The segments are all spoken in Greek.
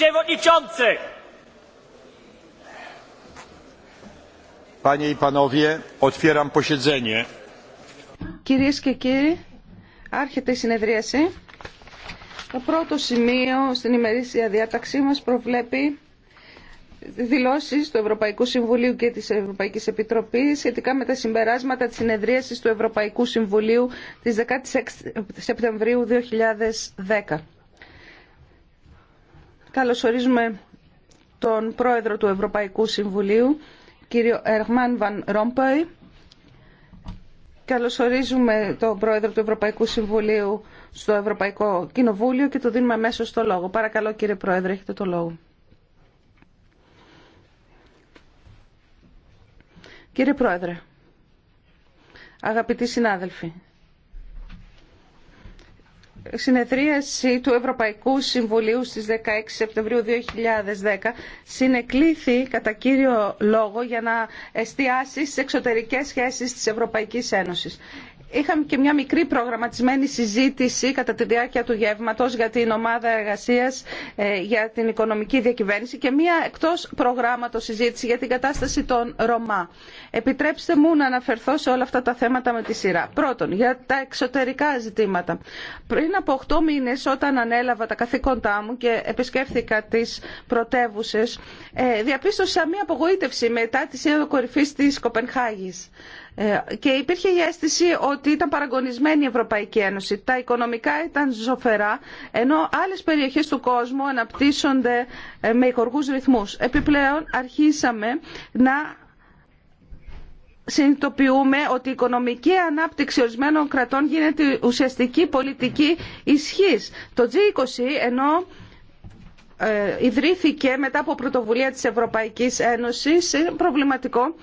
Κυρίε Κυρίες και κύριοι, άρχεται η συνεδρίαση. Το πρώτο σημείο στην ημερήσια διάταξή μας προβλέπει δηλώσεις του Ευρωπαϊκού Συμβουλίου και της Ευρωπαϊκής Επιτροπής σχετικά με τα συμπεράσματα της συνεδρίασης του Ευρωπαϊκού Συμβουλίου της 16 Σεπτεμβρίου 2010. Καλωσορίζουμε τον πρόεδρο του Ευρωπαϊκού Συμβουλίου, κύριο Εργμάν Βαν Ρόμπεϊ. Καλωσορίζουμε τον πρόεδρο του Ευρωπαϊκού Συμβουλίου στο Ευρωπαϊκό Κοινοβούλιο και το δίνουμε αμέσω το λόγο. Παρακαλώ κύριε πρόεδρε, έχετε το λόγο. Κύριε πρόεδρε, αγαπητοί συνάδελφοι, συνεδρίαση του Ευρωπαϊκού Συμβουλίου στις 16 Σεπτεμβρίου 2010 συνεκλήθη κατά κύριο λόγο για να εστιάσει στις εξωτερικές σχέσεις της Ευρωπαϊκής Ένωσης. Είχαμε και μια μικρή προγραμματισμένη συζήτηση κατά τη διάρκεια του γεύματο για την ομάδα εργασίας ε, για την οικονομική διακυβέρνηση και μια εκτό προγράμματο συζήτηση για την κατάσταση των Ρωμά. Επιτρέψτε μου να αναφερθώ σε όλα αυτά τα θέματα με τη σειρά. Πρώτον, για τα εξωτερικά ζητήματα. Πριν από 8 μήνε όταν ανέλαβα τα καθήκοντά μου και επισκέφθηκα τι πρωτεύουσε, ε, διαπίστωσα μια απογοήτευση μετά τη σύνοδο Κορυφή τη Κοπενχάγη. Ε, και υπήρχε η αίσθηση ότι ήταν παραγωνισμένη η Ευρωπαϊκή Ένωση. Τα οικονομικά ήταν ζωφερά, ενώ άλλε περιοχές του κόσμου αναπτύσσονται ε, με οικοργούς ρυθμούς. Επιπλέον αρχίσαμε να συνειδητοποιούμε ότι η οικονομική ανάπτυξη ορισμένων κρατών γίνεται ουσιαστική πολιτική ισχύς. Το G20 ενώ ε, ιδρύθηκε μετά από πρωτοβουλία της Ευρωπαϊκής Ένωσης, είναι προβληματικό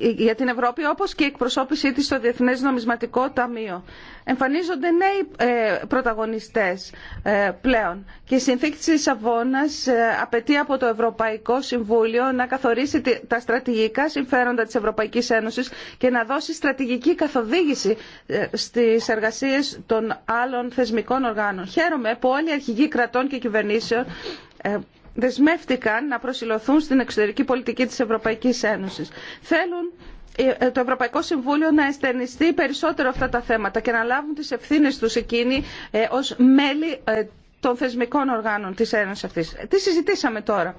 για την Ευρώπη όπως και η εκπροσώπησή της στο Διεθνές Νομισματικό Ταμείο. Εμφανίζονται νέοι ε, πρωταγωνιστές ε, πλέον και η συνθήκη της Λισαβόνας ε, απαιτεί από το Ευρωπαϊκό Συμβούλιο να καθορίσει τα στρατηγικά συμφέροντα της Ευρωπαϊκής Ένωσης και να δώσει στρατηγική καθοδήγηση στις εργασίες των άλλων θεσμικών οργάνων. Χαίρομαι που όλοι οι αρχηγοί κρατών και κυβερνήσεων δεσμεύτηκαν να προσιλωθούν στην εξωτερική πολιτική της Ευρωπαϊκής Ένωσης. Θέλουν ε, ε, το Ευρωπαϊκό Συμβούλιο να εστερνιστεί περισσότερο αυτά τα θέματα και να λάβουν τις ευθύνες τους εκείνοι ε, ως μέλη των θεσμικών οργάνων της Ένωσης αυτής. Τι συζητήσαμε τώρα.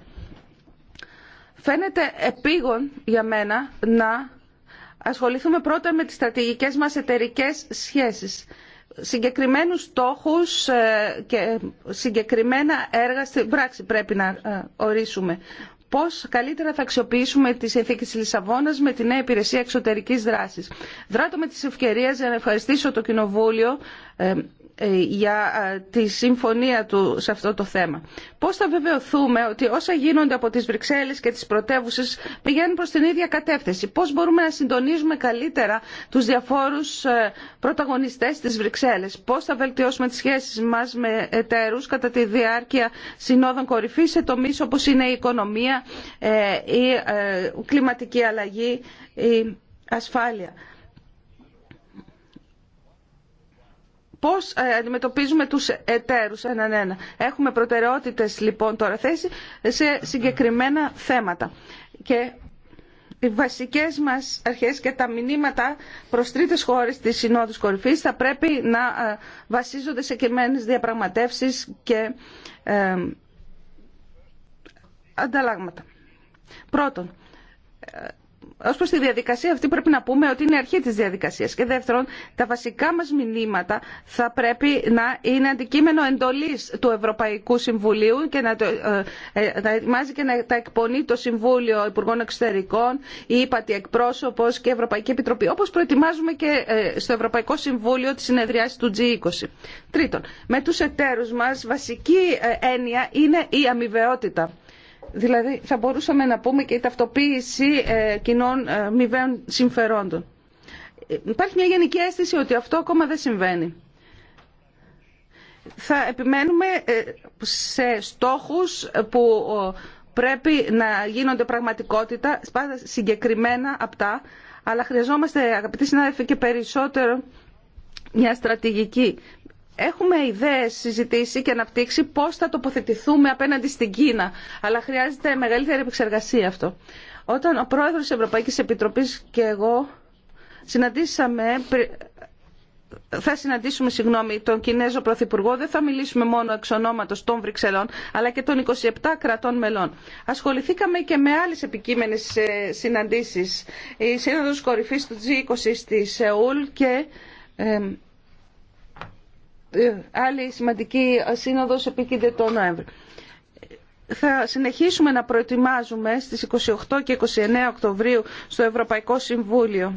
Φαίνεται επίγον για μένα να ασχοληθούμε πρώτα με τις στρατηγικές μας εταιρικές σχέσεις συγκεκριμένους στόχους ε, και συγκεκριμένα έργα στην πράξη πρέπει να ε, ορίσουμε. Πώς καλύτερα θα αξιοποιήσουμε τις συνθήκη Λισαβόνας με τη νέα υπηρεσία εξωτερικής δράσης. Δράτω με τις ευκαιρίες για να ευχαριστήσω το Κοινοβούλιο ε, ε, για ε, τη συμφωνία του σε αυτό το θέμα. Πώς θα βεβαιωθούμε ότι όσα γίνονται από τις Βρυξέλλες και τις πρωτεύουσες πηγαίνουν προς την ίδια κατεύθυνση. Πώς μπορούμε να συντονίζουμε καλύτερα τους διαφόρους ε, πρωταγωνιστές της Βρυξέλλες. Πώς θα βελτιώσουμε τις σχέσεις μας με εταίρους κατά τη διάρκεια συνόδων κορυφής σε τομείς όπως είναι η οικονομία, η κλιματική αλλαγή, η ασφάλεια. πώς ε, αντιμετωπίζουμε τους εταίρους έναν ένα. Έχουμε προτεραιότητες λοιπόν τώρα θέση σε συγκεκριμένα θέματα. Και οι βασικές μας αρχές και τα μηνύματα προς τρίτε χώρες της Συνόδου Κορυφή θα πρέπει να ε, βασίζονται σε κειμένε διαπραγματεύσεις και ε, ανταλλάγματα. Πρώτον, ε, Ω προ τη διαδικασία αυτή πρέπει να πούμε ότι είναι η αρχή τη διαδικασία. Και δεύτερον, τα βασικά μα μηνύματα θα πρέπει να είναι αντικείμενο εντολή του Ευρωπαϊκού Συμβουλίου και να, ε, ε, να ετοιμάζει και να τα εκπονεί το Συμβούλιο Υπουργών Εξωτερικών, η ΥΠΑΤΗ Εκπρόσωπος και η Ευρωπαϊκή Επιτροπή, Όπω προετοιμάζουμε και ε, στο Ευρωπαϊκό Συμβούλιο τη συνεδριάση του G20. Τρίτον, με του εταίρους μα, βασική έννοια είναι η αμοιβαιότητα. Δηλαδή θα μπορούσαμε να πούμε και η ταυτοποίηση ε, κοινών ε, μηβαίων συμφερόντων. Ε, υπάρχει μια γενική αίσθηση ότι αυτό ακόμα δεν συμβαίνει. Θα επιμένουμε σε στόχους που πρέπει να γίνονται πραγματικότητα, πάντα συγκεκριμένα αυτά, αλλά χρειαζόμαστε αγαπητοί συνάδελφοι και περισσότερο μια στρατηγική Έχουμε ιδέες συζητήσει και αναπτύξει πώς θα τοποθετηθούμε απέναντι στην Κίνα, αλλά χρειάζεται μεγαλύτερη επεξεργασία αυτό. Όταν ο πρόεδρος της Ευρωπαϊκής Επιτροπής και εγώ συναντήσαμε θα συναντήσουμε συγγνώμη, τον Κινέζο Πρωθυπουργό, δεν θα μιλήσουμε μόνο εξ ονόματο των Βρυξελών, αλλά και των 27 κρατών μελών. Ασχοληθήκαμε και με άλλε επικείμενε συναντήσει. Η Σύνοδο Κορυφή του G20 στη Σεούλ και ε, ε, άλλη σημαντική σύνοδος επίκυνται το Νοέμβριο. Θα συνεχίσουμε να προετοιμάζουμε στις 28 και 29 Οκτωβρίου στο Ευρωπαϊκό Συμβούλιο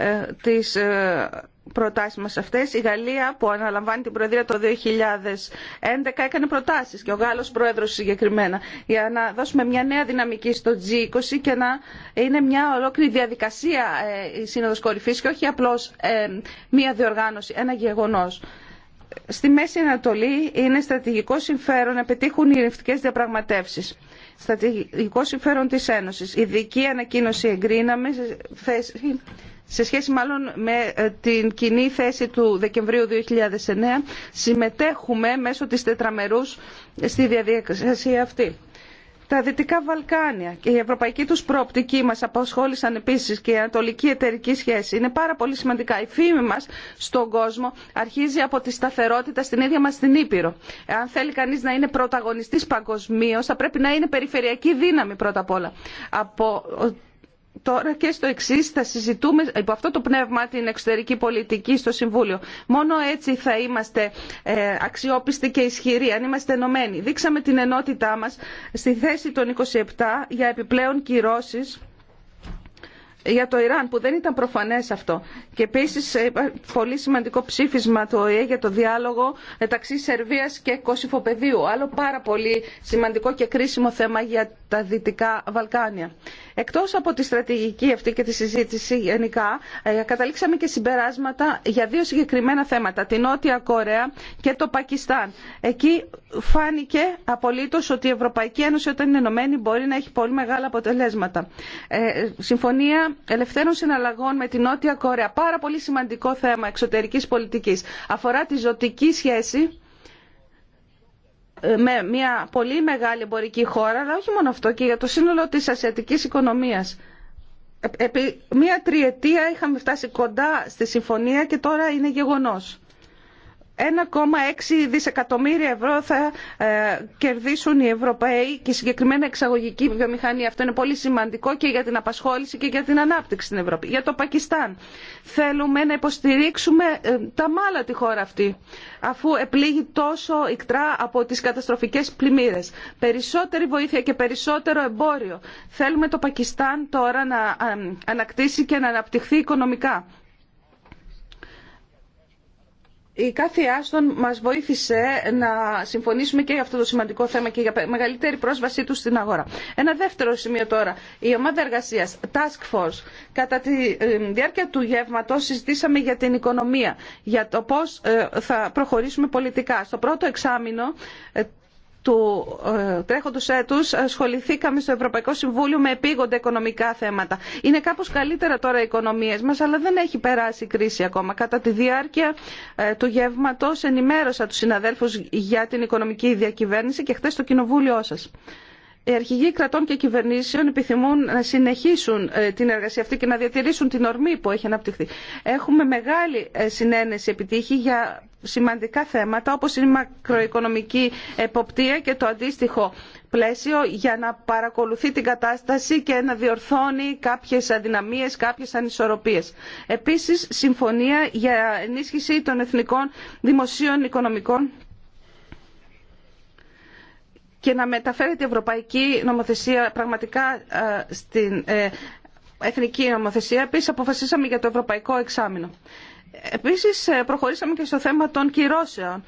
ε, τις ε, προτάσεις μας αυτές. Η Γαλλία που αναλαμβάνει την Προεδρία το 2011 έκανε προτάσεις και ο Γάλλος Πρόεδρος συγκεκριμένα για να δώσουμε μια νέα δυναμική στο G20 και να είναι μια ολόκληρη διαδικασία ε, η Σύνοδος Κορυφής και όχι απλώς μια διοργάνωση, ένα γεγονός. Στη Μέση Ανατολή είναι στρατηγικό συμφέρον να πετύχουν οι ειρηνευτικές διαπραγματεύσεις στρατηγικό συμφέρον της Ένωσης. Ειδική ανακοίνωση εγκρίναμε σε σχέση μάλλον με ε, την κοινή θέση του Δεκεμβρίου 2009, συμμετέχουμε μέσω της τετραμερούς στη διαδικασία αυτή. Τα Δυτικά Βαλκάνια και η ευρωπαϊκή τους προοπτική μας απασχόλησαν επίσης και η ανατολική εταιρική σχέση. Είναι πάρα πολύ σημαντικά. Η φήμη μας στον κόσμο αρχίζει από τη σταθερότητα στην ίδια μας την Ήπειρο. Αν θέλει κανείς να είναι πρωταγωνιστής παγκοσμίω, θα πρέπει να είναι περιφερειακή δύναμη πρώτα απ' όλα. Από τώρα και στο εξή θα συζητούμε υπό αυτό το πνεύμα την εξωτερική πολιτική στο Συμβούλιο. Μόνο έτσι θα είμαστε ε, αξιόπιστοι και ισχυροί, αν είμαστε ενωμένοι. Δείξαμε την ενότητά μας στη θέση των 27 για επιπλέον κυρώσεις για το Ιράν που δεν ήταν προφανές αυτό. Και επίσης ε, πολύ σημαντικό ψήφισμα του για το διάλογο μεταξύ Σερβίας και Κωσυφοπεδίου. Άλλο πάρα πολύ σημαντικό και κρίσιμο θέμα για τα Δυτικά Βαλκάνια. Εκτός από τη στρατηγική αυτή και τη συζήτηση γενικά, ε, καταλήξαμε και συμπεράσματα για δύο συγκεκριμένα θέματα, την Νότια Κορέα και το Πακιστάν. Εκεί φάνηκε απολύτως ότι η Ευρωπαϊκή Ένωση όταν είναι ενωμένη μπορεί να έχει πολύ μεγάλα αποτελέσματα. Ε, συμφωνία ελευθέρων συναλλαγών με την Νότια Κορέα, πάρα πολύ σημαντικό θέμα εξωτερικής πολιτικής. Αφορά τη ζωτική σχέση ε, με μια πολύ μεγάλη εμπορική χώρα, αλλά όχι μόνο αυτό, και για το σύνολο της ασιατικής οικονομίας. Ε, επί μια τριετία είχαμε φτάσει κοντά στη συμφωνία και τώρα είναι γεγονός. 1,6 δισεκατομμύρια ευρώ θα ε, κερδίσουν οι Ευρωπαίοι και συγκεκριμένα εξαγωγική βιομηχανία. Αυτό είναι πολύ σημαντικό και για την απασχόληση και για την ανάπτυξη στην Ευρώπη. Για το Πακιστάν θέλουμε να υποστηρίξουμε ε, τα μάλα τη χώρα αυτή αφού επλήγει τόσο ικτρά από τις καταστροφικές πλημμύρες. Περισσότερη βοήθεια και περισσότερο εμπόριο. Θέλουμε το Πακιστάν τώρα να ε, ανακτήσει και να αναπτυχθεί οικονομικά. Η κάθε Άστον μας βοήθησε να συμφωνήσουμε και για αυτό το σημαντικό θέμα και για μεγαλύτερη πρόσβασή του στην αγορά. Ένα δεύτερο σημείο τώρα. Η ομάδα εργασία, Task Force, κατά τη ε, διάρκεια του γεύματο, συζητήσαμε για την οικονομία, για το πώς ε, θα προχωρήσουμε πολιτικά. Στο πρώτο εξάμεινο ε, του ε, τρέχοντος έτους ασχοληθήκαμε στο Ευρωπαϊκό Συμβούλιο με επίγοντα οικονομικά θέματα. Είναι κάπως καλύτερα τώρα οι οικονομίες μας, αλλά δεν έχει περάσει η κρίση ακόμα. Κατά τη διάρκεια ε, του γεύματος ενημέρωσα τους συναδέλφους για την οικονομική διακυβέρνηση και χθε στο κοινοβούλιο σας οι αρχηγοί κρατών και κυβερνήσεων επιθυμούν να συνεχίσουν ε, την εργασία αυτή και να διατηρήσουν την ορμή που έχει αναπτυχθεί. Έχουμε μεγάλη ε, συνένεση επιτύχει για σημαντικά θέματα όπως είναι η μακροοικονομική εποπτεία και το αντίστοιχο πλαίσιο για να παρακολουθεί την κατάσταση και να διορθώνει κάποιες αδυναμίες, κάποιες ανισορροπίες. Επίσης, συμφωνία για ενίσχυση των εθνικών δημοσίων οικονομικών και να μεταφέρεται η ευρωπαϊκή νομοθεσία πραγματικά ε, στην ε, εθνική νομοθεσία. Επίσης αποφασίσαμε για το ευρωπαϊκό εξάμεινο. Επίσης ε, προχωρήσαμε και στο θέμα των κυρώσεων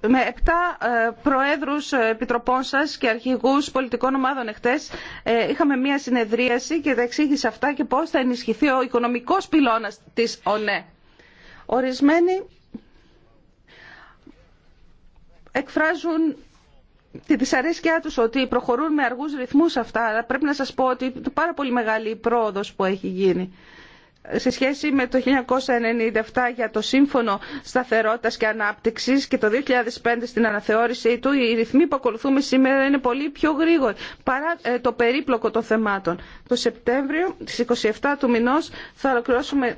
με επτά προέδρους επιτροπών σας και αρχηγούς πολιτικών ομάδων εχθές είχαμε μία συνεδρίαση και τα εξήγησε αυτά και πώς θα ενισχυθεί ο οικονομικός πυλώνας της ΟΝΕ. Ορισμένοι εκφράζουν τη δυσαρέσκειά τους ότι προχωρούν με αργούς ρυθμούς αυτά. Αλλά πρέπει να σας πω ότι είναι πάρα πολύ μεγάλη η πρόοδος που έχει γίνει. Σε σχέση με το 1997 για το Σύμφωνο Σταθερότητας και Ανάπτυξης και το 2005 στην αναθεώρησή του, οι ρυθμοί που ακολουθούμε σήμερα είναι πολύ πιο γρήγοροι παρά ε, το περίπλοκο των θεμάτων. Το Σεπτέμβριο, στις 27 του μηνός, θα ολοκληρώσουμε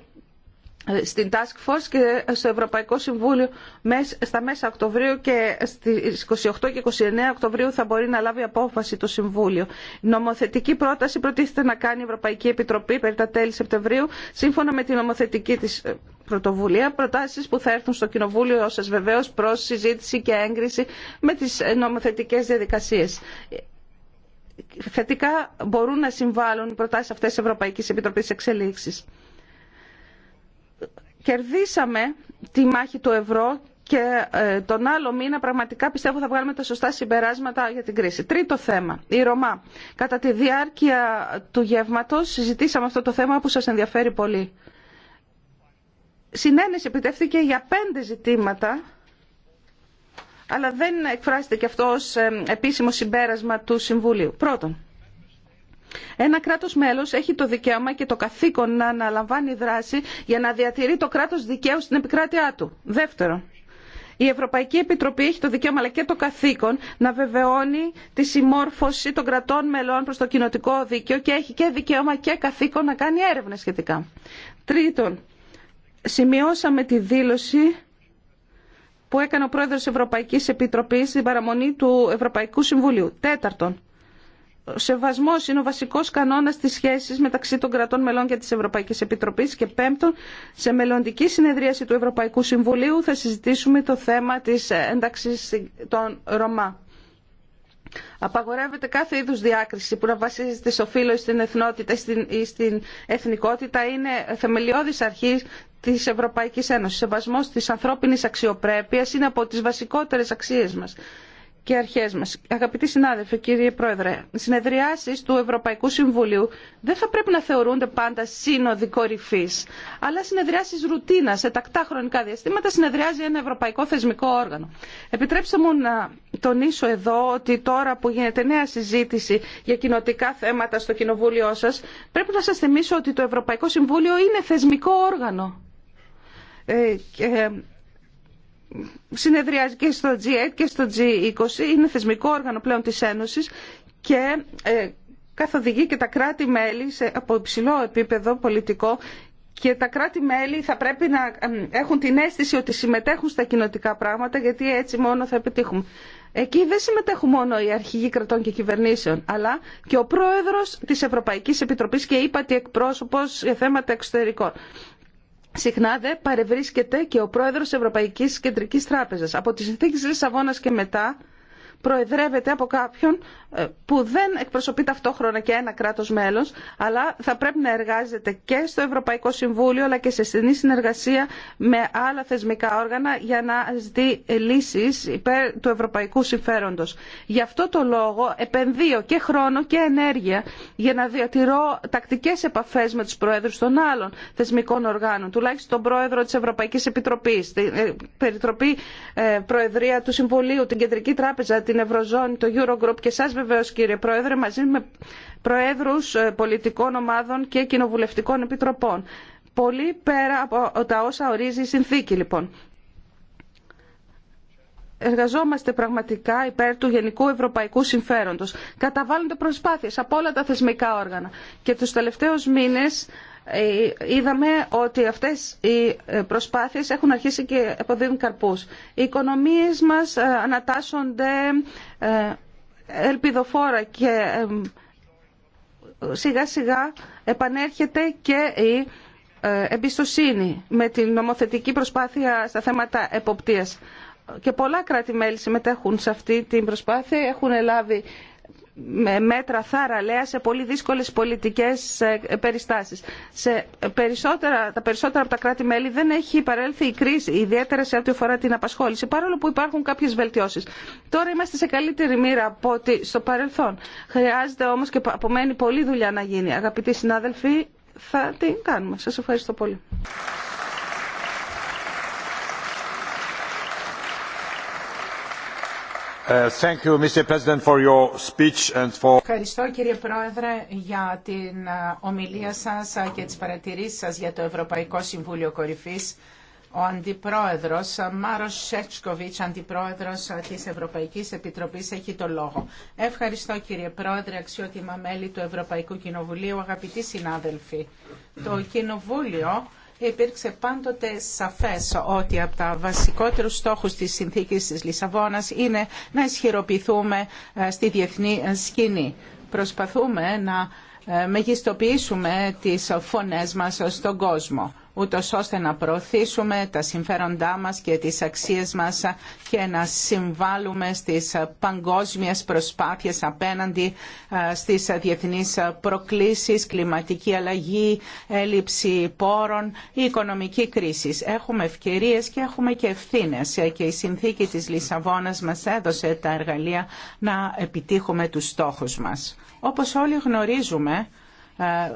στην Task Force και στο Ευρωπαϊκό Συμβούλιο στα μέσα Οκτωβρίου και στις 28 και 29 Οκτωβρίου θα μπορεί να λάβει απόφαση το Συμβούλιο. Νομοθετική πρόταση προτίθεται να κάνει η Ευρωπαϊκή Επιτροπή περί τα τέλη Σεπτεμβρίου σύμφωνα με την νομοθετική της ε, πρωτοβουλία, προτάσεις που θα έρθουν στο Κοινοβούλιο σα βεβαίως προς συζήτηση και έγκριση με τις ε, νομοθετικές διαδικασίες θετικά μπορούν να συμβάλλουν οι προτάσεις αυτές της Ευρωπαϊκής Επιτροπής Εξελίξης. Κερδίσαμε τη μάχη του ευρώ και ε, τον άλλο μήνα πραγματικά πιστεύω θα βγάλουμε τα σωστά συμπεράσματα για την κρίση. Τρίτο θέμα, η Ρωμά. Κατά τη διάρκεια του γεύματος συζητήσαμε αυτό το θέμα που σας ενδιαφέρει πολύ. Συνένεση επιτεύθηκε για πέντε ζητήματα, αλλά δεν εκφράστηκε αυτό ως ε, επίσημο συμπέρασμα του Συμβουλίου. Πρώτον, ένα κράτος μέλος έχει το δικαίωμα και το καθήκον να αναλαμβάνει δράση για να διατηρεί το κράτος δικαίου στην επικράτειά του. Δεύτερο, η Ευρωπαϊκή Επιτροπή έχει το δικαίωμα αλλά και το καθήκον να βεβαιώνει τη συμμόρφωση των κρατών μελών προς το κοινοτικό δίκαιο και έχει και δικαίωμα και καθήκον να κάνει έρευνα σχετικά. Τρίτον, σημειώσαμε τη δήλωση που έκανε ο Πρόεδρος Ευρωπαϊκής Επιτροπής στην παραμονή του Ευρωπαϊκού Συμβουλίου. Τέταρτον, σεβασμός είναι ο βασικός κανόνας της σχέσης μεταξύ των κρατών μελών και της Ευρωπαϊκής Επιτροπής και πέμπτον, σε μελλοντική συνεδρίαση του Ευρωπαϊκού Συμβουλίου θα συζητήσουμε το θέμα της ένταξης των Ρωμά. Απαγορεύεται κάθε είδου διάκριση που να βασίζεται στο φύλλο, στην εθνότητα ή στην εθνικότητα. Είναι θεμελιώδη αρχή τη Ευρωπαϊκή Ένωση. Σεβασμό τη ανθρώπινη αξιοπρέπεια είναι από τι βασικότερε αξίε μα και αρχές μας. Αγαπητοί συνάδελφοι, κύριε Πρόεδρε, οι συνεδριάσεις του Ευρωπαϊκού Συμβουλίου δεν θα πρέπει να θεωρούνται πάντα σύνοδοι κορυφή, αλλά συνεδριάσεις ρουτίνα σε τακτά χρονικά διαστήματα συνεδριάζει ένα ευρωπαϊκό θεσμικό όργανο. Επιτρέψτε μου να τονίσω εδώ ότι τώρα που γίνεται νέα συζήτηση για κοινοτικά θέματα στο κοινοβούλιο σα, πρέπει να σα θυμίσω ότι το Ευρωπαϊκό Συμβούλιο είναι θεσμικό όργανο. Ε, και συνεδριάζει και στο G8 και στο G20, είναι θεσμικό όργανο πλέον της Ένωσης και ε, καθοδηγεί και τα κράτη-μέλη σε από υψηλό επίπεδο πολιτικό και τα κράτη-μέλη θα πρέπει να έχουν την αίσθηση ότι συμμετέχουν στα κοινοτικά πράγματα γιατί έτσι μόνο θα επιτύχουμε. Εκεί δεν συμμετέχουν μόνο οι αρχηγοί κρατών και κυβερνήσεων, αλλά και ο πρόεδρος της Ευρωπαϊκής Επιτροπής και είπα ότι εκπρόσωπος για θέματα εξωτερικών. Συχνά δε παρευρίσκεται και ο πρόεδρος Ευρωπαϊκής Κεντρικής Τράπεζας. Από τις συνθήκες Λισαβόνας και μετά προεδρεύεται από κάποιον ε, που δεν εκπροσωπεί ταυτόχρονα και ένα κράτος μέλος, αλλά θα πρέπει να εργάζεται και στο Ευρωπαϊκό Συμβούλιο, αλλά και σε στενή συνεργασία με άλλα θεσμικά όργανα για να ζητεί λύσεις υπέρ του ευρωπαϊκού συμφέροντος. Γι' αυτό το λόγο επενδύω και χρόνο και ενέργεια για να διατηρώ τακτικές επαφές με τους προέδρους των άλλων θεσμικών οργάνων, τουλάχιστον τον πρόεδρο της Ευρωπαϊκής Επιτροπής, την ε, Περιτροπή ε, Προεδρία του Συμβουλίου, την Κεντρική Τράπεζα, την Ευρωζώνη, το Eurogroup και σας, βεβαίως κύριε Πρόεδρε μαζί με Προέδρους ε, πολιτικών ομάδων και κοινοβουλευτικών επιτροπών. Πολύ πέρα από τα όσα ορίζει η συνθήκη λοιπόν. Εργαζόμαστε πραγματικά υπέρ του γενικού ευρωπαϊκού συμφέροντος. Καταβάλλονται προσπάθειες από όλα τα θεσμικά όργανα. Και τους τελευταίους μήνες ε, είδαμε ότι αυτές οι ε, προσπάθειες έχουν αρχίσει και αποδίδουν καρπούς. Οι οικονομίες μας ε, ανατάσσονται ελπιδοφόρα και σιγά σιγά επανέρχεται και η εμπιστοσύνη με την νομοθετική προσπάθεια στα θέματα εποπτείας. Και πολλά κράτη-μέλη συμμετέχουν σε αυτή την προσπάθεια, έχουν λάβει με μέτρα θάραλέα σε πολύ δύσκολες πολιτικές ε, περιστάσεις. Σε περισσότερα, τα περισσότερα από τα κράτη-μέλη δεν έχει παρέλθει η κρίση, ιδιαίτερα σε ό,τι αφορά την απασχόληση, παρόλο που υπάρχουν κάποιες βελτιώσεις. Τώρα είμαστε σε καλύτερη μοίρα από ότι στο παρελθόν. Χρειάζεται όμως και απομένει πολλή δουλειά να γίνει. Αγαπητοί συνάδελφοι, θα την κάνουμε. Σα ευχαριστώ πολύ. Ε, Ευχαριστώ κύριε Πρόεδρε για την ε, ομιλία σας ε, και τις παρατηρήσεις σας για το Ευρωπαϊκό Συμβούλιο Κορυφής. Ο Αντιπρόεδρος Μάρος Σέτσκοβιτς, Αντιπρόεδρος της Ευρωπαϊκής Επιτροπής, έχει το λόγο. Ευχαριστώ κύριε Πρόεδρε, αξιότιμα μέλη του Ευρωπαϊκού Κοινοβουλίου, αγαπητοί συνάδελφοι. Το Κοινοβούλιο υπήρξε πάντοτε σαφές ότι από τα βασικότερους στόχους της συνθήκης της Λισαβόνας είναι να ισχυροποιηθούμε ε, στη διεθνή ε, σκηνή. Προσπαθούμε να ε, μεγιστοποιήσουμε τις φωνές μας στον κόσμο ούτως ώστε να προωθήσουμε τα συμφέροντά μας και τις αξίες μας και να συμβάλλουμε στις παγκόσμιες προσπάθειες απέναντι στις διεθνείς προκλήσεις, κλιματική αλλαγή, έλλειψη πόρων, η οικονομική κρίση. Έχουμε ευκαιρίες και έχουμε και ευθύνε. και η συνθήκη της Λισαβόνας μας έδωσε τα εργαλεία να επιτύχουμε τους στόχους μας. Όπως όλοι γνωρίζουμε,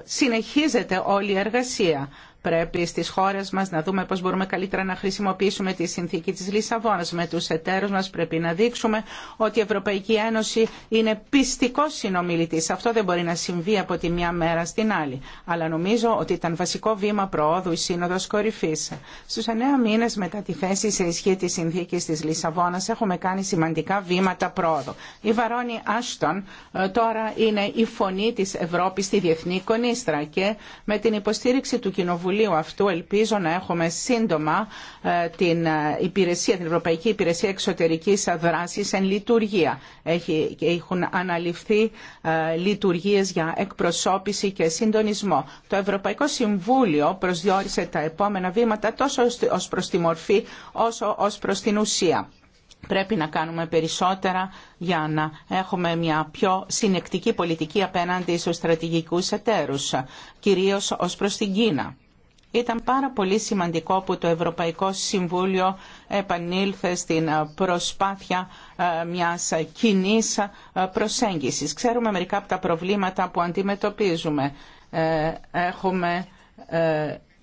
συνεχίζεται όλη η εργασία Πρέπει στις χώρες μας να δούμε πώς μπορούμε καλύτερα να χρησιμοποιήσουμε τη συνθήκη της Λισαβόνας. Με τους εταίρους μας πρέπει να δείξουμε ότι η Ευρωπαϊκή Ένωση είναι πιστικός συνομιλητής. Αυτό δεν μπορεί να συμβεί από τη μια μέρα στην άλλη. Αλλά νομίζω ότι ήταν βασικό βήμα προόδου η Σύνοδος Κορυφής. Στους εννέα μήνες μετά τη θέση σε ισχύ της συνθήκης της Λισαβόνας έχουμε κάνει σημαντικά βήματα πρόοδου. Η Βαρόνι Άστον ε, τώρα είναι η φωνή της Ευρώπης στη διεθνή κονίστρα και με την υποστήριξη του Κοινοβουλίου ελπίζω να έχουμε σύντομα ε, την, ε, υπηρεσία, την Ευρωπαϊκή Υπηρεσία Εξωτερικής Δράσης εν λειτουργία. Έχει, έχουν αναλυφθεί ε, λειτουργίες για εκπροσώπηση και συντονισμό. Το Ευρωπαϊκό Συμβούλιο προσδιορίσε τα επόμενα βήματα τόσο ως προς τη μορφή όσο ως προς την ουσία. Πρέπει να κάνουμε περισσότερα για να έχουμε μια πιο συνεκτική πολιτική απέναντι στους στρατηγικούς εταίρους, κυρίως ως προς την Κίνα. Ήταν πάρα πολύ σημαντικό που το Ευρωπαϊκό Συμβούλιο επανήλθε στην προσπάθεια ε, μιας κοινή ε, προσέγγισης. Ξέρουμε μερικά από τα προβλήματα που αντιμετωπίζουμε. Ε, έχουμε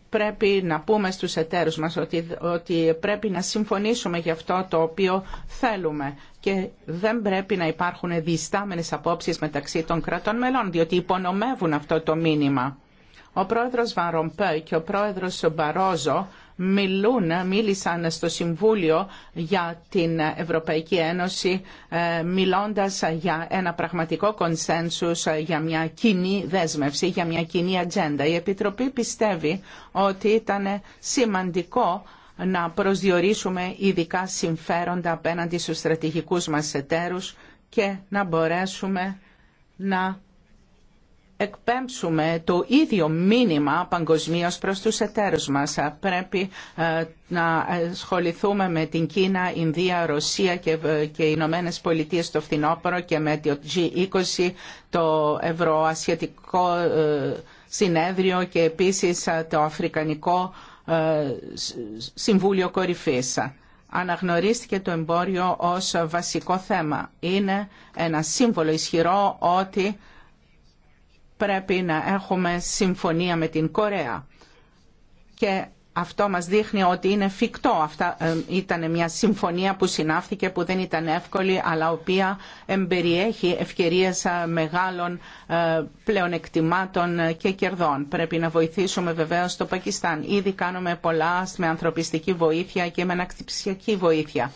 πρέπει να πούμε στους εταίρους μας ότι, ότι πρέπει να συμφωνήσουμε για αυτό το οποίο θέλουμε και δεν πρέπει να υπάρχουν διστάμενες απόψεις μεταξύ των κρατών μελών, διότι υπονομεύουν αυτό το μήνυμα. Ο πρόεδρος Βαρομπέ και ο πρόεδρος Μπαρόζο μιλούν, μίλησαν στο Συμβούλιο για την Ευρωπαϊκή Ένωση ε, μιλώντας για ένα πραγματικό κονσένσους, ε, για μια κοινή δέσμευση, για μια κοινή ατζέντα. Η Επιτροπή πιστεύει ότι ήταν σημαντικό να προσδιορίσουμε ειδικά συμφέροντα απέναντι στους στρατηγικούς μας εταίρους και να μπορέσουμε να εκπέμψουμε το ίδιο μήνυμα παγκοσμίω προς τους εταίρους μας. Πρέπει ε, να ασχοληθούμε με την Κίνα, Ινδία, Ρωσία και, οι ε, Ηνωμένε Πολιτείε το φθινόπωρο και με το G20 το Ευρωασιατικό ε, Συνέδριο και επίσης το Αφρικανικό Συμβούλιο Κορυφής αναγνωρίστηκε το εμπόριο ως βασικό θέμα. Είναι ένα σύμβολο ισχυρό ότι πρέπει να έχουμε συμφωνία με την Κορέα. Και αυτό μας δείχνει ότι είναι φυκτό. Αυτά ε, ήταν μια συμφωνία που συνάφθηκε που δεν ήταν εύκολη αλλά οποία εμπεριέχει ευκαιρίες ε, μεγάλων ε, πλεονεκτημάτων και κερδών. Πρέπει να βοηθήσουμε βεβαίως το Πακιστάν. Ήδη κάνουμε πολλά με ανθρωπιστική βοήθεια και με ανακτυψιακή βοήθεια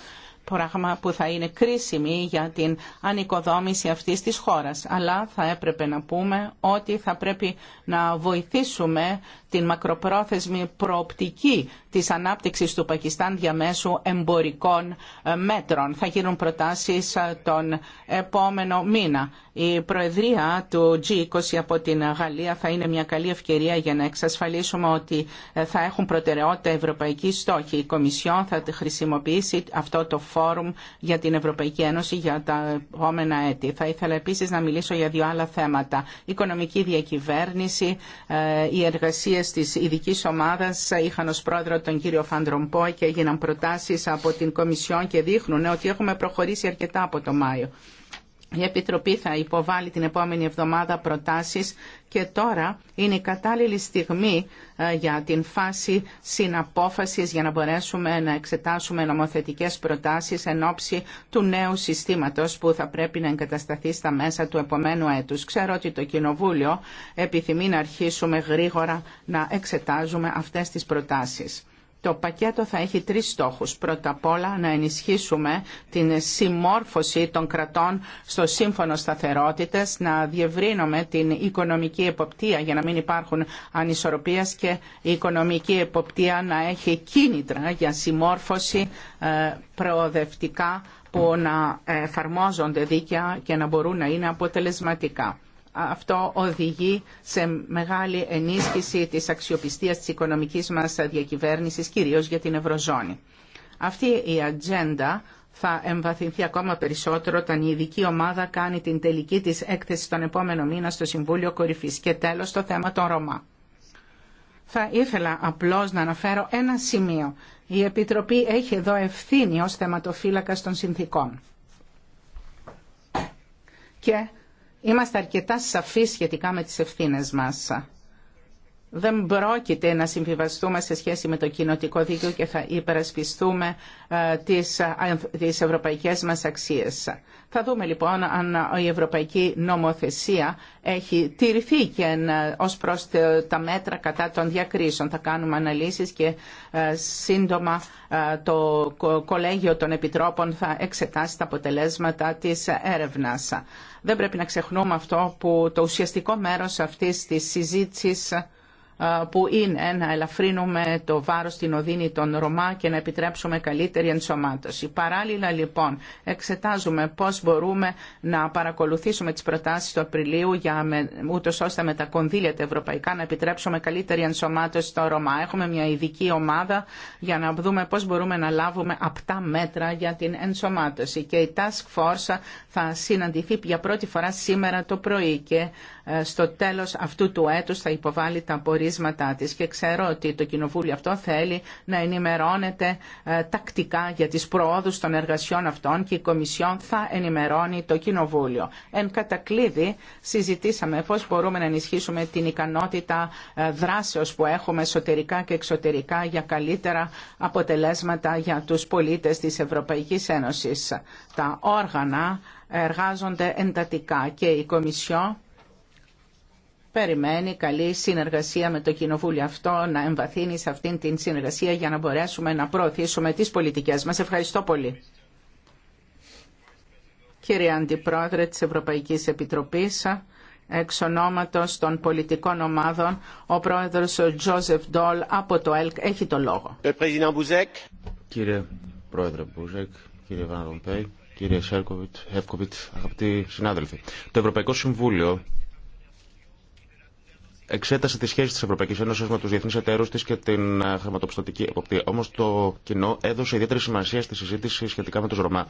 πράγμα που θα είναι κρίσιμη για την ανοικοδόμηση αυτής της χώρας. Αλλά θα έπρεπε να πούμε ότι θα πρέπει να βοηθήσουμε την μακροπρόθεσμη προοπτική της ανάπτυξης του Πακιστάν διαμέσου εμπορικών ε, μέτρων. Θα γίνουν προτάσεις ε, τον επόμενο μήνα. Η Προεδρία του G20 από την Γαλλία θα είναι μια καλή ευκαιρία για να εξασφαλίσουμε ότι ε, θα έχουν προτεραιότητα ευρωπαϊκή στόχη. Η Κομισιόν θα χρησιμοποιήσει αυτό το φόρουμ για την Ευρωπαϊκή Ένωση για τα επόμενα έτη. Θα ήθελα επίσης να μιλήσω για δύο άλλα θέματα. Οικονομική διακυβέρνηση, οι εργασίε Τη της ειδική ομάδας είχαν ως πρόεδρο τον κύριο Φαντρομπό και έγιναν προτάσεις από την Κομισιόν και δείχνουν ότι έχουμε προχωρήσει αρκετά από το Μάιο. Η Επιτροπή θα υποβάλει την επόμενη εβδομάδα προτάσεις και τώρα είναι η κατάλληλη στιγμή ε, για την φάση συναπόφασης για να μπορέσουμε να εξετάσουμε νομοθετικές προτάσεις εν ώψη του νέου συστήματος που θα πρέπει να εγκατασταθεί στα μέσα του επομένου έτους. Ξέρω ότι το Κοινοβούλιο επιθυμεί να αρχίσουμε γρήγορα να εξετάζουμε αυτές τις προτάσεις. Το πακέτο θα έχει τρεις στόχους. Πρώτα απ' όλα να ενισχύσουμε την συμμόρφωση των κρατών στο Σύμφωνο σταθερότητας να διευρύνουμε την οικονομική εποπτεία για να μην υπάρχουν ανισορροπίες και η οικονομική εποπτεία να έχει κίνητρα για συμμόρφωση ε, προοδευτικά που να εφαρμόζονται δίκαια και να μπορούν να είναι αποτελεσματικά αυτό οδηγεί σε μεγάλη ενίσχυση της αξιοπιστίας της οικονομικής μας διακυβέρνησης, κυρίως για την Ευρωζώνη. Αυτή η ατζέντα θα εμβαθυνθεί ακόμα περισσότερο όταν η ειδική ομάδα κάνει την τελική της έκθεση τον επόμενο μήνα στο Συμβούλιο Κορυφής. Και τέλος το θέμα των Ρωμά. Θα ήθελα απλώς να αναφέρω ένα σημείο. Η Επιτροπή έχει εδώ ευθύνη ως θεματοφύλακα των συνθήκων. Και Είμαστε αρκετά σαφείς σχετικά με τις ευθύνες μας δεν πρόκειται να συμβιβαστούμε σε σχέση με το κοινοτικό δίκαιο και θα υπερασπιστούμε ε, τις, ε, τις ευρωπαϊκές μας αξίες. Θα δούμε λοιπόν αν η ευρωπαϊκή νομοθεσία έχει τηρηθεί και ε, ως προς τα μέτρα κατά των διακρίσεων. Θα κάνουμε αναλύσεις και σύντομα το Κολέγιο των Επιτρόπων θα εξετάσει τα αποτελέσματα της έρευνας. Δεν πρέπει να ξεχνούμε αυτό που το ουσιαστικό μέρος αυτής της συζήτησης που είναι να ελαφρύνουμε το βάρος στην οδύνη των Ρωμά και να επιτρέψουμε καλύτερη ενσωμάτωση. Παράλληλα λοιπόν εξετάζουμε πώς μπορούμε να παρακολουθήσουμε τις προτάσεις του Απριλίου για με, ούτως ώστε με τα κονδύλια τα ευρωπαϊκά να επιτρέψουμε καλύτερη ενσωμάτωση των Ρωμά. Έχουμε μια ειδική ομάδα για να δούμε πώς μπορούμε να λάβουμε απτά μέτρα για την ενσωμάτωση και η Task Force θα συναντηθεί για πρώτη φορά σήμερα το πρωί και ε, στο τέλος αυτού του έτους θα υποβάλει τα της και ξέρω ότι το Κοινοβούλιο αυτό θέλει να ενημερώνεται ε, τακτικά για τις προόδους των εργασιών αυτών και η Κομισιόν θα ενημερώνει το Κοινοβούλιο. Εν κατακλείδη συζητήσαμε πώς μπορούμε να ενισχύσουμε την ικανότητα ε, δράσεως που έχουμε εσωτερικά και εξωτερικά για καλύτερα αποτελέσματα για τους πολίτες της Ευρωπαϊκής Ένωσης. Τα όργανα εργάζονται εντατικά και η Κομισιόν περιμένει καλή συνεργασία με το Κοινοβούλιο αυτό, να εμβαθύνει σε αυτήν την συνεργασία για να μπορέσουμε να προωθήσουμε τις πολιτικές μας. Ευχαριστώ πολύ. Κύριε Αντιπρόεδρε της Ευρωπαϊκής Επιτροπής, εξ ονόματος των πολιτικών ομάδων, ο πρόεδρος Τζόζεφ Ντόλ από το ΕΛΚ έχει το λόγο. Ε, κύριε Πρόεδρε Μπουζέκ, κύριε Βαν κύριε Σέρκοβιτ, αγαπητοί συνάδελφοι. Το Ευρωπαϊκό Συμβούλιο εξέτασε τη σχέση τη Ευρωπαϊκή Ένωση με του διεθνεί εταίρου τη και την ε, χρηματοπιστωτική εποπτεία. Όμω το κοινό έδωσε ιδιαίτερη σημασία στη συζήτηση σχετικά με του Ρωμά.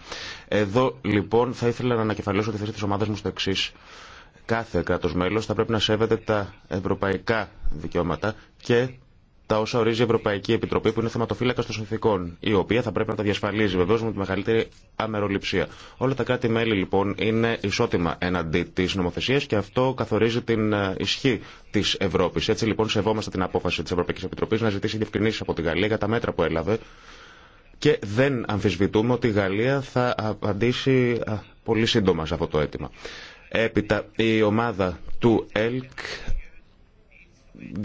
Εδώ λοιπόν θα ήθελα να ανακεφαλαιώσω τη θέση τη ομάδα μου στο εξή. Κάθε κράτο μέλο θα πρέπει να σέβεται τα ευρωπαϊκά δικαιώματα και τα όσα ορίζει η Ευρωπαϊκή Επιτροπή, που είναι θεματοφύλακα των συνθήκων, η οποία θα πρέπει να τα διασφαλίζει βεβαίω με τη μεγαλύτερη αμεροληψία. Όλα τα κράτη-μέλη λοιπόν είναι ισότιμα εναντί τη νομοθεσία και αυτό καθορίζει την ε, ισχύ τη Ευρώπη. Έτσι λοιπόν σεβόμαστε την απόφαση τη Ευρωπαϊκή Επιτροπή να ζητήσει διευκρινήσει από τη Γαλλία για τα μέτρα που έλαβε και δεν αμφισβητούμε ότι η Γαλλία θα απαντήσει πολύ σύντομα σε αυτό το αίτημα. Έπειτα η ομάδα του ΕΛΚ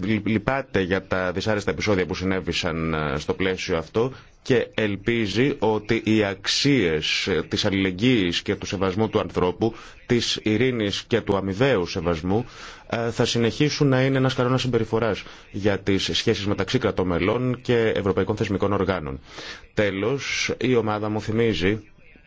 λυπάται για τα δυσάρεστα επεισόδια που συνέβησαν ε, στο πλαίσιο αυτό και ελπίζει ότι οι αξίες ε, της αλληλεγγύης και του σεβασμού του ανθρώπου, της ειρήνης και του αμοιβαίου σεβασμού ε, θα συνεχίσουν να είναι ένας κανόνας συμπεριφοράς για τις σχέσεις μεταξύ κρατομελών και ευρωπαϊκών θεσμικών οργάνων. Τέλος, η ομάδα μου θυμίζει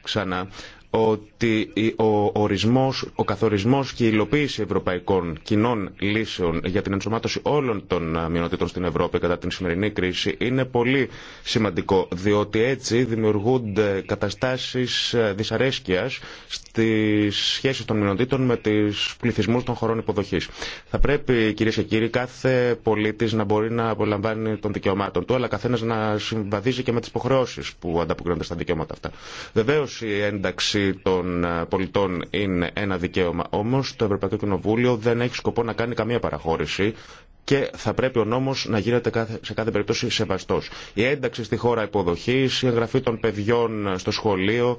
ξανά ότι ο ορισμός, ο καθορισμός και η υλοποίηση ευρωπαϊκών κοινών λύσεων για την ενσωμάτωση όλων των ε, μειονοτήτων στην Ευρώπη κατά την σημερινή κρίση είναι πολύ σημαντικό, διότι έτσι δημιουργούνται καταστάσεις ε, δυσαρέσκειας στις σχέσεις των μειονοτήτων με τις πληθυσμούς των χωρών υποδοχής. Θα πρέπει, κυρίε και κύριοι, κάθε πολίτης να μπορεί να απολαμβάνει των δικαιωμάτων του, αλλά καθένας να συμβαδίζει και με τις υποχρεώσει που ανταποκρίνονται στα δικαιώματα αυτά. Βεβαίως η ένταξη των ε, πολιτών είναι ένα δικαίωμα. Όμω το Ευρωπαϊκό Κοινοβούλιο δεν έχει σκοπό να κάνει καμία παραχώρηση και θα πρέπει ο νόμος να γίνεται σε κάθε περίπτωση σεβαστός. Η ένταξη στη χώρα υποδοχής, η εγγραφή των παιδιών στο σχολείο,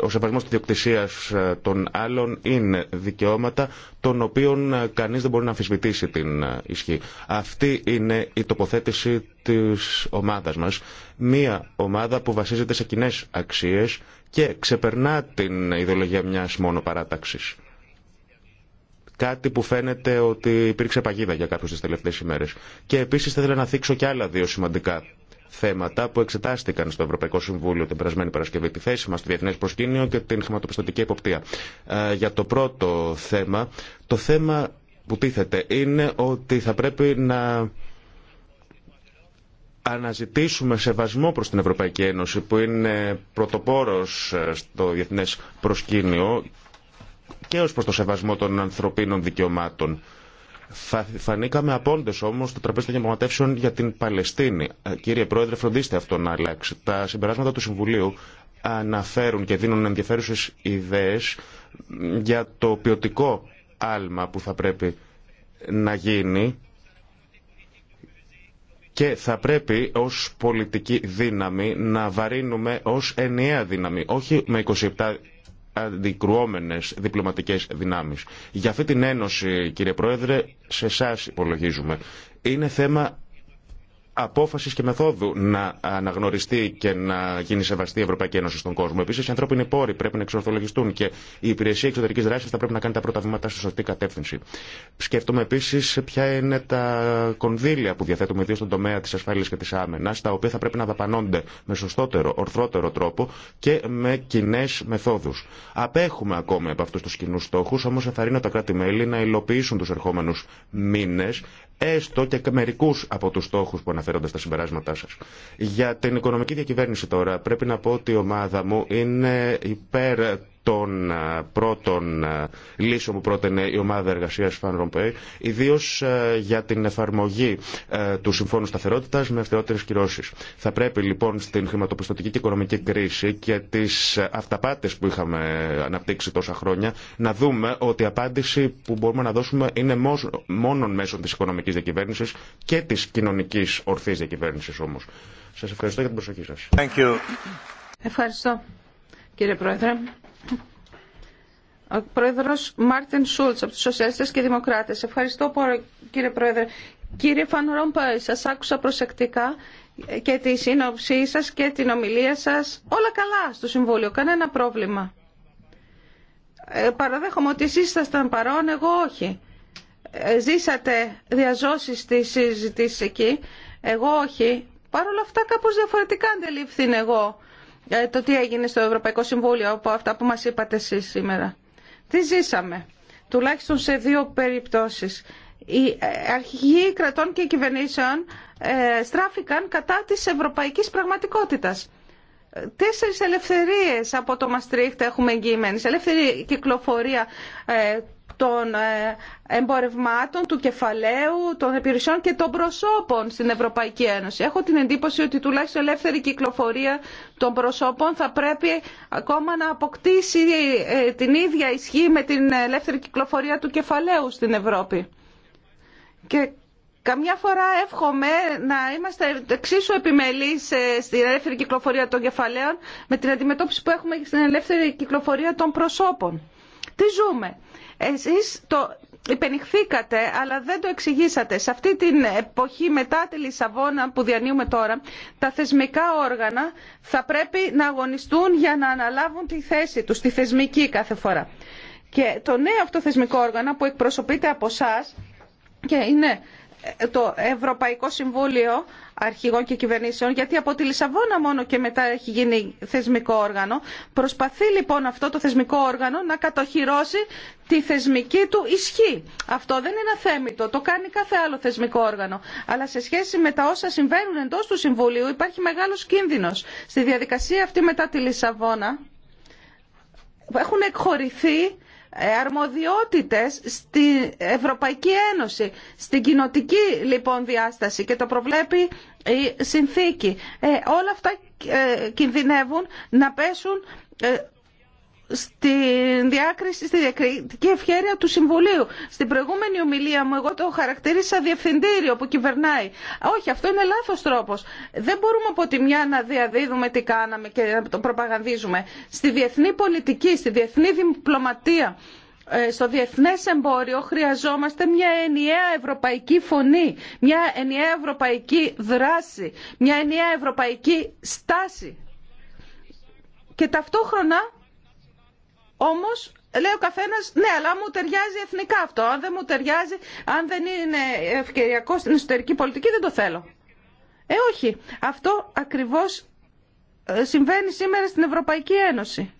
ο σεβασμός της διοκτησίας ε, των άλλων είναι δικαιώματα των οποίων ε, κανείς δεν μπορεί να αμφισβητήσει την ε, ισχύ. Αυτή είναι η τοποθέτηση της ομάδας μας. Μία ομάδα που βασίζεται σε κοινέ αξίες και ξεπερνά την ιδεολογία μιας μόνο παράταξης. Κάτι που φαίνεται ότι υπήρξε παγίδα για κάποιου τι τελευταίε ημέρε. Και επίση θα ήθελα να θίξω και άλλα δύο σημαντικά θέματα που εξετάστηκαν στο Ευρωπαϊκό Συμβούλιο την περασμένη Παρασκευή, τη θέση μα στο Διεθνέ Προσκήνιο και την χρηματοπιστωτική εποπτεία. Ε, για το πρώτο θέμα, το θέμα που τίθεται είναι ότι θα πρέπει να αναζητήσουμε σεβασμό προς την Ευρωπαϊκή Ένωση που είναι πρωτοπόρος ε, στο διεθνές προσκήνιο και ως προς το σεβασμό των ανθρωπίνων δικαιωμάτων. Θα φανήκαμε απόντε όμως το τραπέζι των διαπραγματεύσεων για την Παλαιστίνη. Ε, κύριε Πρόεδρε, φροντίστε αυτό να αλλάξει. Τα συμπεράσματα του Συμβουλίου αναφέρουν και δίνουν ενδιαφέρουσες ιδέες για το ποιοτικό άλμα που θα πρέπει να γίνει και θα πρέπει ως πολιτική δύναμη να βαρύνουμε ως ενιαία δύναμη, όχι με 27 αντικρουόμενες διπλωματικές δυνάμεις. Για αυτή την ένωση, κύριε Πρόεδρε, σε εσά υπολογίζουμε. Είναι θέμα απόφαση και μεθόδου να αναγνωριστεί και να γίνει σεβαστή η Ευρωπαϊκή Ένωση στον κόσμο. Επίση, οι ανθρώπινοι πόροι πρέπει να εξορθολογιστούν και η υπηρεσία εξωτερική δράση θα πρέπει να κάνει τα πρώτα βήματα στη σωστή κατεύθυνση. Σκέφτομαι επίση ποια είναι τα κονδύλια που διαθέτουμε, ιδίω στον τομέα τη ασφάλεια και τη άμενα, τα οποία θα πρέπει να δαπανώνται με σωστότερο, ορθότερο τρόπο και με κοινέ μεθόδου. Απέχουμε ακόμη από αυτού του κοινού στόχου, όμω ενθαρρύνω τα κράτη-μέλη να υλοποιήσουν του ερχόμενου μήνε έστω και μερικού από του στόχου που αναφέροντα τα συμπεράσματά σα. Για την οικονομική διακυβέρνηση τώρα, πρέπει να πω ότι η ομάδα μου είναι υπέρ των ε, πρώτων ε, λύσεων που πρότεινε η ομάδα εργασία Φαν Ρομπέι, ιδίω ε, για την εφαρμογή του Συμφώνου Σταθερότητα με αυτερότερε κυρώσει. Θα πρέπει λοιπόν στην χρηματοπιστωτική και οικονομική κρίση και τι αυταπάτε που είχαμε αναπτύξει τόσα χρόνια να δούμε ότι η απάντηση που μπορούμε να δώσουμε είναι μόνο μέσω τη οικονομική διακυβέρνηση και τη κοινωνική ορθή διακυβέρνηση όμω. Σα ευχαριστώ για την προσοχή σα. Ευχαριστώ κύριε Πρόεδρε. Ο πρόεδρος Μάρτιν Σούλτ από του Σοσιαλιστέ και Δημοκράτες. Ευχαριστώ πολύ κύριε πρόεδρε. Κύριε Φαν σας άκουσα προσεκτικά και τη σύνοψή σας και την ομιλία σας. Όλα καλά στο Συμβούλιο, κανένα πρόβλημα. Ε, παραδέχομαι ότι εσείς ήσασταν παρόν, εγώ όχι. Ε, ζήσατε διαζώσει τη συζητήση εκεί, εγώ όχι. Παρ' όλα αυτά κάπω διαφορετικά αντελήφθην εγώ ε, το τι έγινε στο Ευρωπαϊκό Συμβούλιο από αυτά που μας είπατε εσείς σήμερα. Τι ζήσαμε, τουλάχιστον σε δύο περιπτώσεις. Οι ε, αρχηγοί κρατών και κυβερνήσεων ε, στράφηκαν κατά της ευρωπαϊκής πραγματικότητας. Τέσσερις ελευθερίες από το Μαστρίχτ έχουμε εγγυημένες. Ελεύθερη κυκλοφορία των ε, εμπορευμάτων, του κεφαλαίου, των επιρρησιών και των προσώπων στην Ευρωπαϊκή Ένωση. Έχω την εντύπωση ότι τουλάχιστον η ελεύθερη κυκλοφορία των προσώπων θα πρέπει ακόμα να αποκτήσει ε, την ίδια ισχύ με την ελεύθερη κυκλοφορία του κεφαλαίου στην Ευρώπη. Και Καμιά φορά εύχομαι να είμαστε εξίσου επιμελείς ε, στην ελεύθερη κυκλοφορία των κεφαλαίων με την αντιμετώπιση που έχουμε στην ελεύθερη κυκλοφορία των προσώπων. Τι ζούμε. Εσείς το υπενηχθήκατε αλλά δεν το εξηγήσατε. Σε αυτή την εποχή μετά τη Λισαβόνα που διανύουμε τώρα, τα θεσμικά όργανα θα πρέπει να αγωνιστούν για να αναλάβουν τη θέση τους, τη θεσμική κάθε φορά. Και το νέο αυτό θεσμικό όργανο που εκπροσωπείται από εσά και είναι το Ευρωπαϊκό Συμβούλιο αρχηγών και κυβερνήσεων, γιατί από τη Λισαβόνα μόνο και μετά έχει γίνει θεσμικό όργανο. Προσπαθεί λοιπόν αυτό το θεσμικό όργανο να κατοχυρώσει τη θεσμική του ισχύ. Αυτό δεν είναι αθέμητο, το κάνει κάθε άλλο θεσμικό όργανο. Αλλά σε σχέση με τα όσα συμβαίνουν εντό του Συμβουλίου υπάρχει μεγάλο κίνδυνο. Στη διαδικασία αυτή μετά τη Λισαβόνα έχουν εκχωρηθεί ε, αρμοδιότητες στην Ευρωπαϊκή Ένωση, στην κοινοτική λοιπόν διάσταση και το προβλέπει η συνθήκη. Ε, όλα αυτά ε, κινδυνεύουν να πέσουν ε, στην διάκριση, στη διακριτική ευχαίρεια του Συμβουλίου. Στην προηγούμενη ομιλία μου εγώ το χαρακτήρισα διευθυντήριο που κυβερνάει. Όχι, αυτό είναι λάθο τρόπο. Δεν μπορούμε από τη μια να διαδίδουμε τι κάναμε και να το προπαγανδίζουμε. Στη διεθνή πολιτική, στη διεθνή διπλωματία, ε, στο διεθνές εμπόριο χρειαζόμαστε μια ενιαία ευρωπαϊκή φωνή, μια ενιαία ευρωπαϊκή δράση, μια ενιαία ευρωπαϊκή στάση. Και ταυτόχρονα Όμω, λέει ο καθένα, ναι, αλλά μου ταιριάζει εθνικά αυτό. Αν δεν μου ταιριάζει, αν δεν είναι ευκαιριακό στην εσωτερική πολιτική, δεν το θέλω. Ε, όχι. Αυτό ακριβώ ε, συμβαίνει σήμερα στην Ευρωπαϊκή Ένωση.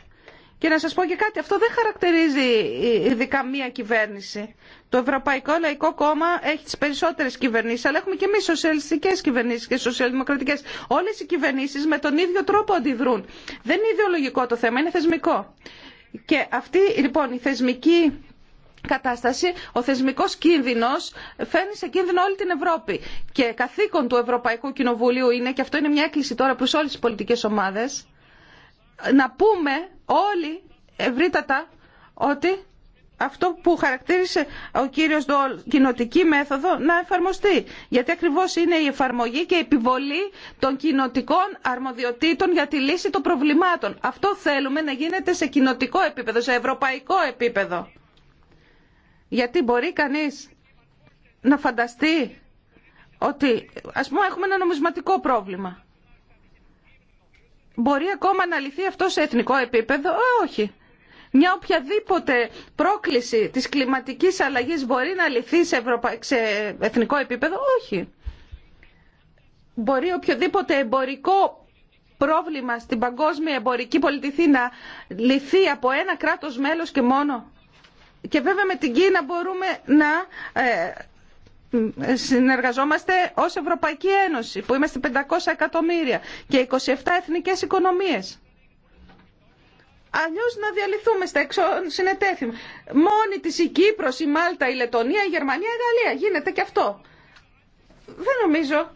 Και να σας πω και κάτι, αυτό δεν χαρακτηρίζει ε, ειδικά μία κυβέρνηση. Το Ευρωπαϊκό Λαϊκό Κόμμα έχει τις περισσότερες κυβερνήσεις, αλλά έχουμε και εμείς σοσιαλιστικές κυβερνήσεις και σοσιαλδημοκρατικές. Όλες οι κυβερνήσει με τον ίδιο τρόπο αντιδρούν. Δεν είναι ιδεολογικό το θέμα, είναι θεσμικό. Και αυτή λοιπόν η θεσμική κατάσταση, ο θεσμικός κίνδυνος φέρνει σε κίνδυνο όλη την Ευρώπη. Και καθήκον του Ευρωπαϊκού Κοινοβουλίου είναι, και αυτό είναι μια έκκληση τώρα προς όλες τις πολιτικές ομάδες, να πούμε όλοι ευρύτατα ότι αυτό που χαρακτήρισε ο κύριος Ντόλ κοινοτική μέθοδο να εφαρμοστεί. Γιατί ακριβώς είναι η εφαρμογή και η επιβολή των κοινοτικών αρμοδιοτήτων για τη λύση των προβλημάτων. Αυτό θέλουμε να γίνεται σε κοινοτικό επίπεδο, σε ευρωπαϊκό επίπεδο. Γιατί μπορεί κανείς να φανταστεί ότι ας πούμε έχουμε ένα νομισματικό πρόβλημα. Μπορεί ακόμα να λυθεί αυτό σε εθνικό επίπεδο. Ε, όχι. Μια οποιαδήποτε πρόκληση της κλιματικής αλλαγής μπορεί να λυθεί σε, εθνικό επίπεδο. Όχι. Μπορεί οποιοδήποτε εμπορικό πρόβλημα στην παγκόσμια εμπορική πολιτική να λυθεί από ένα κράτος μέλος και μόνο. Και βέβαια με την Κίνα μπορούμε να ε, συνεργαζόμαστε ως Ευρωπαϊκή Ένωση που είμαστε 500 εκατομμύρια και 27 εθνικές οικονομίες. Αλλιώ να διαλυθούμε στα εξώ συνετέθη. Μόνη της η Κύπρος, η Μάλτα, η Λετωνία, η Γερμανία, η Γαλλία. Γίνεται και αυτό. Δεν νομίζω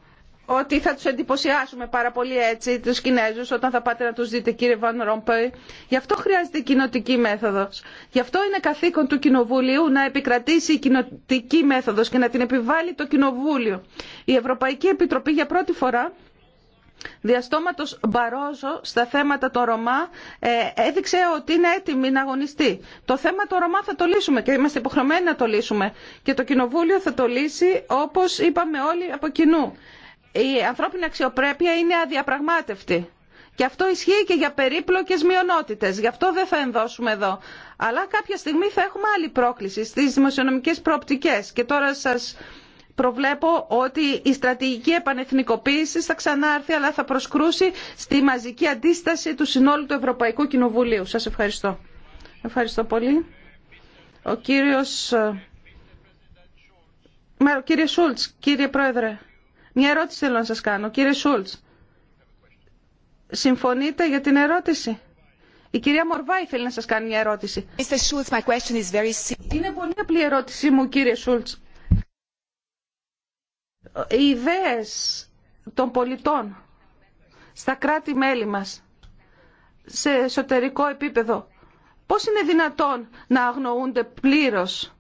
ότι θα τους εντυπωσιάσουμε πάρα πολύ έτσι τους Κινέζους όταν θα πάτε να τους δείτε κύριε Βαν Ρομπέι. Γι' αυτό χρειάζεται η κοινοτική μέθοδος. Γι' αυτό είναι καθήκον του Κοινοβουλίου να επικρατήσει η κοινοτική μέθοδος και να την επιβάλλει το Κοινοβούλιο. Η Ευρωπαϊκή Επιτροπή για πρώτη φορά διαστόματος Μπαρόζο στα θέματα των Ρωμά ε, έδειξε ότι είναι έτοιμη να αγωνιστεί. Το θέμα των Ρωμά θα το λύσουμε και είμαστε υποχρεωμένοι να το λύσουμε. Και το Κοινοβούλιο θα το λύσει όπως είπαμε όλοι από κοινού. Η ανθρώπινη αξιοπρέπεια είναι αδιαπραγμάτευτη. Και αυτό ισχύει και για περίπλοκες μειονότητες. Γι' αυτό δεν θα ενδώσουμε εδώ. Αλλά κάποια στιγμή θα έχουμε άλλη πρόκληση στις δημοσιονομικές προοπτικές. Και τώρα σας προβλέπω ότι η στρατηγική επανεθνικοποίηση θα ξανάρθει αλλά θα προσκρούσει στη μαζική αντίσταση του συνόλου του Ευρωπαϊκού Κοινοβουλίου. Σας ευχαριστώ. Ευχαριστώ πολύ. Ο κύριος... Ε, κύριε Σούλτς, κύριε Πρόεδρε, μια ερώτηση θέλω να σας κάνω. Κύριε Σούλτς, συμφωνείτε για την ερώτηση. Η κυρία Μορβάη θέλει να σας κάνει μια ερώτηση. Είναι πολύ απλή ερώτησή μου, κύριε Σούλτς οι ιδέες των πολιτών στα κράτη-μέλη μας σε εσωτερικό επίπεδο. Πώς είναι δυνατόν να αγνοούνται πλήρως.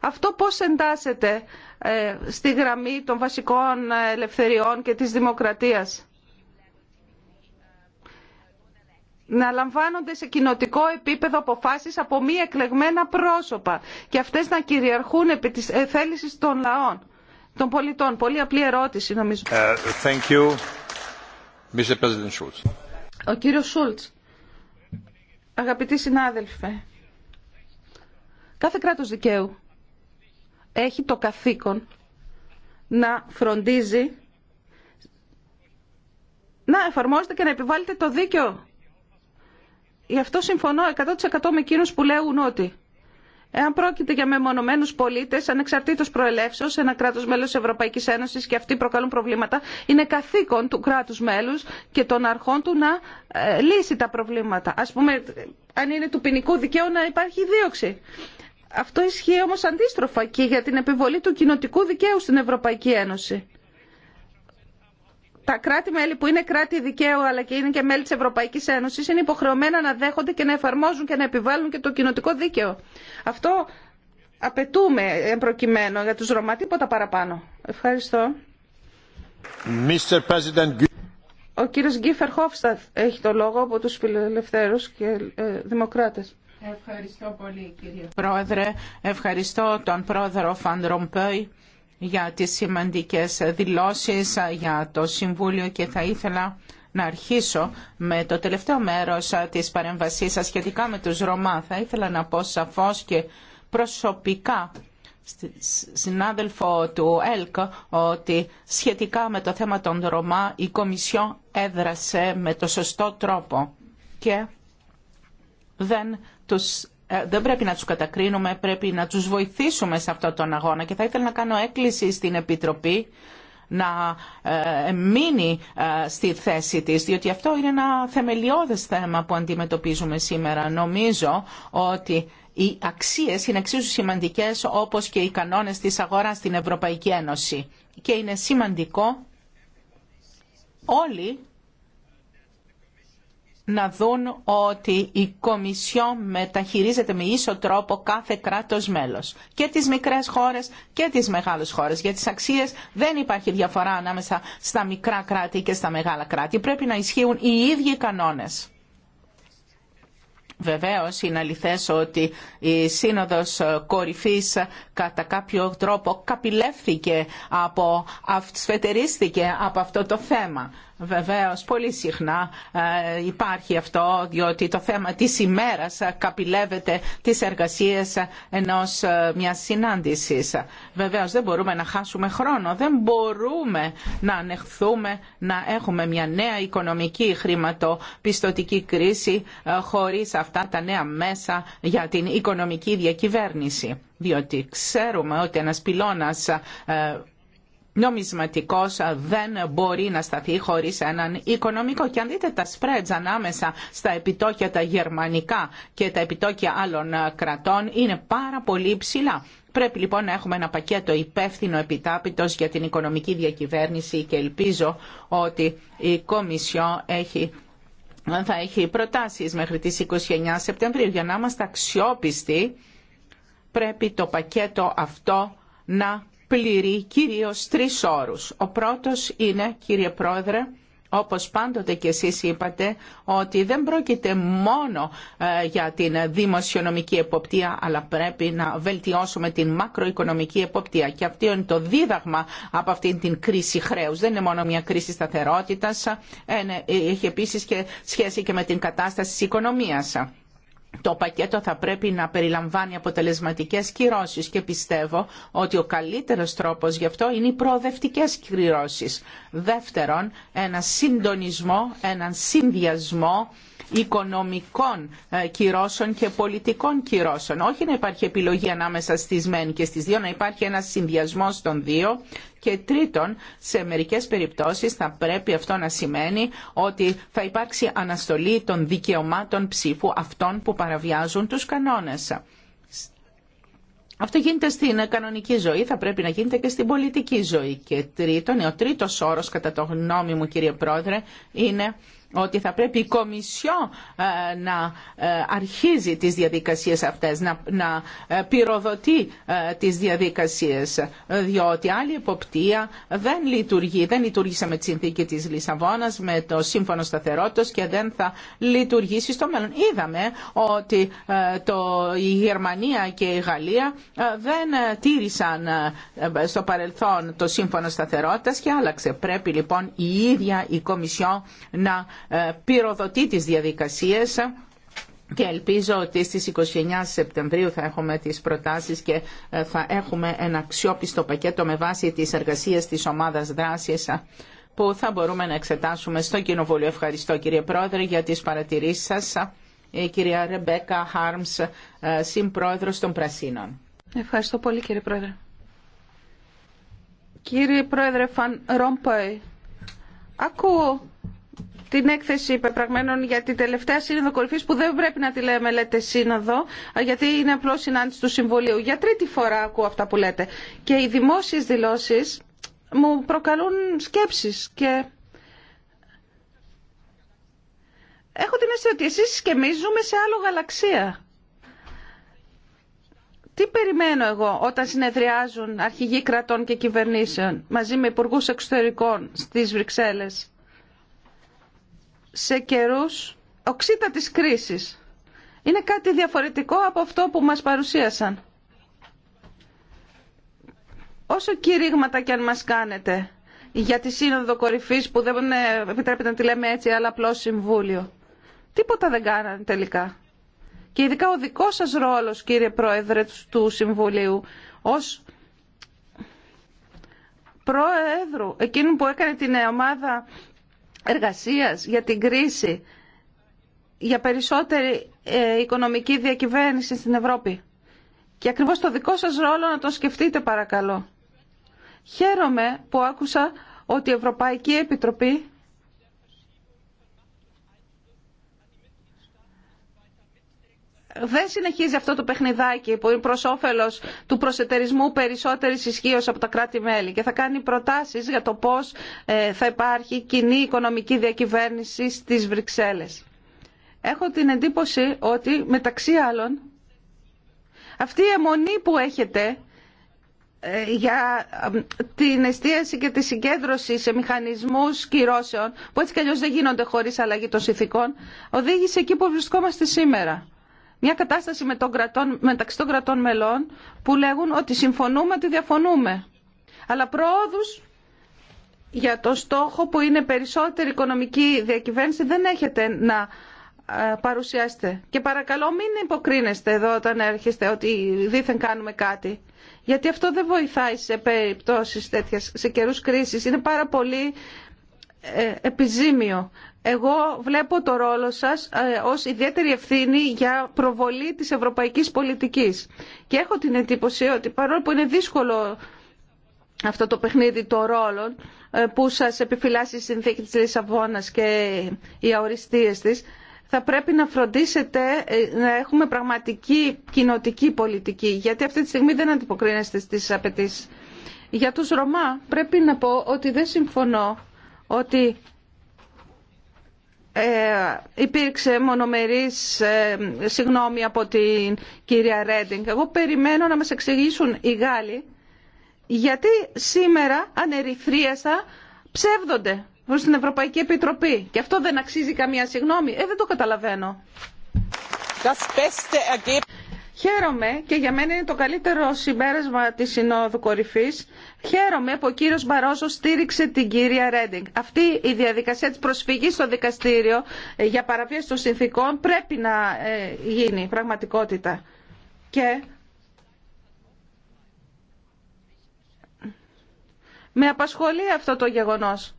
Αυτό πώς εντάσσεται ε, στη γραμμή των βασικών ε, ελευθεριών και της δημοκρατίας. να λαμβάνονται σε κοινοτικό επίπεδο αποφάσεις από μη εκλεγμένα πρόσωπα και αυτές να κυριαρχούν επί της ε, θέλησης των λαών των πολιτών. Πολύ απλή ερώτηση νομίζω. Ε, thank you, Mr. President Schultz. Ο κύριος Σούλτς, αγαπητοί συνάδελφε, κάθε κράτος δικαίου έχει το καθήκον να φροντίζει να εφαρμόζεται και να επιβάλλεται το δίκαιο. Γι' αυτό συμφωνώ 100% με εκείνους που λέγουν ότι Εάν πρόκειται για μεμονωμένου πολίτε, ανεξαρτήτω προελεύσεω, ένα κράτο μέλο τη Ευρωπαϊκή Ένωση και αυτοί προκαλούν προβλήματα, είναι καθήκον του κράτου μέλου και των αρχών του να ε, λύσει τα προβλήματα. Α πούμε, αν είναι του ποινικού δικαίου να υπάρχει δίωξη. Αυτό ισχύει όμω αντίστροφα και για την επιβολή του κοινοτικού δικαίου στην Ευρωπαϊκή Ένωση τα κράτη-μέλη που είναι κράτη δικαίου αλλά και είναι και μέλη της Ευρωπαϊκής Ένωση, είναι υποχρεωμένα να δέχονται και να εφαρμόζουν και να επιβάλλουν και το κοινοτικό δίκαιο. Αυτό απαιτούμε προκειμένου για τους Ρωμά τίποτα παραπάνω. Ευχαριστώ. Ο κύριο Γκίφερ Χόφσταθ έχει το λόγο από του φιλελευθέρους και ε, δημοκράτε. Ευχαριστώ πολύ κύριε Πρόεδρε. Ευχαριστώ τον Πρόεδρο Φαν για τις σημαντικές δηλώσεις ε, για το Συμβούλιο και θα ήθελα να αρχίσω με το τελευταίο μέρος ε, της παρέμβασής σας σχετικά με τους Ρωμά. Θα ήθελα να πω σαφώς και προσωπικά συνάδελφο του ΕΛΚ ότι σχετικά με το θέμα των Ρωμά η Κομισιό έδρασε με το σωστό τρόπο και δεν τους ε, δεν πρέπει να τους κατακρίνουμε, πρέπει να τους βοηθήσουμε σε αυτόν τον αγώνα και θα ήθελα να κάνω έκκληση στην Επιτροπή να ε, μείνει ε, στη θέση της, διότι αυτό είναι ένα θεμελιώδες θέμα που αντιμετωπίζουμε σήμερα. Νομίζω ότι οι αξίες είναι εξίσου σημαντικές όπως και οι κανόνες της αγοράς στην Ευρωπαϊκή Ένωση και είναι σημαντικό όλοι να δουν ότι η Κομισιόν μεταχειρίζεται με ίσο τρόπο κάθε κράτος μέλος. Και τις μικρές χώρες και τις μεγάλες χώρες. Για τις αξίες δεν υπάρχει διαφορά ανάμεσα στα μικρά κράτη και στα μεγάλα κράτη. Πρέπει να ισχύουν οι ίδιοι κανόνες. Βεβαίως είναι αληθές ότι η Σύνοδος Κορυφής κατά κάποιο τρόπο καπηλεύθηκε από, από αυτό το θέμα Βεβαίως, πολύ συχνά ε, υπάρχει αυτό, διότι το θέμα της ημέρας καπηλεύεται τις εργασίες ενός ε, μια συνάντησης. Βεβαίως, δεν μπορούμε να χάσουμε χρόνο, δεν μπορούμε να ανεχθούμε να έχουμε μια νέα οικονομική χρηματοπιστωτική κρίση ε, χωρίς αυτά τα νέα μέσα για την οικονομική διακυβέρνηση διότι ξέρουμε ότι ένας πυλώνας νομισματικός δεν μπορεί να σταθεί χωρίς έναν οικονομικό. Και αν δείτε τα spreads ανάμεσα στα επιτόκια τα γερμανικά και τα επιτόκια άλλων κρατών είναι πάρα πολύ ψηλά. Πρέπει λοιπόν να έχουμε ένα πακέτο υπεύθυνο επιτάπητος για την οικονομική διακυβέρνηση και ελπίζω ότι η Κομισιό θα έχει προτάσεις μέχρι τις 29 Σεπτεμβρίου. Για να είμαστε αξιόπιστοι πρέπει το πακέτο αυτό να πληρεί κυρίως τρεις όρους. Ο πρώτος είναι, κύριε Πρόεδρε, όπως πάντοτε και εσείς είπατε, ότι δεν πρόκειται μόνο ε, για την δημοσιονομική εποπτεία, αλλά πρέπει να βελτιώσουμε την μακροοικονομική εποπτεία. Και αυτό είναι το δίδαγμα από αυτήν την κρίση χρέους. Δεν είναι μόνο μια κρίση σταθερότητας, ε, ε, έχει επίσης και σχέση και με την κατάσταση της οικονομίας το πακέτο θα πρέπει να περιλαμβάνει αποτελεσματικές κυρώσεις και πιστεύω ότι ο καλύτερος τρόπος γι' αυτό είναι οι προοδευτικές κυρώσεις. Δεύτερον, ένα συντονισμό, έναν συνδυασμό οικονομικών ε, κυρώσεων και πολιτικών κυρώσεων. Όχι να υπάρχει επιλογή ανάμεσα στις μεν και στις δύο, να υπάρχει ένας συνδυασμός των δύο και τρίτον, σε μερικές περιπτώσεις θα πρέπει αυτό να σημαίνει ότι θα υπάρξει αναστολή των δικαιωμάτων ψήφου αυτών που παραβιάζουν τους κανόνες. Αυτό γίνεται στην κανονική ζωή, θα πρέπει να γίνεται και στην πολιτική ζωή. Και τρίτον, ο τρίτος όρος κατά το γνώμη μου κύριε Πρόεδρε είναι ότι θα πρέπει η Κομισιό ε, να ε, αρχίζει τις διαδικασίες αυτές, να ε, πυροδοτεί τις διαδικασίες, διότι άλλη εποπτεία δεν λειτουργεί, δεν λειτουργήσε με τη συνθήκη της Λισαβόνας, με το Σύμφωνο Σταθερότητας και δεν θα λειτουργήσει στο μέλλον. Είδαμε ότι το, η Γερμανία και η Γαλλία δεν τήρησαν στο παρελθόν το Σύμφωνο Σταθερότητας και άλλαξε. Πρέπει λοιπόν η ίδια η Κομισιό να ε, πυροδοτεί τις διαδικασίες και ελπίζω ότι στις 29 Σεπτεμβρίου θα έχουμε τις προτάσεις και ε, θα έχουμε ένα αξιόπιστο πακέτο με βάση τις εργασίες της ομάδας δράσης ε, που θα μπορούμε να εξετάσουμε στο Κοινοβούλιο. Ευχαριστώ κύριε Πρόεδρε για τις παρατηρήσεις σας. Η κυρία Ρεμπέκα Χάρμς, συμπρόεδρος των Πρασίνων. Ευχαριστώ πολύ κύριε Πρόεδρε. Κύριε Πρόεδρε Φαν Ρόμπαι ακούω την έκθεση πεπραγμένων για την τελευταία σύνοδο κορυφή που δεν πρέπει να τη λέμε λέτε σύνοδο, γιατί είναι απλώ συνάντηση του Συμβουλίου. Για τρίτη φορά ακούω αυτά που λέτε. Και οι δημόσιε δηλώσει μου προκαλούν σκέψεις και έχω την αίσθηση ότι εσείς και εμείς ζούμε σε άλλο γαλαξία. Τι περιμένω εγώ όταν συνεδριάζουν αρχηγοί κρατών και κυβερνήσεων μαζί με υπουργού εξωτερικών στις Βρυξέλλες σε καιρούς οξύτατης κρίσης. Είναι κάτι διαφορετικό από αυτό που μας παρουσίασαν. Όσο κηρύγματα και αν μας κάνετε για τη σύνοδο κορυφής που δεν επιτρέπεται να τη λέμε έτσι αλλά απλό συμβούλιο. Τίποτα δεν κάνανε τελικά. Και ειδικά ο δικός σας ρόλος κύριε Πρόεδρε του Συμβουλίου ως Πρόεδρου εκείνου που έκανε την ομάδα εργασίας, για την κρίση, για περισσότερη ε, οικονομική διακυβέρνηση στην Ευρώπη. Και ακριβώς το δικό σας ρόλο να το σκεφτείτε παρακαλώ. Χαίρομαι που άκουσα ότι η Ευρωπαϊκή Επιτροπή δεν συνεχίζει αυτό το παιχνιδάκι που είναι προ όφελο του προσετερισμού περισσότερη ισχύω από τα κράτη-μέλη και θα κάνει προτάσει για το πώ ε, θα υπάρχει κοινή οικονομική διακυβέρνηση στι Βρυξέλλε. Έχω την εντύπωση ότι μεταξύ άλλων αυτή η αιμονή που έχετε ε, για την εστίαση και τη συγκέντρωση σε μηχανισμούς κυρώσεων, που έτσι κι αλλιώς δεν γίνονται χωρίς αλλαγή των συνθηκών, οδήγησε εκεί που βρισκόμαστε σήμερα. Μια κατάσταση με τον μεταξύ των κρατών μελών που λέγουν ότι συμφωνούμε, ότι διαφωνούμε. Αλλά πρόοδους για το στόχο που είναι περισσότερη οικονομική διακυβέρνηση δεν έχετε να ε, παρουσιάστε. Και παρακαλώ μην υποκρίνεστε εδώ όταν έρχεστε ότι δήθεν κάνουμε κάτι. Γιατί αυτό δεν βοηθάει σε περιπτώσεις τέτοιες, σε καιρούς κρίσης. Είναι πάρα πολύ ε, επιζήμιο εγώ βλέπω το ρόλο σας ε, ως ιδιαίτερη ευθύνη για προβολή της ευρωπαϊκής πολιτικής. Και έχω την εντύπωση ότι παρόλο που είναι δύσκολο αυτό το παιχνίδι των ρόλων ε, που σας επιφυλάσσει η συνθήκη της Λισαβόνας και οι αοριστείες της, θα πρέπει να φροντίσετε ε, να έχουμε πραγματική κοινοτική πολιτική, γιατί αυτή τη στιγμή δεν αντιποκρίνεστε στις απαιτήσει. Για τους Ρωμά πρέπει να πω ότι δεν συμφωνώ ότι ε, υπήρξε μονομερής ε, συγγνώμη από την κυρία Ρέντινγκ. Εγώ περιμένω να μας εξηγήσουν οι Γάλλοι γιατί σήμερα ανερυθρίασα ψεύδονται προς την Ευρωπαϊκή Επιτροπή. Και αυτό δεν αξίζει καμία συγγνώμη. Ε, δεν το καταλαβαίνω. Χαίρομαι και για μένα είναι το καλύτερο συμπέρασμα της Συνόδου Κορυφής. Χαίρομαι που ο κύριος Μπαρόζο στήριξε την κυρία Ρέντινγκ. Αυτή η διαδικασία της προσφυγής στο δικαστήριο ε, για παραβίαση των συνθήκων πρέπει να ε, γίνει πραγματικότητα. Και με απασχολεί αυτό το γεγονός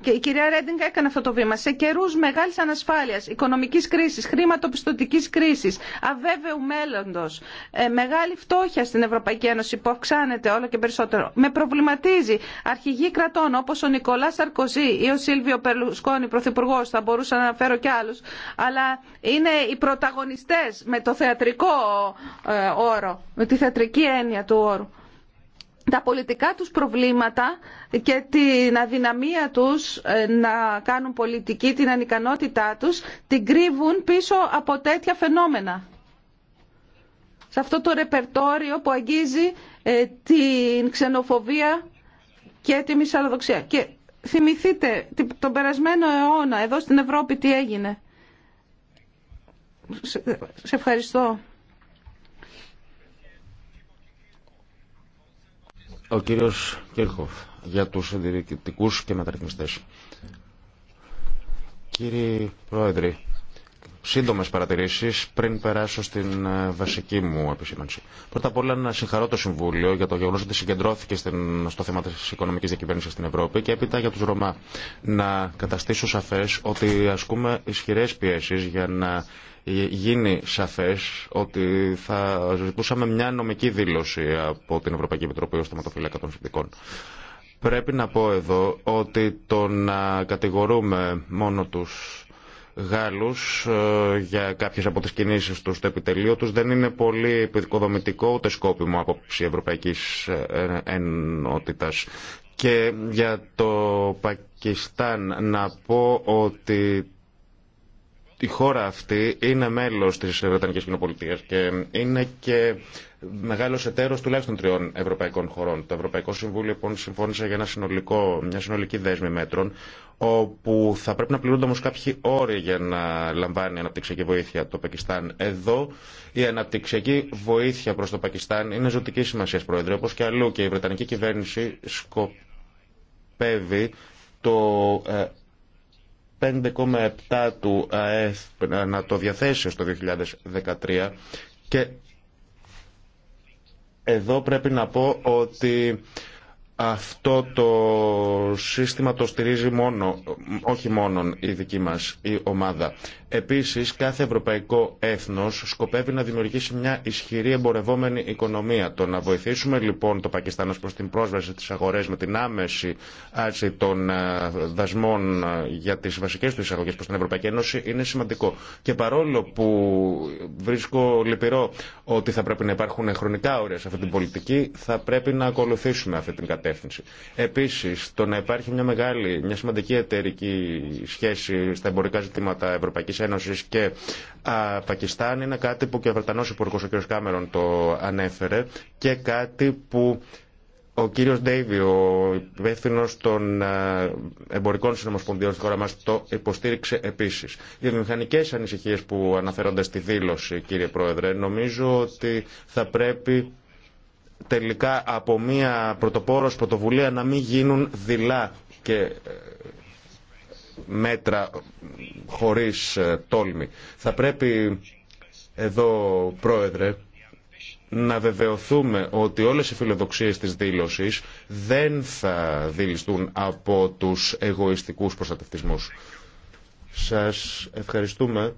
και η κυρία Ρέντινγκ έκανε αυτό το βήμα. Σε καιρού μεγάλη ανασφάλεια, οικονομική κρίση, χρηματοπιστωτική κρίση, αβέβαιου μέλλοντο, ε, μεγάλη φτώχεια στην Ευρωπαϊκή Ένωση που αυξάνεται όλο και περισσότερο, με προβληματίζει αρχηγοί κρατών όπω ο Νικολά Σαρκοζή ή ο Σίλβιο Περλουσκόνη, πρωθυπουργό, θα μπορούσα να αναφέρω κι άλλου, αλλά είναι οι πρωταγωνιστέ με το θεατρικό ε, όρο, με τη θεατρική έννοια του όρου τα πολιτικά τους προβλήματα και την αδυναμία τους ε, να κάνουν πολιτική, την ανικανότητά τους, την κρύβουν πίσω από τέτοια φαινόμενα. Σε αυτό το ρεπερτόριο που αγγίζει ε, την ξενοφοβία και τη μυσαλλοδοξία. Και θυμηθείτε τον περασμένο αιώνα εδώ στην Ευρώπη τι έγινε. Σε ευχαριστώ. Ο κύριος Κίρχοφ για τους συντηρητικούς και μεταρρυθμιστές. Κύριε Πρόεδρε, Σύντομε παρατηρήσει πριν περάσω στην ε, βασική μου επισήμανση. Πρώτα απ' όλα να συγχαρώ το Συμβούλιο για το γεγονό ότι συγκεντρώθηκε στο θέμα τη οικονομική διακυβέρνηση στην Ευρώπη και έπειτα για του Ρωμά. Να καταστήσω σαφέ ότι ασκούμε ισχυρέ πιέσει για να γίνει σαφέ ότι θα ζητούσαμε μια νομική δήλωση από την Ευρωπαϊκή Επιτροπή ω θεματοφύλακα των συνδικών. Πρέπει να πω εδώ ότι το να κατηγορούμε μόνο τους Γάλλους ε, για κάποιες από τις κινήσεις τους στο επιτελείο τους δεν είναι πολύ επικοδομητικό ούτε σκόπιμο απόψη Ευρωπαϊκής ε, Ενότητας. Και για το Πακιστάν να πω ότι η χώρα αυτή είναι μέλος της Βρετανικής Κοινοπολιτείας και είναι και μεγάλο εταίρος τουλάχιστον τριών ευρωπαϊκών χωρών. Το Ευρωπαϊκό Συμβούλιο λοιπόν συμφώνησε για ένα συνολικό, μια συνολική δέσμη μέτρων όπου θα πρέπει να πληρούνται όμως κάποιοι όροι για να λαμβάνει αναπτυξιακή βοήθεια το Πακιστάν. Εδώ η αναπτυξιακή βοήθεια προς το Πακιστάν είναι ζωτική σημασία, Πρόεδρε, όπως και αλλού και η Βρετανική κυβέρνηση σκοπεύει το ε, 5,7 του ΑΕΦ να το διαθέσει στο 2013 και εδώ πρέπει να πω ότι αυτό το σύστημα το στηρίζει μόνο, όχι μόνο η δική μας η ομάδα. Επίσης, κάθε ευρωπαϊκό έθνος σκοπεύει να δημιουργήσει μια ισχυρή εμπορευόμενη οικονομία. Το να βοηθήσουμε λοιπόν το Πακιστάν προς την πρόσβαση της αγορές με την άμεση άρση των ε, δασμών ε, για τις βασικές του εισαγωγές προς την Ευρωπαϊκή Ένωση είναι σημαντικό. Και παρόλο που βρίσκω λυπηρό ότι θα πρέπει να υπάρχουν χρονικά όρια σε αυτή την πολιτική, θα πρέπει να ακολουθήσουμε αυτή την κατάσταση κατεύθυνση. Επίση, το να υπάρχει μια μεγάλη, μια σημαντική εταιρική σχέση στα εμπορικά ζητήματα Ευρωπαϊκή Ένωση και α, Πακιστάν είναι κάτι που και ο Βρετανό Υπουργό, ο κ. Κάμερον, το ανέφερε και κάτι που ο κύριος Ντέιβι, ο υπεύθυνο των εμπορικών συνομοσπονδιών στη χώρα μας, το υποστήριξε επίσης. Οι μηχανικές ανησυχίες που αναφέρονται στη δήλωση, κύριε Πρόεδρε, νομίζω ότι θα πρέπει τελικά από μια πρωτοπόρος πρωτοβουλία να μην γίνουν δειλά και ε, μέτρα χωρίς ε, τόλμη. Θα πρέπει εδώ, Πρόεδρε, να βεβαιωθούμε ότι όλες οι φιλοδοξίες της δήλωσης δεν θα δηληστούν από τους εγωιστικούς προστατευτισμούς. Σας ευχαριστούμε.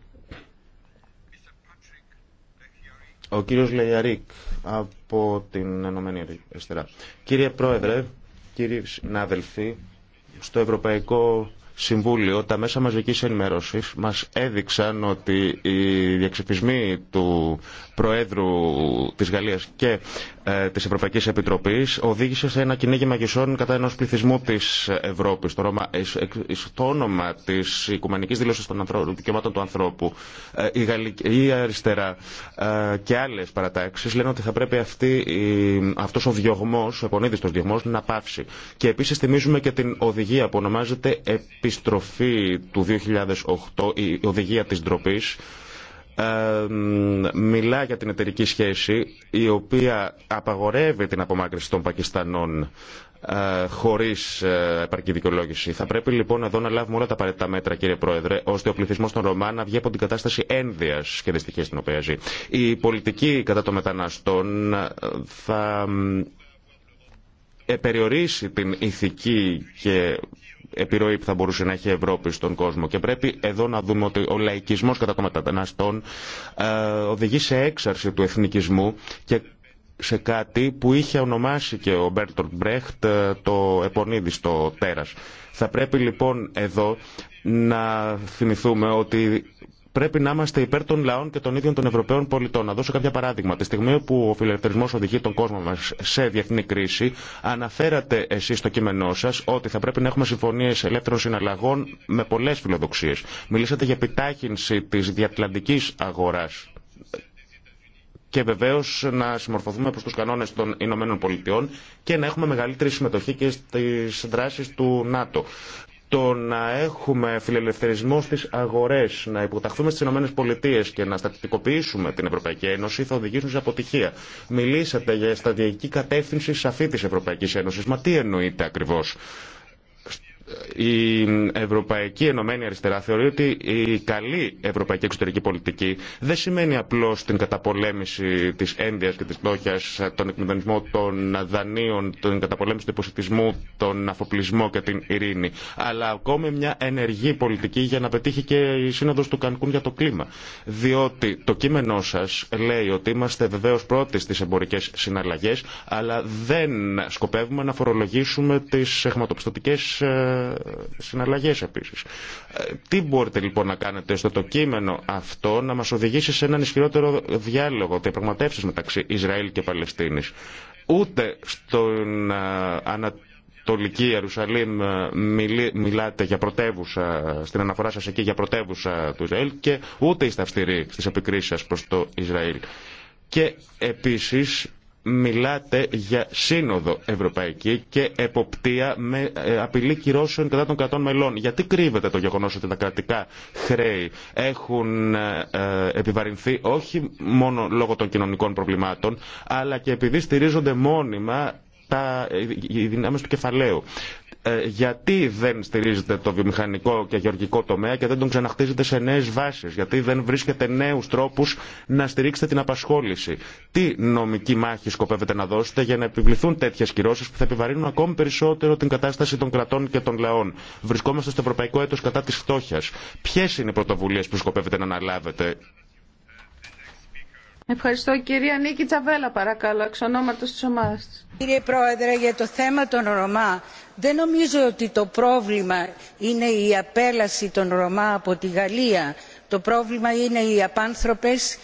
Ο κύριος Λεγιαρίκ από την Ενωμένη Αριστερά. Κύριε Πρόεδρε, κύριοι συνάδελφοι, στο Ευρωπαϊκό Συμβούλιο τα μέσα μαζικής ενημέρωσης μας έδειξαν ότι οι διαξεφισμοί του Προέδρου της Γαλλίας και Τη ε, της Ευρωπαϊκής Επιτροπής οδήγησε σε ένα κυνήγι μαγισσών κατά ενό πληθυσμού της Ευρώπης. Το, ε, ε, στο όνομα της Οικουμενική δηλώση των ανθρώπων, Δικαιωμάτων του Ανθρώπου, η, Γαλλική, Αριστερά και άλλε παρατάξεις λένε ότι θα πρέπει αυτό αυτός ο διωγμό, ο επονίδητο διωγμό, να πάυσει. Και επίση θυμίζουμε και την οδηγία που ονομάζεται Επιστροφή του 2008, η οδηγία της ντροπή μιλά για την εταιρική σχέση η οποία απαγορεύει την απομάκρυση των Πακιστανών ε, χωρί ε, επαρκή δικαιολόγηση. Θα πρέπει λοιπόν εδώ να λάβουμε όλα τα απαραίτητα μέτρα, κύριε Πρόεδρε, ώστε ο πληθυσμός των Ρωμά να βγει από την κατάσταση ένδυας και δυστυχίας στην οποία ζει. Η πολιτική κατά των μεταναστών ε, θα περιορίσει την ηθική και επιρροή που θα μπορούσε να έχει η Ευρώπη στον κόσμο. Και πρέπει εδώ να δούμε ότι ο λαϊκισμός κατά των μεταναστών ε, οδηγεί σε έξαρση του εθνικισμού και σε κάτι που είχε ονομάσει και ο Μπέρτορ Μπρέχτ ε, το επονίδι στο τέρας. Θα πρέπει λοιπόν εδώ να θυμηθούμε ότι Πρέπει να είμαστε υπέρ των λαών και των ίδιων των Ευρωπαίων πολιτών. Να δώσω κάποια παράδειγμα. Τη στιγμή που ο φιλελευθερισμό οδηγεί τον κόσμο μα σε διεθνή κρίση, αναφέρατε εσεί στο κείμενό σα ότι θα πρέπει να έχουμε συμφωνίε ελεύθερων συναλλαγών με πολλέ φιλοδοξίε. Μιλήσατε για επιτάχυνση τη διατλαντική αγορά και βεβαίω να συμμορφωθούμε προ του κανόνε των Ηνωμένων Πολιτειών και να έχουμε μεγαλύτερη συμμετοχή και στι δράσει του ΝΑΤΟ το να έχουμε φιλελευθερισμό στις αγορές, να υποταχθούμε στις ΗΠΑ και να στατικοποιήσουμε την Ευρωπαϊκή Ένωση θα οδηγήσουν σε αποτυχία. Μιλήσατε για σταδιακή κατεύθυνση σαφή τη Ευρωπαϊκής Ένωση, Μα τι εννοείται ακριβώς η Ευρωπαϊκή Ενωμένη Αριστερά θεωρεί ότι η καλή ευρωπαϊκή εξωτερική πολιτική δεν σημαίνει απλώ την καταπολέμηση τη ένδυα και τη φτώχεια, τον εκμηδενισμό των δανείων, την καταπολέμηση του υποσυτισμού, τον αφοπλισμό και την ειρήνη, αλλά ακόμη μια ενεργή πολιτική για να πετύχει και η Σύνοδο του Κανκούν για το κλίμα. Διότι το κείμενό σα λέει ότι είμαστε βεβαίω πρώτοι στι εμπορικέ συναλλαγέ, αλλά δεν σκοπεύουμε να φορολογήσουμε τι χρηματοπιστωτικέ ε, συναλλαγές επίσης. Ε, τι μπορείτε λοιπόν να κάνετε στο το κείμενο αυτό να μας οδηγήσει σε έναν ισχυρότερο διάλογο, διαπραγματεύσει μεταξύ Ισραήλ και Παλαιστίνης. Ούτε στον ε, Ανατολική Ιερουσαλήμ ε, μιλάτε για πρωτεύουσα, στην αναφορά σας εκεί για πρωτεύουσα του Ισραήλ και ούτε είστε αυστηροί στις επικρίσεις σας προς το Ισραήλ. Και επίσης μιλάτε για σύνοδο ευρωπαϊκή και εποπτεία με ε, απειλή κυρώσεων κατά των κρατών μελών. Γιατί κρύβεται το γεγονός ότι τα κρατικά χρέη έχουν ε, ε, επιβαρυνθεί όχι μόνο λόγω των κοινωνικών προβλημάτων, αλλά και επειδή στηρίζονται μόνιμα τα, ε, οι δυνάμεις του κεφαλαίου. Ε, γιατί δεν στηρίζετε το βιομηχανικό και γεωργικό τομέα και δεν τον ξαναχτίζετε σε νέες βάσεις, γιατί δεν βρίσκεται νέους τρόπους να στηρίξετε την απασχόληση. Τι νομική μάχη σκοπεύετε να δώσετε για να επιβληθούν τέτοιες κυρώσεις που θα επιβαρύνουν ακόμη περισσότερο την κατάσταση των κρατών και των λαών. Βρισκόμαστε στο Ευρωπαϊκό Έτος κατά της φτώχειας. Ποιες είναι οι πρωτοβουλίες που σκοπεύετε να αναλάβετε Ευχαριστώ κυρία Νίκη Τσαβέλα παρακαλώ, εξ ονόματος της ομάδας της. Κύριε Πρόεδρε, για το θέμα των Ρωμά, δεν νομίζω ότι το πρόβλημα είναι η απέλαση των Ρωμά από τη Γαλλία. Το πρόβλημα είναι οι απάνθρωπες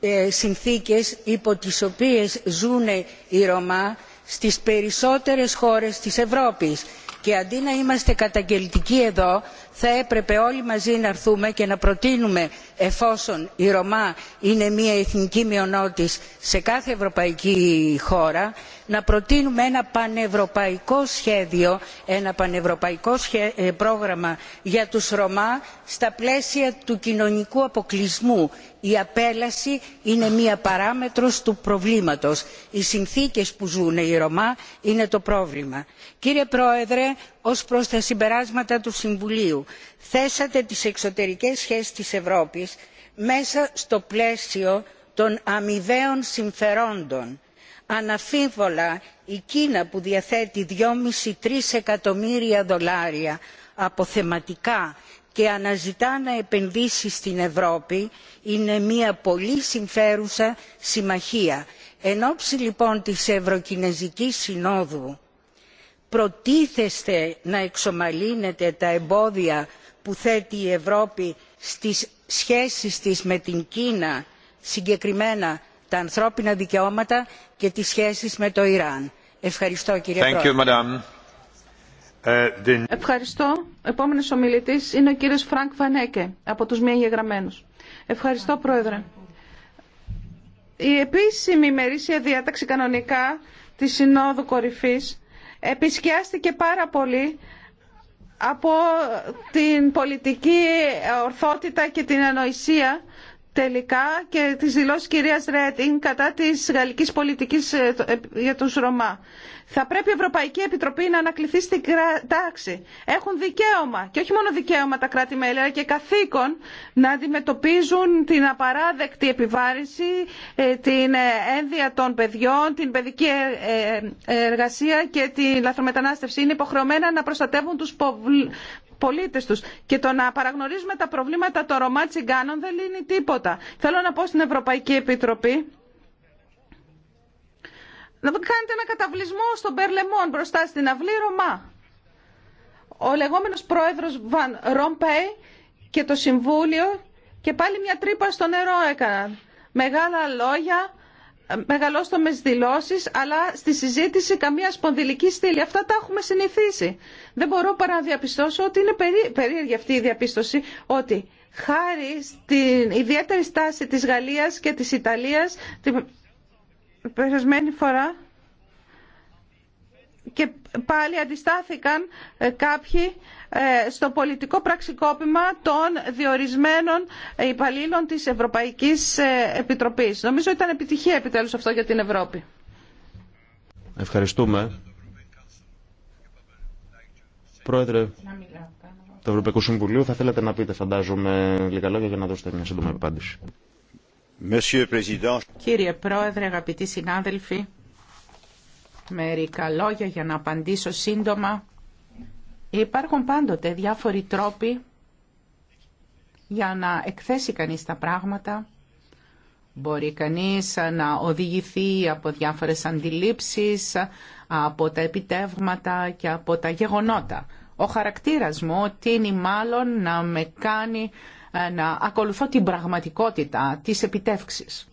ε, συνθήκες υπό τις οποίες ζουν οι Ρωμά στις περισσότερες χώρες της Ευρώπης. Και αντί να είμαστε καταγγελτικοί εδώ, θα έπρεπε όλοι μαζί να έρθουμε και να προτείνουμε εφόσον οι ρωμά είναι μια εθνική μειονότητα σε κάθε ευρωπαϊκή χώρα να προτείνουμε ένα πανευρωπαϊκό σχέδιο ένα πανευρωπαϊκό ε, πρόγραμμα για τους ρωμά στα πλαίσια του κοινωνικού αποκλεισμού. η απέλαση είναι μια παράμετρος του προβλήματος. οι συνθήκες που ζουν οι ρωμά είναι το πρόβλημα. κύριε πρόεδρε ως προς τα συμπεράσματα του συμβουλίου θέσατε τις εξωτερικές σχέσεις της ευρώπης μέσα στο πλαίσιο των αμοιβαίων συμφερόντων. αναμφίβολα η κίνα που διαθέτει 2,5 τρει εκατομμύρια δολάρια αποθεματικά και αναζητά να επενδύσει στην ευρώπη είναι μια πολύ συμφέρουσα συμμαχία. εν ώψη λοιπόν της ευρωκινεζικής συνόδου προτίθεστε να εξομαλύνετε τα εμπόδια που θέτει η ευρώπη στις σχέσεις της με την κίνα συγκεκριμένα τα ανθρώπινα δικαιώματα και τις σχέσεις με το ιράν. ευχαριστώ κύριε πρόεδρε. Ε, ευχαριστώ. Επόμενος ομιλητής είναι ο κύριος Φρανκ Φανέκε από τους μη Ευχαριστώ πρόεδρε. Η επίσημη ημερήσια διάταξη κανονικά της Συνόδου Κορυφής επισκιάστηκε πάρα πολύ από την πολιτική ορθότητα και την ανοησία τελικά και τις δηλώσεις κυρίας Ρέτινγκ κατά της γαλλικής πολιτικής ε, ε, για τους Ρωμά. Θα πρέπει η Ευρωπαϊκή Επιτροπή να ανακληθεί στην τάξη. Έχουν δικαίωμα και όχι μόνο δικαίωμα τα κράτη-μέλη αλλά και καθήκον να αντιμετωπίζουν την απαράδεκτη επιβάρηση, ε, την ε, ένδυα των παιδιών, την παιδική ε, εργασία και τη λαθρομετανάστευση. Είναι υποχρεωμένα να προστατεύουν τους πολίτες τους. Και το να παραγνωρίζουμε τα προβλήματα των Ρωμά Τσιγκάνων δεν λύνει τίποτα. Θέλω να πω στην Ευρωπαϊκή Επιτροπή να κάνετε ένα καταβλισμό στον Περλεμόν μπροστά στην αυλή Ρωμά. Ο λεγόμενος πρόεδρος Βαν Ρομπέι και το Συμβούλιο και πάλι μια τρύπα στο νερό έκαναν. Μεγάλα λόγια, μεγαλώστομες δηλώσει, αλλά στη συζήτηση καμία σπονδυλική στήλη. Αυτά τα έχουμε συνηθίσει. Δεν μπορώ παρά να διαπιστώσω ότι είναι περί... περίεργη αυτή η διαπίστωση ότι χάρη στην ιδιαίτερη στάση της Γαλλίας και της Ιταλίας, περασμένη φορά και πάλι αντιστάθηκαν ε, κάποιοι ε, στο πολιτικό πραξικόπημα των διορισμένων ε, υπαλλήλων της Ευρωπαϊκής Επιτροπής. Νομίζω ήταν επιτυχία επιτέλους αυτό για την Ευρώπη. Ευχαριστούμε. Πρόεδρε του Ευρωπαϊκού Συμβουλίου, θα θέλατε να πείτε, φαντάζομαι, λίγα λόγια για να δώσετε μια σύντομη απάντηση. Κύριε Πρόεδρε, αγαπητοί συνάδελφοι, μερικά λόγια για να απαντήσω σύντομα. Υπάρχουν πάντοτε διάφοροι τρόποι για να εκθέσει κανείς τα πράγματα. Μπορεί κανείς να οδηγηθεί από διάφορες αντιλήψεις, από τα επιτεύγματα και από τα γεγονότα. Ο χαρακτήρας μου τίνει μάλλον να με κάνει ε, να ακολουθώ την πραγματικότητα της επιτεύξης.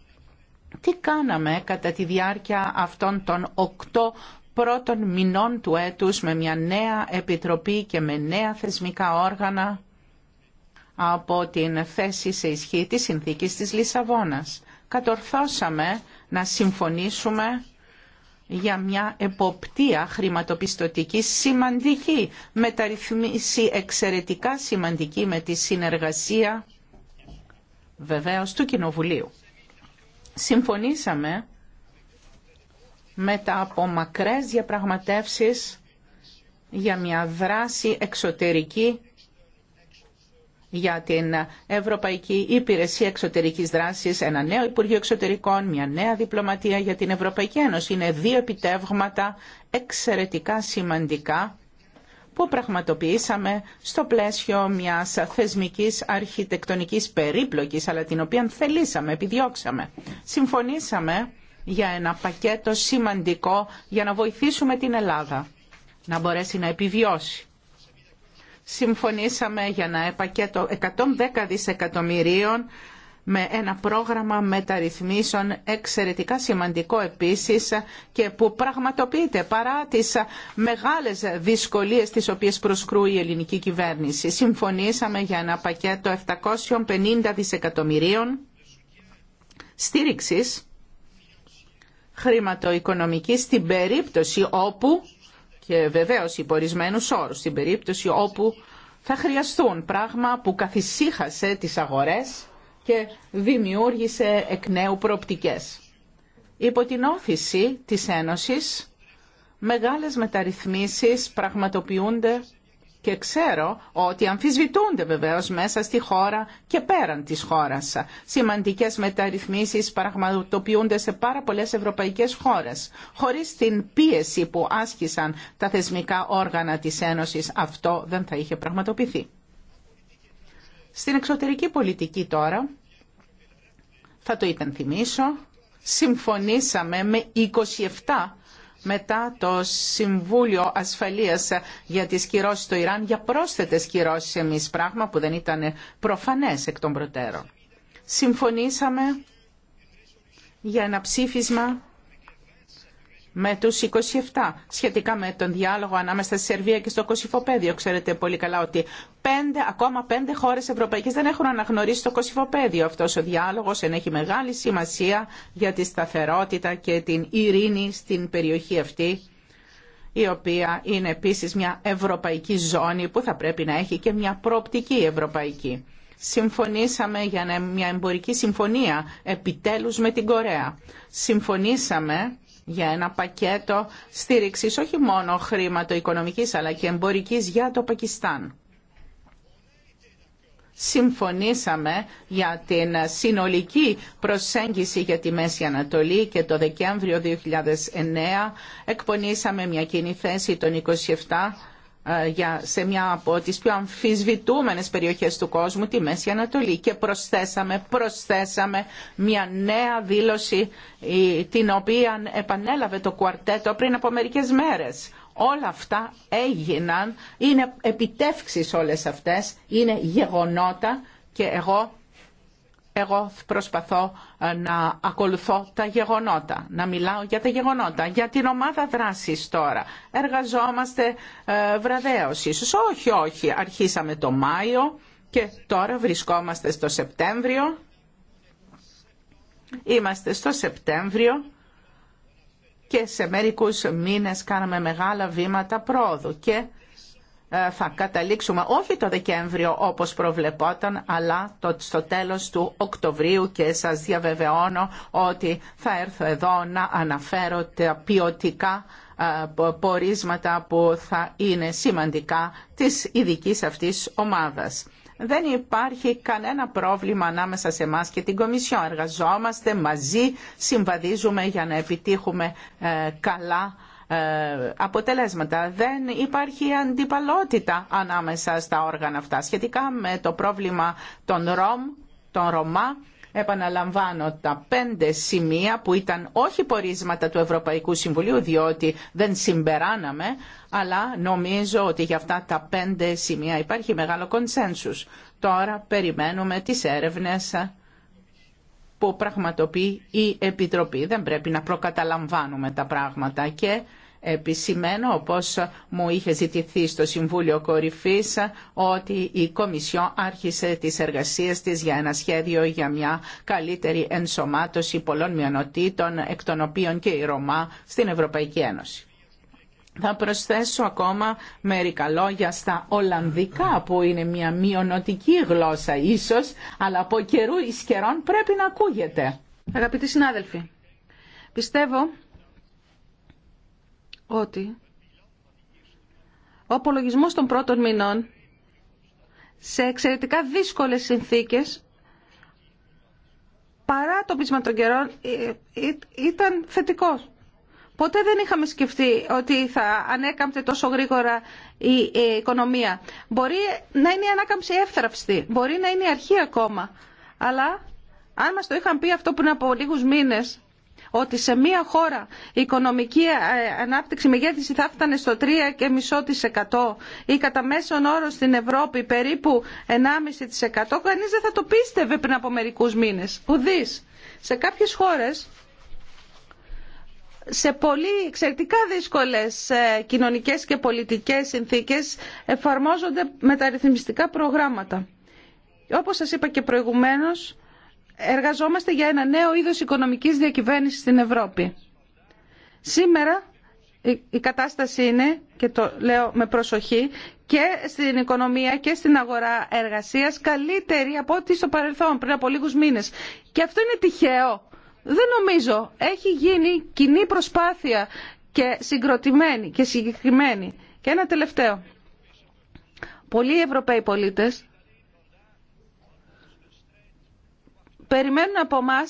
Τι κάναμε κατά τη διάρκεια αυτών των οκτώ πρώτων μηνών του έτους με μια νέα επιτροπή και με νέα θεσμικά όργανα από την θέση σε ισχύ της συνθήκης της Λισαβόνας. Κατορθώσαμε να συμφωνήσουμε για μια εποπτεία χρηματοπιστωτική σημαντική, μεταρρυθμίση εξαιρετικά σημαντική με τη συνεργασία βεβαίως του Κοινοβουλίου. Συμφωνήσαμε μετά από μακρές διαπραγματεύσεις για μια δράση εξωτερική για την Ευρωπαϊκή Υπηρεσία Εξωτερικής Δράσης, ένα νέο Υπουργείο Εξωτερικών, μια νέα διπλωματία για την Ευρωπαϊκή Ένωση. Είναι δύο επιτεύγματα εξαιρετικά σημαντικά που πραγματοποιήσαμε στο πλαίσιο μιας θεσμικής αρχιτεκτονικής περίπλοκης, αλλά την οποία θελήσαμε, επιδιώξαμε. Συμφωνήσαμε για ένα πακέτο σημαντικό για να βοηθήσουμε την Ελλάδα να μπορέσει να επιβιώσει συμφωνήσαμε για ένα πακέτο 110 δισεκατομμυρίων με ένα πρόγραμμα μεταρρυθμίσεων εξαιρετικά σημαντικό επίσης και που πραγματοποιείται παρά τις μεγάλες δυσκολίες τις οποίες προσκρούει η ελληνική κυβέρνηση. Συμφωνήσαμε για ένα πακέτο 750 δισεκατομμυρίων στήριξης χρηματοοικονομικής στην περίπτωση όπου και βεβαίως υπό όρου στην περίπτωση όπου θα χρειαστούν πράγμα που καθησύχασε τις αγορές και δημιούργησε εκ νέου προοπτικές. Υπό την όθηση της Ένωσης, μεγάλες μεταρρυθμίσεις πραγματοποιούνται και ξέρω ότι αμφισβητούνται βεβαίως μέσα στη χώρα και πέραν της χώρας. Σημαντικές μεταρρυθμίσεις πραγματοποιούνται σε πάρα πολλές ευρωπαϊκές χώρες. Χωρίς την πίεση που άσκησαν τα θεσμικά όργανα της Ένωσης αυτό δεν θα είχε πραγματοποιηθεί. Στην εξωτερική πολιτική τώρα, θα το υπενθυμίσω, συμφωνήσαμε με 27 μετά το Συμβούλιο Ασφαλείας για τις κυρώσεις στο Ιράν για πρόσθετες κυρώσει εμείς, πράγμα που δεν ήταν προφανές εκ των προτέρων. Συμφωνήσαμε για ένα ψήφισμα με τους 27 σχετικά με τον διάλογο ανάμεσα στη Σερβία και στο Κωσυφοπέδιο. Ξέρετε πολύ καλά ότι πέντε, ακόμα πέντε χώρες ευρωπαϊκές δεν έχουν αναγνωρίσει το Κωσυφοπέδιο. Αυτός ο διάλογος ενέχει μεγάλη σημασία για τη σταθερότητα και την ειρήνη στην περιοχή αυτή η οποία είναι επίσης μια ευρωπαϊκή ζώνη που θα πρέπει να έχει και μια προοπτική ευρωπαϊκή. Συμφωνήσαμε για μια εμπορική συμφωνία επιτέλους με την Κορέα. Συμφωνήσαμε για ένα πακέτο στήριξης όχι μόνο χρηματοοικονομικής αλλά και εμπορικής για το Πακιστάν. Συμφωνήσαμε για την συνολική προσέγγιση για τη Μέση Ανατολή και το Δεκέμβριο 2009 εκπονήσαμε μια κοινή θέση των 27 ε, σε μια από τις πιο αμφισβητούμενες περιοχές του κόσμου, τη Μέση Ανατολή. Και προσθέσαμε, προσθέσαμε μια νέα δήλωση την οποία επανέλαβε το κουαρτέτο πριν από μερικές μέρες. Όλα αυτά έγιναν, είναι επιτεύξεις όλες αυτές, είναι γεγονότα και εγώ εγώ προσπαθώ ε, να ακολουθώ τα γεγονότα, να μιλάω για τα γεγονότα, για την ομάδα δράσης τώρα. Εργαζόμαστε ε, βραδέως ίσως. Όχι, όχι. Αρχίσαμε το Μάιο και τώρα βρισκόμαστε στο Σεπτέμβριο. Είμαστε στο Σεπτέμβριο και σε μερικούς μήνες κάναμε μεγάλα βήματα πρόοδου και ε, θα καταλήξουμε όχι το Δεκέμβριο όπως προβλεπόταν, αλλά το, στο τέλος του Οκτωβρίου και σας διαβεβαιώνω ότι θα έρθω εδώ να αναφέρω τα ποιοτικά ε, πορίσματα που θα είναι σημαντικά της ειδική αυτής ομάδας. Δεν υπάρχει κανένα πρόβλημα ανάμεσα σε εμά και την Κομισιό. Εργαζόμαστε μαζί, συμβαδίζουμε για να επιτύχουμε ε, καλά ε, αποτελέσματα. Δεν υπάρχει αντιπαλότητα ανάμεσα στα όργανα αυτά. Σχετικά με το πρόβλημα των ΡΟΜ, των Ρωμά, επαναλαμβάνω τα πέντε σημεία που ήταν όχι πορίσματα του Ευρωπαϊκού Συμβουλίου διότι δεν συμπεράναμε αλλά νομίζω ότι για αυτά τα πέντε σημεία υπάρχει μεγάλο κονσένσους. Τώρα περιμένουμε τις έρευνες που πραγματοποιεί η Επιτροπή. Δεν πρέπει να προκαταλαμβάνουμε τα πράγματα και επισημαίνω, όπως μου είχε ζητηθεί στο Συμβούλιο Κορυφής, ότι η Κομισιόν άρχισε τις εργασίες της για ένα σχέδιο για μια καλύτερη ενσωμάτωση πολλών μειονοτήτων, εκ των οποίων και η Ρωμά, στην Ευρωπαϊκή Ένωση. Θα προσθέσω ακόμα μερικά λόγια στα Ολλανδικά που είναι μια μειονοτική γλώσσα ίσως, αλλά από καιρού εις καιρόν πρέπει να ακούγεται. Αγαπητοί συνάδελφοι, πιστεύω ότι ο απολογισμό των πρώτων μηνών σε εξαιρετικά δύσκολες συνθήκες παρά το πείσμα των καιρών ε, ε, ήταν θετικός. Ποτέ δεν είχαμε σκεφτεί ότι θα ανέκαμπτε τόσο γρήγορα η οικονομία. Μπορεί να είναι η ανάκαμψη εύθραυστη, μπορεί να είναι η αρχή ακόμα. Αλλά αν μας το είχαν πει αυτό πριν από λίγους μήνες, ότι σε μία χώρα η οικονομική ε, ανάπτυξη μεγέθυνση θα φτάνε στο 3,5% ή κατά μέσον όρο στην Ευρώπη περίπου 1,5% κανείς δεν θα το πίστευε πριν από μερικούς μήνες. Ουδή. Σε κάποιες χώρες σε πολύ εξαιρετικά δύσκολες ε, κοινωνικές και πολιτικές συνθήκες εφαρμόζονται μεταρρυθμιστικά προγράμματα. Όπως σας είπα και προηγουμένως, εργαζόμαστε για ένα νέο είδος οικονομικής διακυβέρνησης στην Ευρώπη. Σήμερα η κατάσταση είναι, και το λέω με προσοχή, και στην οικονομία και στην αγορά εργασίας καλύτερη από ό,τι στο παρελθόν, πριν από λίγους μήνες. Και αυτό είναι τυχαίο. Δεν νομίζω. Έχει γίνει κοινή προσπάθεια και συγκροτημένη και συγκεκριμένη. Και ένα τελευταίο. Πολλοί Ευρωπαίοι πολίτες περιμένουν από εμά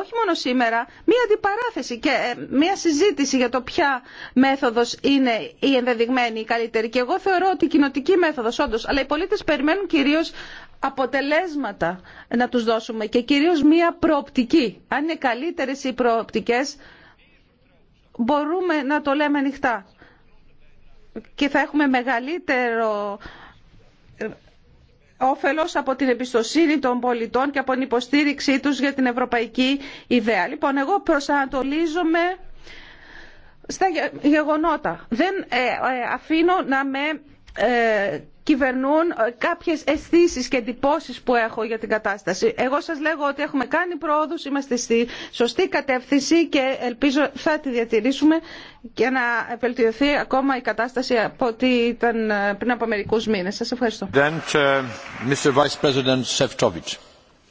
όχι μόνο σήμερα, μία αντιπαράθεση και ε, μία συζήτηση για το ποια μέθοδος είναι η ενδεδειγμένη, η καλύτερη. Και εγώ θεωρώ ότι η κοινοτική μέθοδος όντως, αλλά οι πολίτες περιμένουν κυρίως αποτελέσματα να τους δώσουμε και κυρίως μία προοπτική. Αν είναι καλύτερες οι προοπτικές, μπορούμε να το λέμε ανοιχτά και θα έχουμε μεγαλύτερο όφελος από την εμπιστοσύνη των πολιτών και από την υποστήριξή τους για την ευρωπαϊκή ιδέα. Λοιπόν, εγώ προσανατολίζομαι στα γεγονότα. Δεν ε, ε, αφήνω να με ε, κυβερνούν ε, κάποιες αισθήσει και εντυπωσει που έχω για την κατάσταση. Εγώ σας λέγω ότι έχουμε κάνει πρόοδους, είμαστε στη σωστή κατεύθυνση και ελπίζω θα τη διατηρήσουμε και να βελτιωθεί ακόμα η κατάσταση από ό,τι ήταν ε, πριν από μερικούς μήνες. Σας ευχαριστώ. Uh,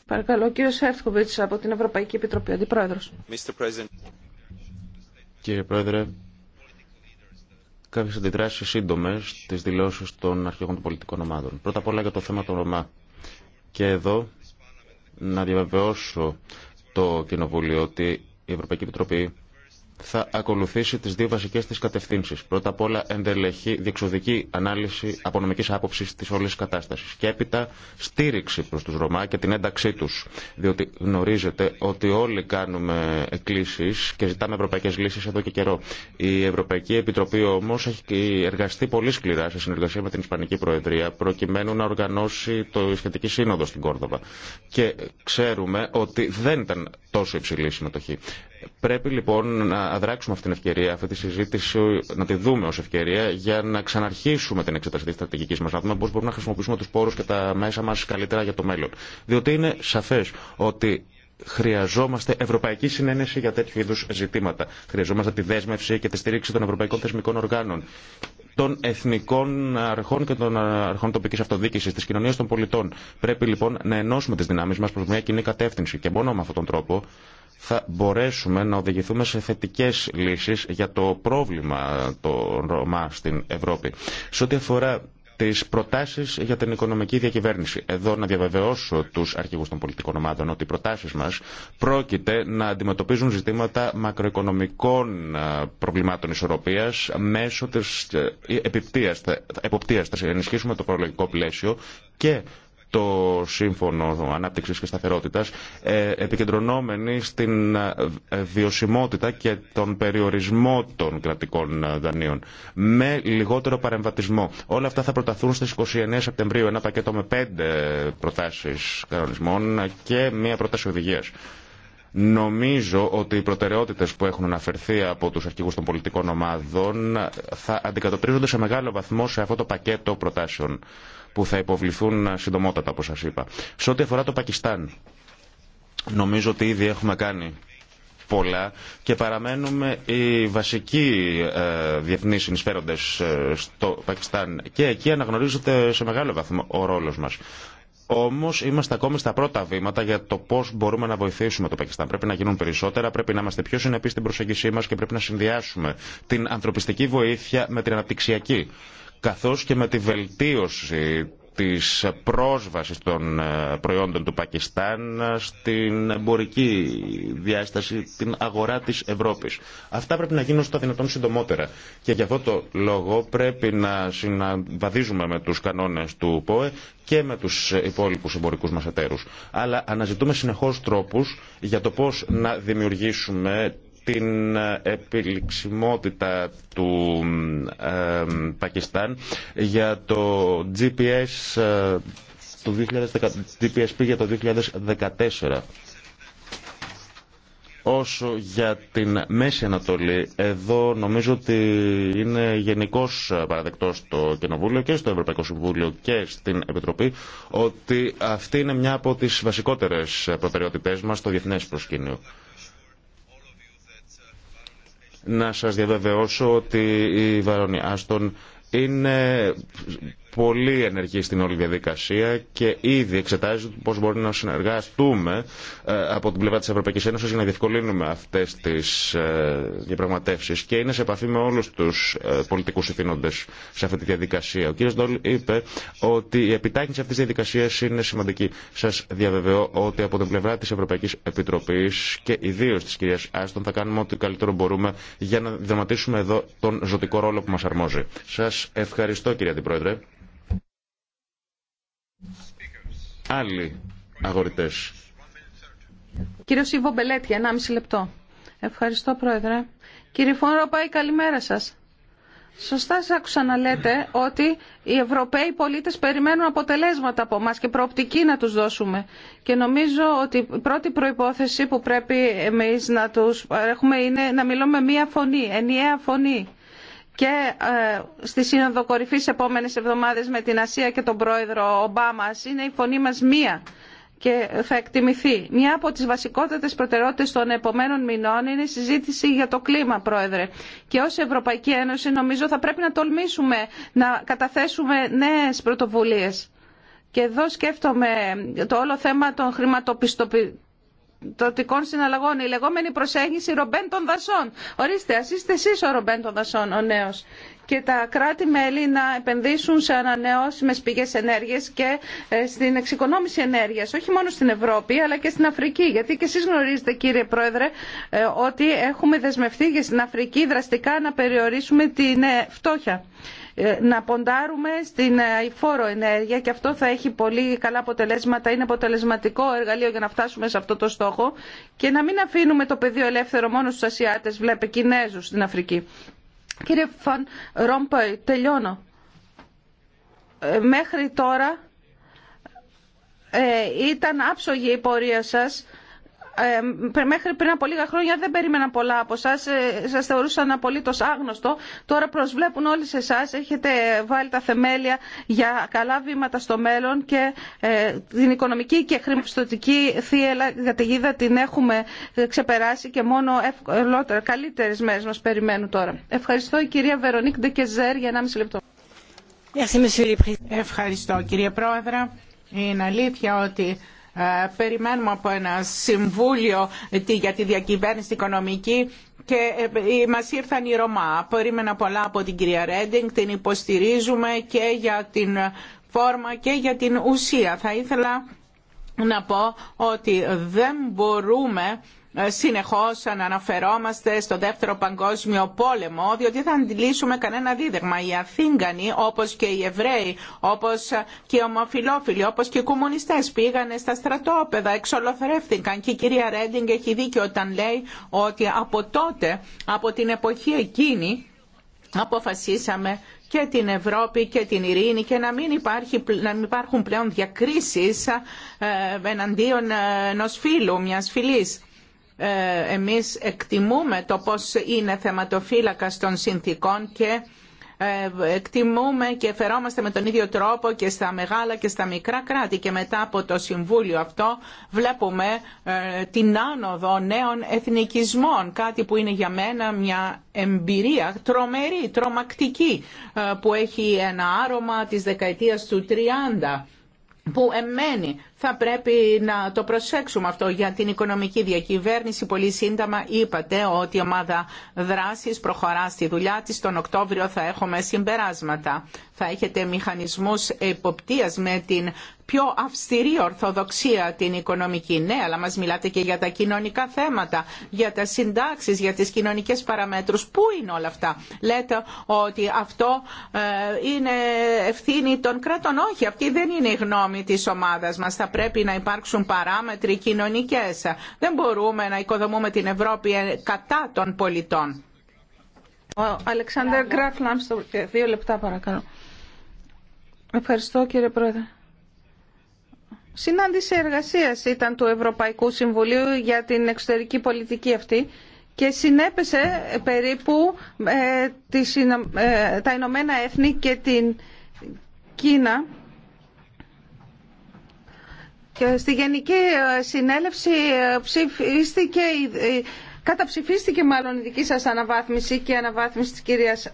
Παρακαλώ, κύριο από την Ευρωπαϊκή Επιτροπή, Αντιπρόεδρος. Κύριε Πρόεδρε, Κάποιε αντιδράσει σύντομε στι δηλώσει των αρχηγών των πολιτικών ομάδων. Πρώτα απ' όλα για το θέμα των Ρωμά. Και εδώ να διαβεβαιώσω το Κοινοβούλιο ότι η Ευρωπαϊκή Επιτροπή θα ακολουθήσει τι δύο βασικέ της κατευθύνσεις. Πρώτα απ' όλα ενδελεχή διεξοδική ανάλυση απονομική άποψης της όλης κατάστασης και έπειτα στήριξη προ του Ρωμά και την ένταξή του, Διότι γνωρίζετε ότι όλοι κάνουμε εκκλήσει και ζητάμε ευρωπαϊκέ λύσει εδώ και καιρό. Η Ευρωπαϊκή Επιτροπή όμω έχει εργαστεί πολύ σκληρά σε συνεργασία με την Ισπανική Προεδρία προκειμένου να οργανώσει το σχετική σύνοδο στην Κόρδοβα. Και ξέρουμε ότι δεν ήταν τόσο υψηλή συμμετοχή. Πρέπει λοιπόν να αδράξουμε αυτή την ευκαιρία, αυτή τη συζήτηση, να τη δούμε ω ευκαιρία για να ξαναρχίσουμε την εξετασία τη στρατηγική μα, να δούμε πώ μπορούμε να χρησιμοποιήσουμε του πόρου και τα μέσα μα καλύτερα για το μέλλον. Διότι είναι σαφέ ότι χρειαζόμαστε ευρωπαϊκή συνένεση για τέτοιου είδου ζητήματα. Χρειαζόμαστε τη δέσμευση και τη στήριξη των ευρωπαϊκών θεσμικών οργάνων, των εθνικών αρχών και των αρχών τοπική αυτοδιοίκηση, τη κοινωνία των πολιτών. Πρέπει λοιπόν να ενώσουμε τι δυνάμει μα προ μια κοινή κατεύθυνση και μόνο με αυτόν τον τρόπο θα μπορέσουμε να οδηγηθούμε σε θετικές λύσεις για το πρόβλημα των Ρωμά στην Ευρώπη. Σε ό,τι αφορά τις προτάσεις για την οικονομική διακυβέρνηση. Εδώ να διαβεβαιώσω τους αρχηγούς των πολιτικών ομάδων ότι οι προτάσεις μας πρόκειται να αντιμετωπίζουν ζητήματα μακροοικονομικών ε, προβλημάτων ισορροπίας μέσω της ε, εποπτείας. Θα ενισχύσουμε το προλογικό πλαίσιο και το Σύμφωνο Ανάπτυξης και Σταθερότητας ε, επικεντρωνόμενοι στην ε, βιωσιμότητα και τον περιορισμό των κρατικών ε, δανείων με λιγότερο παρεμβατισμό. Όλα αυτά θα προταθούν στις 29 Σεπτεμβρίου ένα πακέτο με πέντε προτάσεις κανονισμών και μία πρόταση οδηγίας. Νομίζω ότι οι προτεραιότητες που έχουν αναφερθεί από τους αρχηγούς των πολιτικών ομάδων θα αντικατοπτρίζονται σε μεγάλο βαθμό σε αυτό το πακέτο προτάσεων που θα υποβληθούν συντομότατα, όπως σας είπα. Σε ό,τι αφορά το Πακιστάν, νομίζω ότι ήδη έχουμε κάνει πολλά και παραμένουμε οι βασικοί ε, διεθνείς συνεισφέροντες ε, στο Πακιστάν και εκεί αναγνωρίζεται σε μεγάλο βαθμό ο ρόλος μας. Όμω είμαστε ακόμη στα πρώτα βήματα για το πώ μπορούμε να βοηθήσουμε το Πακιστάν. Πρέπει να γίνουν περισσότερα, πρέπει να είμαστε πιο συνεπεί στην προσέγγιση μα και πρέπει να συνδυάσουμε την ανθρωπιστική βοήθεια με την αναπτυξιακή καθώς και με τη βελτίωση της πρόσβασης των ε, προϊόντων του Πακιστάν ε, στην εμπορική διάσταση, την αγορά της Ευρώπης. Αυτά πρέπει να γίνουν στο δυνατόν συντομότερα. Και για αυτό το λόγο πρέπει να συναβαδίζουμε με τους κανόνες του ΠΟΕ και με τους υπόλοιπους εμπορικούς μας εταίρους. Αλλά αναζητούμε συνεχώς τρόπους για το πώς να δημιουργήσουμε την ε, επιληξιμότητα του Πακιστάν για το GPS, ε, το GPSP για το 2014. Όσο για την Μέση Ανατολή, εδώ νομίζω ότι είναι γενικός παραδεκτός στο Κοινοβούλιο και στο Ευρωπαϊκό Συμβούλιο και στην Επιτροπή ότι αυτή είναι μια από τις βασικότερες προτεραιότητές μας στο διεθνές προσκήνιο να σας διαβεβαιώσω ότι η Βαρονιάστον είναι πολύ ενεργή στην όλη διαδικασία και ήδη εξετάζει πώ μπορεί να συνεργαστούμε ε, από την πλευρά τη Ευρωπαϊκή Ένωση για να διευκολύνουμε αυτέ τι ε, διαπραγματεύσει και είναι σε επαφή με όλου του ε, πολιτικού ευθύνοντε σε αυτή τη διαδικασία. Ο κ. Ντόλ είπε ότι η επιτάχυνση αυτή τη διαδικασία είναι σημαντική. Σα διαβεβαιώ ότι από την πλευρά τη Ευρωπαϊκή Επιτροπή και ιδίω τη κυρία Άστον θα κάνουμε ό,τι καλύτερο μπορούμε για να δραματίσουμε εδώ τον ζωτικό ρόλο που μα αρμόζει. Σα ευχαριστώ, κύριε Αντιπρόεδρε. Άλλοι αγορητές. Κύριο Σίβο Μπελέτια, 1,5 λεπτό. Ευχαριστώ, Πρόεδρε. Κύριε πάει καλημέρα σας. Σωστά σας άκουσα να λέτε ότι οι Ευρωπαίοι πολίτες περιμένουν αποτελέσματα από μας και προοπτική να τους δώσουμε. Και νομίζω ότι η πρώτη προϋπόθεση που πρέπει εμείς να τους έχουμε είναι να μιλούμε μία φωνή, ενιαία φωνή και ε, στη Σύνοδο Κορυφής επόμενες εβδομάδες με την Ασία και τον πρόεδρο Ομπάμα είναι η φωνή μα μία και θα εκτιμηθεί. Μία από τις βασικότερες προτεραιότητες των επομένων μηνών είναι η συζήτηση για το κλίμα, Πρόεδρε. Και ως Ευρωπαϊκή Ένωση νομίζω θα πρέπει να τολμήσουμε να καταθέσουμε νέες πρωτοβουλίες. Και εδώ σκέφτομαι το όλο θέμα των χρηματοπιστωτικών συναλλαγών, η λεγόμενη προσέγγιση ρομπέν των δασών. Ορίστε, ας είστε εσείς ο ρομπέν των δασών, ο νέος. Και τα κράτη-μέλη να επενδύσουν σε ανανεώσιμες πηγές ενέργειας και ε, στην εξοικονόμηση ενέργειας, όχι μόνο στην Ευρώπη αλλά και στην Αφρική. Γιατί και εσείς γνωρίζετε κύριε Πρόεδρε ε, ότι έχουμε δεσμευτεί για στην Αφρική δραστικά να περιορίσουμε την ε, φτώχεια. Ε, να ποντάρουμε στην αηφόρο ε, ενέργεια και αυτό θα έχει πολύ καλά αποτελέσματα. Είναι αποτελεσματικό εργαλείο για να φτάσουμε σε αυτό το στόχο και να μην αφήνουμε το πεδίο ελεύθερο μόνο στους Ασιάτες, βλέπε Κινέζους στην Αφρική. Κύριε Φαν Ρόμπεϊ, τελειώνω. Ε, μέχρι τώρα ήταν άψογη η πορεία σας ε, μέχρι πριν από λίγα χρόνια δεν περίμεναν πολλά από εσά. Σα θεωρούσαν απολύτω άγνωστο. Τώρα προσβλέπουν όλοι σε εσά. Έχετε βάλει τα θεμέλια για καλά βήματα στο μέλλον και ε, την οικονομική και χρηματοπιστωτική θύελα καταιγίδα την έχουμε ξεπεράσει και μόνο ευκολότερα. Καλύτερε μέρε μα περιμένουν τώρα. Ευχαριστώ η κυρία Βερονίκ Ντεκεζέρ για 1,5 λεπτό. Ευχαριστώ κύριε Πρόεδρε. Είναι αλήθεια ότι ε, περιμένουμε από ένα συμβούλιο για τη διακυβέρνηση οικονομική και ε, ε, μας ήρθαν οι Ρωμά. Περίμενα πολλά από την κυρία Ρέντινγκ, την υποστηρίζουμε και για την φόρμα και για την ουσία. Θα ήθελα να πω ότι δεν μπορούμε ε, συνεχώς αναφερόμαστε στο δεύτερο παγκόσμιο πόλεμο διότι θα αντιλήσουμε κανένα δίδεγμα. Οι Αθήγανοι όπως και οι Εβραίοι όπως και οι ομοφιλόφιλοι όπως και οι κομμουνιστές πήγανε στα στρατόπεδα, εξολοθρεύτηκαν και η κυρία Ρέντινγκ έχει δίκιο όταν λέει ότι από τότε, από την εποχή εκείνη αποφασίσαμε και την Ευρώπη και την ειρήνη και να μην, υπάρχει, να μην υπάρχουν πλέον διακρίσεις ε, εναντίον ε, ενός φίλου, μιας φιλής ε, εμείς εκτιμούμε το πώς είναι θεματοφύλακας των συνθήκων και ε, εκτιμούμε και φερόμαστε με τον ίδιο τρόπο και στα μεγάλα και στα μικρά κράτη και μετά από το Συμβούλιο αυτό βλέπουμε ε, την άνοδο νέων εθνικισμών κάτι που είναι για μένα μια εμπειρία τρομερή, τρομακτική που έχει ένα άρωμα της δεκαετίας του 30 που εμένει. Θα πρέπει να το προσέξουμε αυτό για την οικονομική διακυβέρνηση. Πολύ σύντομα είπατε ότι η ομάδα δράσης προχωρά στη δουλειά της. Τον Οκτώβριο θα έχουμε συμπεράσματα. Θα έχετε μηχανισμούς εποπτείας με την πιο αυστηρή ορθοδοξία την οικονομική. Ναι, αλλά μας μιλάτε και για τα κοινωνικά θέματα, για τα συντάξεις, για τις κοινωνικές παραμέτρους. Πού είναι όλα αυτά. Λέτε ότι αυτό ε, είναι ευθύνη των κρατών. Όχι, αυτή δεν είναι η γνώμη της ομάδας μας. Θα πρέπει να υπάρξουν παράμετροι κοινωνικές. Δεν μπορούμε να οικοδομούμε την Ευρώπη ε, κατά των πολιτών. Ευχαριστώ κύριε Πρόεδρε. Συνάντηση εργασία ήταν του Ευρωπαϊκού Συμβουλίου για την εξωτερική πολιτική αυτή και συνέπεσε περίπου ε, ε, τα Ηνωμένα Έθνη και την Κίνα και στη Γενική ε, Συνέλευση ψηφίστηκε η Καταψηφίστηκε μάλλον η δική σας αναβάθμιση και η αναβάθμιση της κυρίας ε,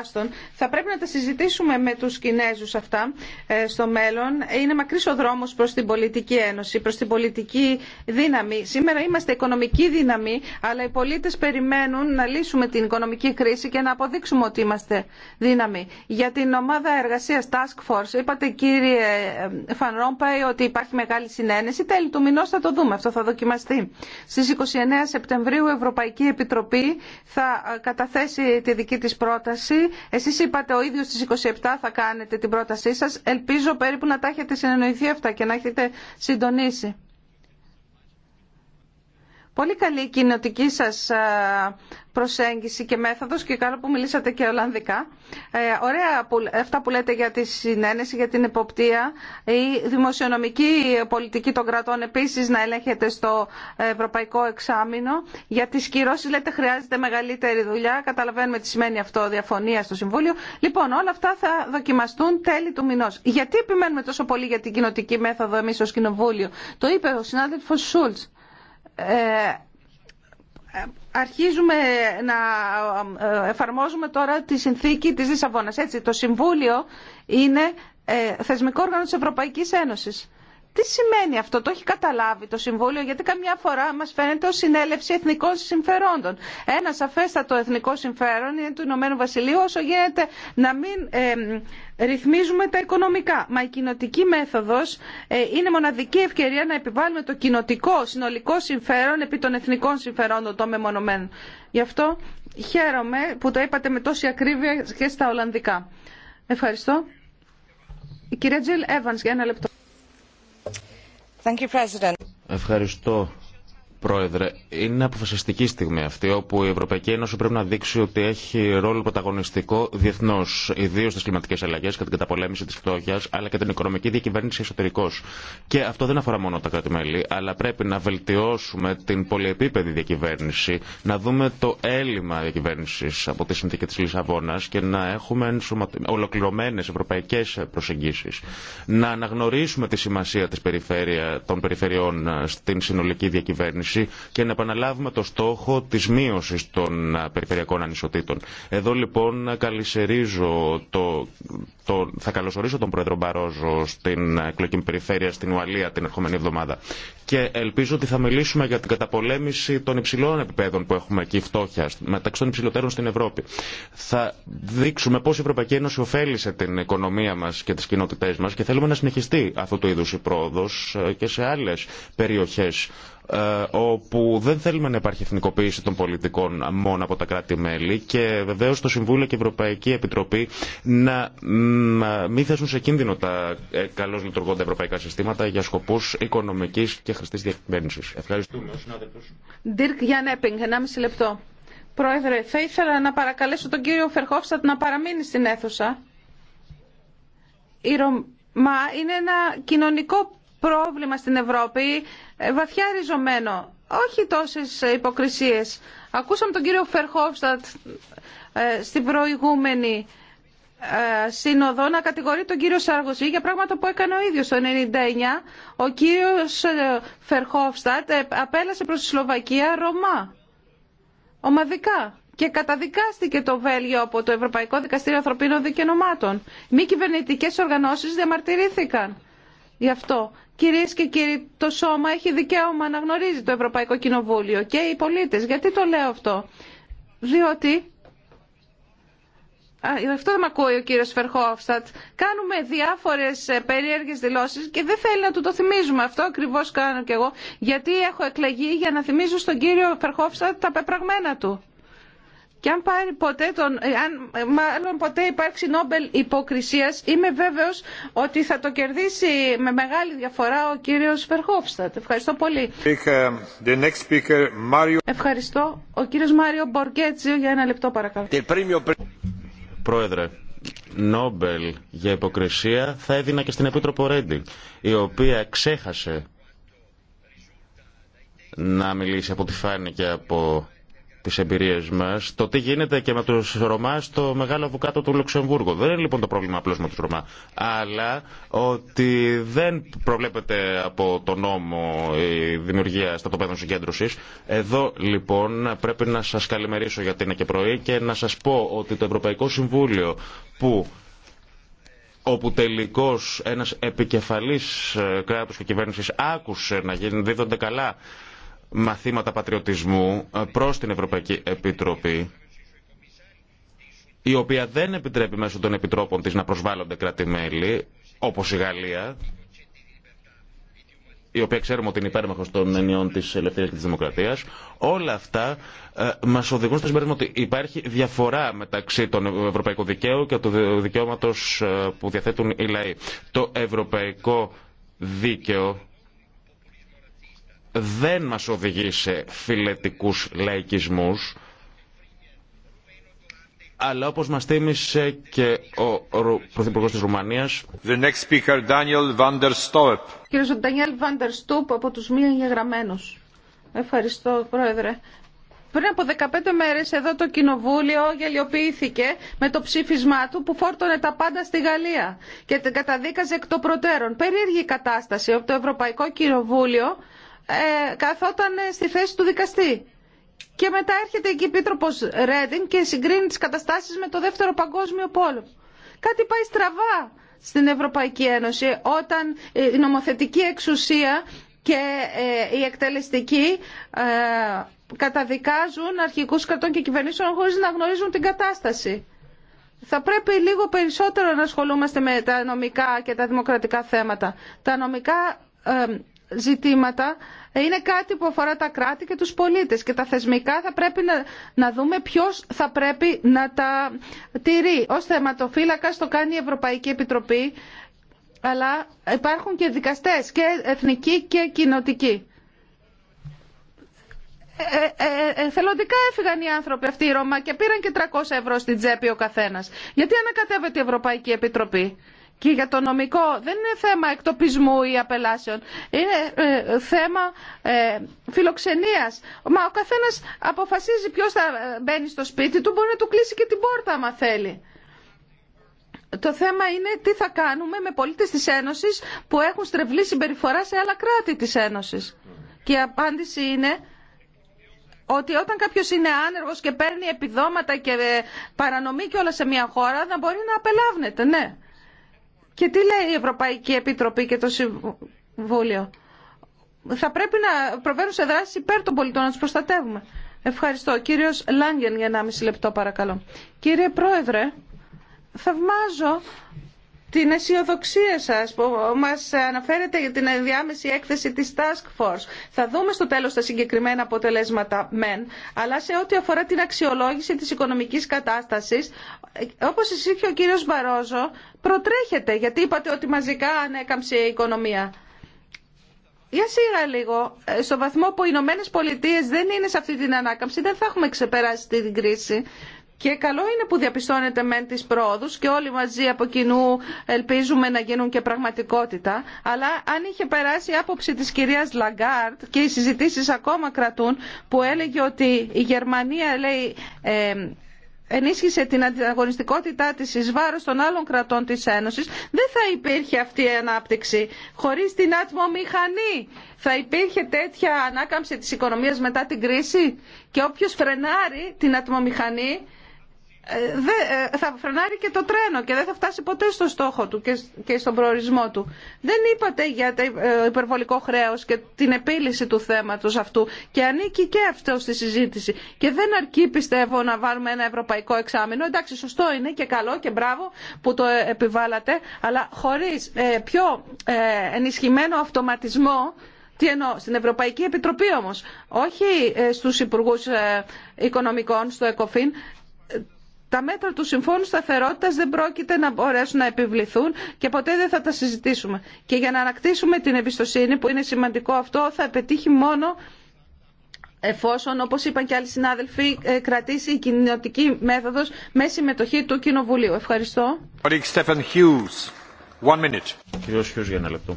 Άστον. Θα πρέπει να τα συζητήσουμε με τους Κινέζους αυτά ε, στο μέλλον. Είναι μακρύς ο δρόμος προς την πολιτική ένωση, προς την πολιτική δύναμη. Σήμερα είμαστε οικονομική δύναμη, αλλά οι πολίτες περιμένουν να λύσουμε την οικονομική κρίση και να αποδείξουμε ότι είμαστε δύναμη. Για την ομάδα εργασίας Task Force, είπατε κύριε ε, Φαν Ρόμπαϊ ότι υπάρχει μεγάλη συνένεση. Τέλη του μηνός θα το δούμε, αυτό θα δοκιμαστεί. Στις 29 Σεπτεμβρίου Ευρωπαϊκή Επιτροπή θα ε, καταθέσει τη δική της πρόταση. Εσείς είπατε ο ίδιος στις 27 θα κάνετε την πρότασή σας. Ελπίζω περίπου να τα έχετε συνεννοηθεί αυτά και να έχετε συντονίσει. Πολύ καλή η κοινοτική σας ε, προσέγγιση και μέθοδος και καλό που μιλήσατε και Ολλανδικά. Ε, ωραία που, αυτά που λέτε για τη συνένεση, για την υποπτία, Η δημοσιονομική πολιτική των κρατών επίσης να ελέγχεται στο ευρωπαϊκό εξάμεινο. Για τις κυρώσεις λέτε χρειάζεται μεγαλύτερη δουλειά. Καταλαβαίνουμε τι σημαίνει αυτό διαφωνία στο Συμβούλιο. Λοιπόν, όλα αυτά θα δοκιμαστούν τέλη του μηνός. Γιατί επιμένουμε τόσο πολύ για την κοινοτική μέθοδο εμεί ω Κοινοβούλιο. Το είπε ο συνάδελφο Σούλτ. Ε, αρχίζουμε να ε, εφαρμόζουμε τώρα τη συνθήκη της Λισαβόνας. Έτσι, το Συμβούλιο είναι ε, θεσμικό όργανο της Ευρωπαϊκής Ένωσης. Τι σημαίνει αυτό, το έχει καταλάβει το Συμβούλιο, γιατί καμιά φορά μα φαίνεται ω συνέλευση εθνικών συμφερόντων. Ένα σαφέστατο εθνικό συμφέρον είναι του Ηνωμένου Βασιλείου, όσο γίνεται να μην ρυθμίζουμε τα οικονομικά. Μα η κοινοτική μέθοδο ε, είναι μοναδική ευκαιρία να επιβάλλουμε το κοινοτικό συνολικό συμφέρον επί των εθνικών συμφερόντων των μεμονωμένων. Γι' αυτό χαίρομαι που το είπατε με τόση ακρίβεια και στα Ολλανδικά. Ευχαριστώ. Η κυρία Τζιλ Εύαν, για ένα λεπτό. Ευχαριστώ Πρόεδρε, είναι αποφασιστική στιγμή αυτή όπου η Ευρωπαϊκή Ένωση πρέπει να δείξει ότι έχει ρόλο πρωταγωνιστικό διεθνώ, ιδίω στι κλιματικέ αλλαγέ και την καταπολέμηση τη φτώχεια, αλλά και την οικονομική διακυβέρνηση εσωτερικώ. Και αυτό δεν αφορά μόνο τα κράτη-μέλη, αλλά πρέπει να βελτιώσουμε την πολυεπίπεδη διακυβέρνηση, να δούμε το έλλειμμα διακυβέρνηση από τη συνθήκη τη Λισαβόνα και να έχουμε ολοκληρωμένε ευρωπαϊκέ προσεγγίσει. Να αναγνωρίσουμε τη σημασία της περιφέρεια, των περιφερειών ε, στην συνολική διακυβέρνηση και να επαναλάβουμε το στόχο τη μείωση των περιφερειακών ανισοτήτων. Εδώ λοιπόν το, το, θα καλωσορίσω τον Πρόεδρο Μπαρόζο στην εκλογική περιφέρεια στην Ουαλία την ερχόμενη εβδομάδα. Και ελπίζω ότι θα μιλήσουμε για την καταπολέμηση των υψηλών επιπέδων που έχουμε εκεί φτώχεια, μεταξύ των υψηλότερων στην Ευρώπη. Θα δείξουμε πώ η Ευρωπαϊκή Ένωση ωφέλησε την οικονομία μα και τι κοινότητέ μα και θέλουμε να συνεχιστεί αυτό το είδου η πρόοδο ε, και σε άλλε περιοχέ ε, όπου δεν θέλουμε να υπάρχει εθνικοποίηση των πολιτικών μόνο από τα κράτη-μέλη και βεβαίω το Συμβούλιο και η Ευρωπαϊκή Επιτροπή να μην θέσουν σε κίνδυνο τα ε, καλώ λειτουργώντα ευρωπαϊκά συστήματα για σκοπούς οικονομική και χρηστής διακυβέρνηση. Ευχαριστούμε. Ντύρκ Γιάννέπινγκ, 1,5 λεπτό. Πρόεδρε, θα ήθελα να παρακαλέσω τον κύριο Φερχόφστατ να παραμείνει στην αίθουσα. Η Ρωμά είναι ένα κοινωνικό πρόβλημα στην Ευρώπη ε, βαθιά ριζωμένο. Όχι τόσες υποκρισίες. Ακούσαμε τον κύριο Φερχόφστατ ε, στην προηγούμενη ε, σύνοδο να κατηγορεί τον κύριο Σαργοζή για πράγματα που έκανε ο ίδιος το 1999. Ο κύριος Φερχόφστατ απέλασε προς τη Σλοβακία Ρωμά. Ομαδικά. Και καταδικάστηκε το Βέλγιο από το Ευρωπαϊκό Δικαστήριο Ανθρωπίνων Δικαιωμάτων. Μη κυβερνητικέ οργανώσεις διαμαρτυρήθηκαν. Γι' αυτό, κυρίε και κύριοι, το σώμα έχει δικαίωμα να γνωρίζει το Ευρωπαϊκό Κοινοβούλιο και οι πολίτε. Γιατί το λέω αυτό, Διότι. Α, αυτό δεν με ακούει ο κύριο Φερχόφστατ. Κάνουμε διάφορε περίεργε δηλώσει και δεν θέλει να του το θυμίζουμε. Αυτό ακριβώ κάνω κι εγώ. Γιατί έχω εκλεγεί για να θυμίζω στον κύριο Φερχόφστατ τα πεπραγμένα του. Και αν, πάρει ποτέ ε, αν ε, μάλλον ποτέ υπάρξει Νόμπελ υποκρισίας, είμαι βέβαιος ότι θα το κερδίσει με μεγάλη διαφορά ο κύριος Φερχόφστατ. Ευχαριστώ πολύ. Ε, Ευχαριστώ. Ο κύριος Μάριο Μπορκέτσιο για ένα λεπτό παρακαλώ. Πρόεδρε, Νόμπελ για υποκρισία θα έδινα και στην Επίτροπο Ρέντι, η οποία ξέχασε να μιλήσει από τη φάνηκε από τις εμπειρίες μας, το τι γίνεται και με τους Ρωμά στο μεγάλο βουκάτο του Λουξεμβούργου. Δεν είναι λοιπόν το πρόβλημα απλώς με τους Ρωμά, αλλά ότι δεν προβλέπεται από το νόμο η δημιουργία τοπέδων συγκέντρωσης. Εδώ λοιπόν πρέπει να σας καλημερίσω γιατί είναι και πρωί και να σας πω ότι το Ευρωπαϊκό Συμβούλιο που όπου τελικώς ένας επικεφαλής ε, κράτος και κυβέρνησης άκουσε να δίδονται καλά μαθήματα πατριωτισμού ε, προς την Ευρωπαϊκή Επιτροπή η οποία δεν επιτρέπει μέσω των επιτρόπων της να προσβάλλονται κράτη-μέλη, όπως η Γαλλία, η οποία ξέρουμε ότι είναι υπέρμαχος των ενιών της ελευθερίας και της δημοκρατίας, όλα αυτά ε, μας οδηγούν στο συμπέρασμα ότι υπάρχει διαφορά μεταξύ των ευρωπαϊκού δικαίου και του δικαιώματος ε, που διαθέτουν οι λαοί. Το ευρωπαϊκό δίκαιο δεν μας οδηγεί σε φιλετικούς λαϊκισμούς, αλλά όπως μας θύμισε και ο Πρωθυπουργός της Ρουμανίας. The next speaker, Daniel Van Stoep. Κύριος Ντανιέλ Βαντερ Στούπ από τους μη εγγεγραμμένους. Ευχαριστώ, Πρόεδρε. Πριν από 15 μέρες εδώ το Κοινοβούλιο γελιοποιήθηκε με το ψήφισμά του που φόρτωνε τα πάντα στη Γαλλία και την καταδίκαζε εκ των προτέρων. Περίεργη κατάσταση από το Ευρωπαϊκό Κοινοβούλιο ε, καθόταν ε, στη θέση του δικαστή. Και μετά έρχεται εκεί η Επίτροπος και συγκρίνει τι καταστάσει με το Δεύτερο Παγκόσμιο Πόλο. Κάτι πάει στραβά στην Ευρωπαϊκή Ένωση όταν ε, η νομοθετική εξουσία και η εκτελεστική καταδικάζουν αρχικούς κρατών και κυβερνήσεων χωρίς να γνωρίζουν την κατάσταση. Θα πρέπει λίγο περισσότερο να ασχολούμαστε με τα νομικά και τα δημοκρατικά θέματα. Τα νομικά ζητήματα είναι κάτι που αφορά τα κράτη και τους πολίτες και τα θεσμικά θα πρέπει να, δούμε ποιος θα πρέπει να τα τηρεί. Ως θεματοφύλακας το κάνει η Ευρωπαϊκή Επιτροπή, αλλά υπάρχουν και δικαστές και εθνικοί και κοινοτικοί. Ε, ε, ε θελοντικά έφυγαν οι άνθρωποι αυτοί οι Ρώμα και πήραν και 300 ευρώ στην τσέπη ο καθένας. Γιατί ανακατεύεται η Ευρωπαϊκή Επιτροπή και για το νομικό δεν είναι θέμα εκτοπισμού ή απελάσεων. Είναι ε, θέμα ε, φιλοξενίας. Μα ο καθένας αποφασίζει ποιος θα μπαίνει στο σπίτι του, μπορεί να του κλείσει και την πόρτα άμα θέλει. Το θέμα είναι τι θα κάνουμε με πολίτες της Ένωσης που έχουν στρεβλή συμπεριφορά σε άλλα κράτη της Ένωσης. Και η απάντηση είναι ότι όταν κάποιος είναι άνεργος και παίρνει επιδόματα και ε, παρανομή και όλα σε μια χώρα, να μπορεί να απελάβνεται, ναι. Και τι λέει η Ευρωπαϊκή Επιτροπή και το Συμβούλιο. Θα πρέπει να προβαίνουν σε δράσει υπέρ των πολιτών, να του προστατεύουμε. Ευχαριστώ. Κύριος Λάγκεν για 1,5 λεπτό παρακαλώ. Κύριε Πρόεδρε, θαυμάζω την αισιοδοξία σας που μας αναφέρετε για την ενδιάμεση έκθεση της Task Force. Θα δούμε στο τέλος τα συγκεκριμένα αποτελέσματα μεν, αλλά σε ό,τι αφορά την αξιολόγηση της οικονομικής κατάστασης, όπως εσύ και ο κύριος Μπαρόζο, προτρέχετε, γιατί είπατε ότι μαζικά ανέκαμψε η οικονομία. Για σίγα λίγο, στο βαθμό που οι Ηνωμένε Πολιτείε δεν είναι σε αυτή την ανάκαμψη, δεν θα έχουμε ξεπεράσει την κρίση. Και καλό είναι που διαπιστώνεται μεν τις πρόοδους και όλοι μαζί από κοινού ελπίζουμε να γίνουν και πραγματικότητα. Αλλά αν είχε περάσει η άποψη της κυρίας Λαγκάρτ και οι συζητήσεις ακόμα κρατούν που έλεγε ότι η Γερμανία λέει... ενίσχυσε την ανταγωνιστικότητά τη εις βάρος των άλλων κρατών τη Ένωση, δεν θα υπήρχε αυτή η ανάπτυξη. χωρίς την ατμομηχανή θα υπήρχε τέτοια ανάκαμψη της οικονομίας μετά την κρίση. Και όποιο φρενάρει την ατμομηχανή ε, ε, θα φρενάρει και το τρένο και δεν θα φτάσει ποτέ στο στόχο του και στον προορισμό του. Δεν είπατε για το ε, υπερβολικό χρέος και την επίλυση του θέματος αυτού και ανήκει και αυτό στη συζήτηση. Και δεν αρκεί πιστεύω να βάλουμε ένα ευρωπαϊκό εξάμεινο. Εντάξει, σωστό είναι και καλό και μπράβο που το επιβάλλατε, αλλά χωρίς πιο ενισχυμένο αυτοματισμό τι εννοώ, στην Ευρωπαϊκή Επιτροπή όμως, όχι στους Υπουργούς Οικονομικών, στο ΕΚΟΦΗΝ, τα μέτρα του Συμφώνου σταθερότητα δεν πρόκειται να μπορέσουν να επιβληθούν και ποτέ δεν θα τα συζητήσουμε. Και για να ανακτήσουμε την εμπιστοσύνη, που είναι σημαντικό αυτό, θα πετύχει μόνο εφόσον, όπως είπαν και άλλοι συνάδελφοι, ε, κρατήσει η κοινωτική μέθοδος με συμμετοχή του Κοινοβουλίου. Ευχαριστώ. Κύριο Χιούς, ένα λεπτό.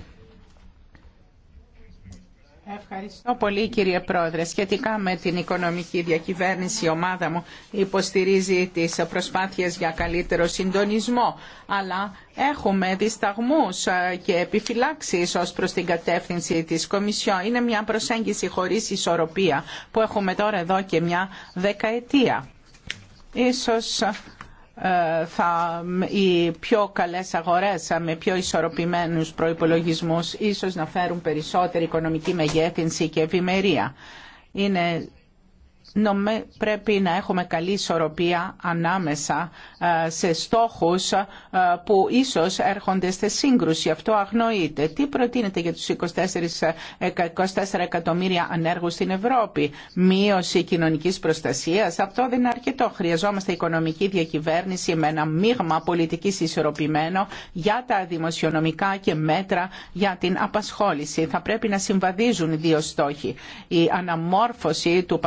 Ευχαριστώ πολύ κύριε Πρόεδρε. Σχετικά με την οικονομική διακυβέρνηση η ομάδα μου υποστηρίζει τις προσπάθειες για καλύτερο συντονισμό αλλά έχουμε δισταγμούς και επιφυλάξεις ως προς την κατεύθυνση της Κομισιόν. Είναι μια προσέγγιση χωρίς ισορροπία που έχουμε τώρα εδώ και μια δεκαετία. Ίσως ε, θα, οι πιο καλές αγορές ε, με πιο ισορροπημένους προϋπολογισμούς ίσως να φέρουν περισσότερη οικονομική μεγέθυνση και ευημερία. Είναι πρέπει να έχουμε καλή ισορροπία ανάμεσα ε, σε στόχους ε, που ίσως έρχονται σε σύγκρουση. Αυτό αγνοείται. Τι προτείνεται για τους 24, ε, εκατομμύρια ανέργους στην Ευρώπη. Μείωση κοινωνικής προστασίας. Αυτό δεν είναι αρκετό. Χρειαζόμαστε οικονομική διακυβέρνηση με ένα μείγμα πολιτικής ισορροπημένο για τα δημοσιονομικά και μέτρα για την απασχόληση. Θα πρέπει να συμβαδίζουν οι δύο στόχοι. Η αναμόρφωση του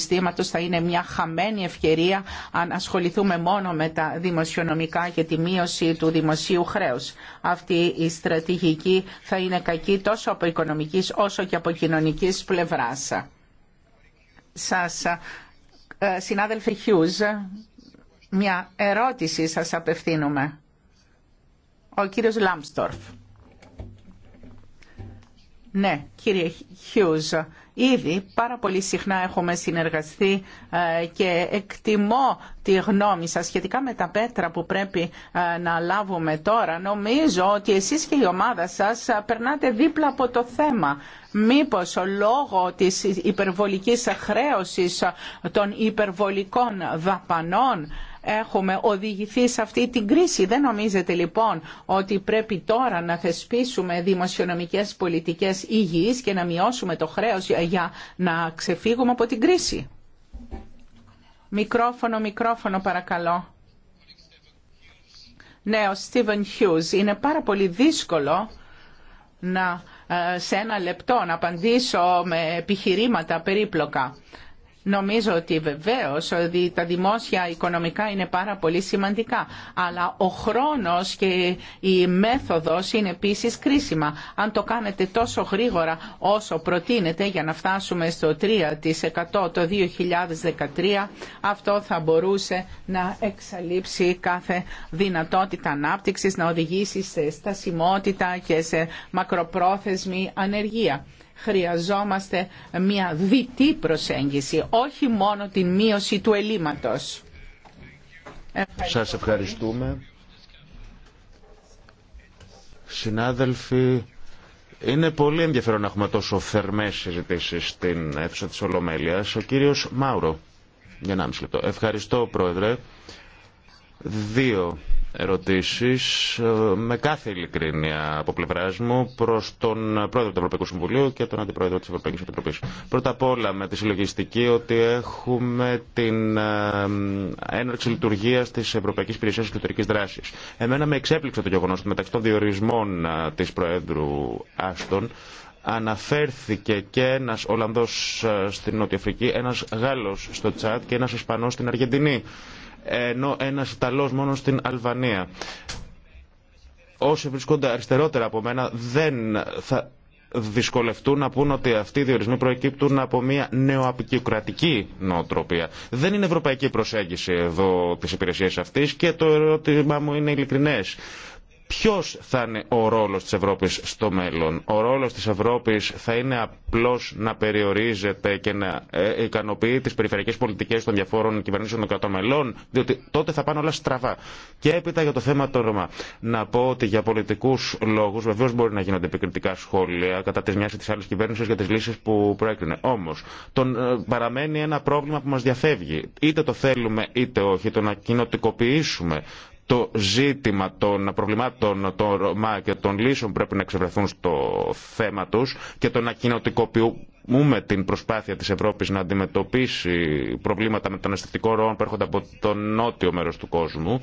συστήματος θα είναι μια χαμένη ευκαιρία αν ασχοληθούμε μόνο με τα δημοσιονομικά και τη μείωση του δημοσίου χρέους. Αυτή η στρατηγική θα είναι κακή τόσο από οικονομικής όσο και από κοινωνικής πλευράς. Σας, ε, συνάδελφε Χιούζ, μια ερώτηση σας απευθύνουμε. Ο κύριος Λάμπστορφ. Ναι, κύριε Χιούζ, Ήδη πάρα πολύ συχνά έχουμε συνεργαστεί ε, και εκτιμώ τη γνώμη σας σχετικά με τα πέτρα που πρέπει ε, να λάβουμε τώρα. Νομίζω ότι εσείς και η ομάδα σας ε, περνάτε δίπλα από το θέμα. Μήπως λόγω της υπερβολικής χρέωσης των υπερβολικών δαπανών έχουμε οδηγηθεί σε αυτή την κρίση. Δεν νομίζετε λοιπόν ότι πρέπει τώρα να θεσπίσουμε δημοσιονομικές πολιτικές υγιείς και να μειώσουμε το χρέος για να ξεφύγουμε από την κρίση. Μικρόφωνο, μικρόφωνο παρακαλώ. Ναι, ο Στίβεν Χιούς. Είναι πάρα πολύ δύσκολο να, ε, σε ένα λεπτό να απαντήσω με επιχειρήματα περίπλοκα. Νομίζω ότι βεβαίω ότι τα δημόσια οικονομικά είναι πάρα πολύ σημαντικά, αλλά ο χρόνος και η μέθοδο είναι επίση κρίσιμα. Αν το κάνετε τόσο γρήγορα όσο προτείνεται για να φτάσουμε στο 3% το 2013, αυτό θα μπορούσε να εξαλείψει κάθε δυνατότητα ανάπτυξη, να οδηγήσει σε στασιμότητα και σε μακροπρόθεσμη ανεργία χρειαζόμαστε μια δυτή προσέγγιση, όχι μόνο την μείωση του ελλείμματος. Σας ευχαριστούμε. Συνάδελφοι, είναι πολύ ενδιαφέρον να έχουμε τόσο θερμές συζητήσεις στην αίθουσα της Ολομέλειας. Ο κύριος Μάουρο, για να 1,5 λεπτό. Ευχαριστώ, Πρόεδρε. Δύο ερωτήσεις ε, με κάθε ειλικρίνεια από πλευρά μου προς τον πρόεδρο του Ευρωπαϊκού Συμβουλίου και τον αντιπρόεδρο της Ευρωπαϊκής Επιτροπής. Πρώτα απ' όλα με τη συλλογιστική ότι έχουμε την ε, έναρξη λειτουργίας της Ευρωπαϊκής Υπηρεσίας Εξωτερικής Δράσης. Εμένα με εξέπληξε το γεγονός ότι μεταξύ των διορισμών ε, της Προέδρου Άστον αναφέρθηκε και ένας Ολλανδός στην Νότια Αφρική, ένας Γάλλος στο Τσάτ και ένας Ισπανός στην Αργεντινή ενώ ένα Ιταλό μόνο στην Αλβανία. Όσοι βρισκόνται αριστερότερα από μένα δεν θα δυσκολευτούν να πούν ότι αυτοί οι διορισμοί προκύπτουν από μια νεοαπικιοκρατική νοοτροπία. Δεν είναι ευρωπαϊκή προσέγγιση εδώ τη υπηρεσία αυτή και το ερώτημά μου είναι ειλικρινέ. Ποιο θα είναι ο ρόλο τη Ευρώπη στο μέλλον. Ο ρόλο τη Ευρώπη θα είναι απλώ να περιορίζεται και να ε, ικανοποιεί τι περιφερειακέ πολιτικέ των διαφόρων κυβερνήσεων των κρατών μελών, διότι τότε θα πάνε όλα στραβά. Και έπειτα για το θέμα των Ρωμά. Να πω ότι για πολιτικού λόγου βεβαίω μπορεί να γίνονται επικριτικά σχόλια κατά τη μια ή τη άλλη κυβέρνηση για τι λύσει που προέκρινε. Όμω, ε, παραμένει ένα πρόβλημα που μα διαφεύγει. Είτε το θέλουμε είτε όχι, το να κοινοτικοποιήσουμε το ζήτημα των προβλημάτων των Ρωμά και των λύσεων πρέπει να εξευρεθούν στο θέμα τους και το να κοινοτικοποιούμε την προσπάθεια της Ευρώπης να αντιμετωπίσει προβλήματα μεταναστευτικών ροών που έρχονται από το νότιο μέρος του κόσμου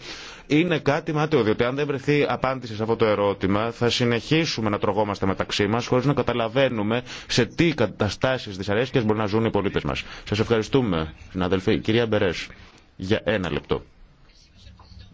είναι κάτι μάτιο. διότι αν δεν βρεθεί απάντηση σε αυτό το ερώτημα θα συνεχίσουμε να τρογόμαστε μεταξύ μας χωρίς να καταλαβαίνουμε σε τι καταστάσεις δυσαρέσκειας μπορεί να ζουν οι πολίτες μας. Σας ευχαριστούμε, συναδελφοί. Κυρία Μπερές, για ένα λεπτό.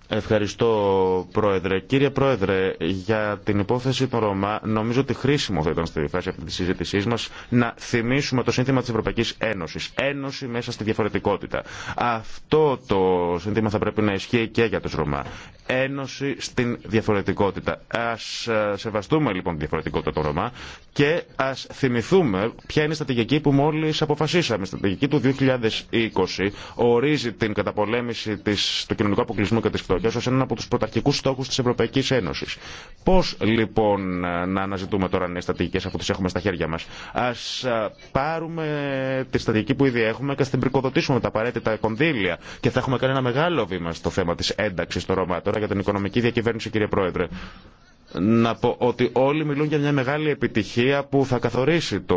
Ευχαριστώ, Πρόεδρε. Κύριε Πρόεδρε, για την υπόθεση των Ρωμά, νομίζω ότι χρήσιμο θα ήταν στη φάση αυτή τη συζήτησή μα να θυμίσουμε το σύνθημα τη Ευρωπαϊκή Ένωση. Ένωση μέσα στη διαφορετικότητα. Αυτό το σύνθημα θα πρέπει να ισχύει και για του Ρωμά ένωση στην διαφορετικότητα. Ας ε, σεβαστούμε λοιπόν τη διαφορετικότητα των Ρωμά και ας θυμηθούμε ποια είναι η στρατηγική που μόλις αποφασίσαμε. Η στρατηγική του 2020 ορίζει την καταπολέμηση της, του κοινωνικού αποκλεισμού και της φτώχειας ως έναν από τους πρωταρχικούς στόχους της Ευρωπαϊκής Ένωσης. Πώς λοιπόν ε, να αναζητούμε τώρα νέες στρατηγικές αφού τις έχουμε στα χέρια μας. Ας ε, πάρουμε τη στρατηγική που ήδη έχουμε και ας την πρικοδοτήσουμε με τα απαραίτητα κονδύλια και θα έχουμε κάνει ένα μεγάλο βήμα στο θέμα της ένταξης των ρωμάτων για την οικονομική διακυβέρνηση, κύριε Πρόεδρε. Να πω ότι όλοι μιλούν για μια μεγάλη επιτυχία που θα καθορίσει το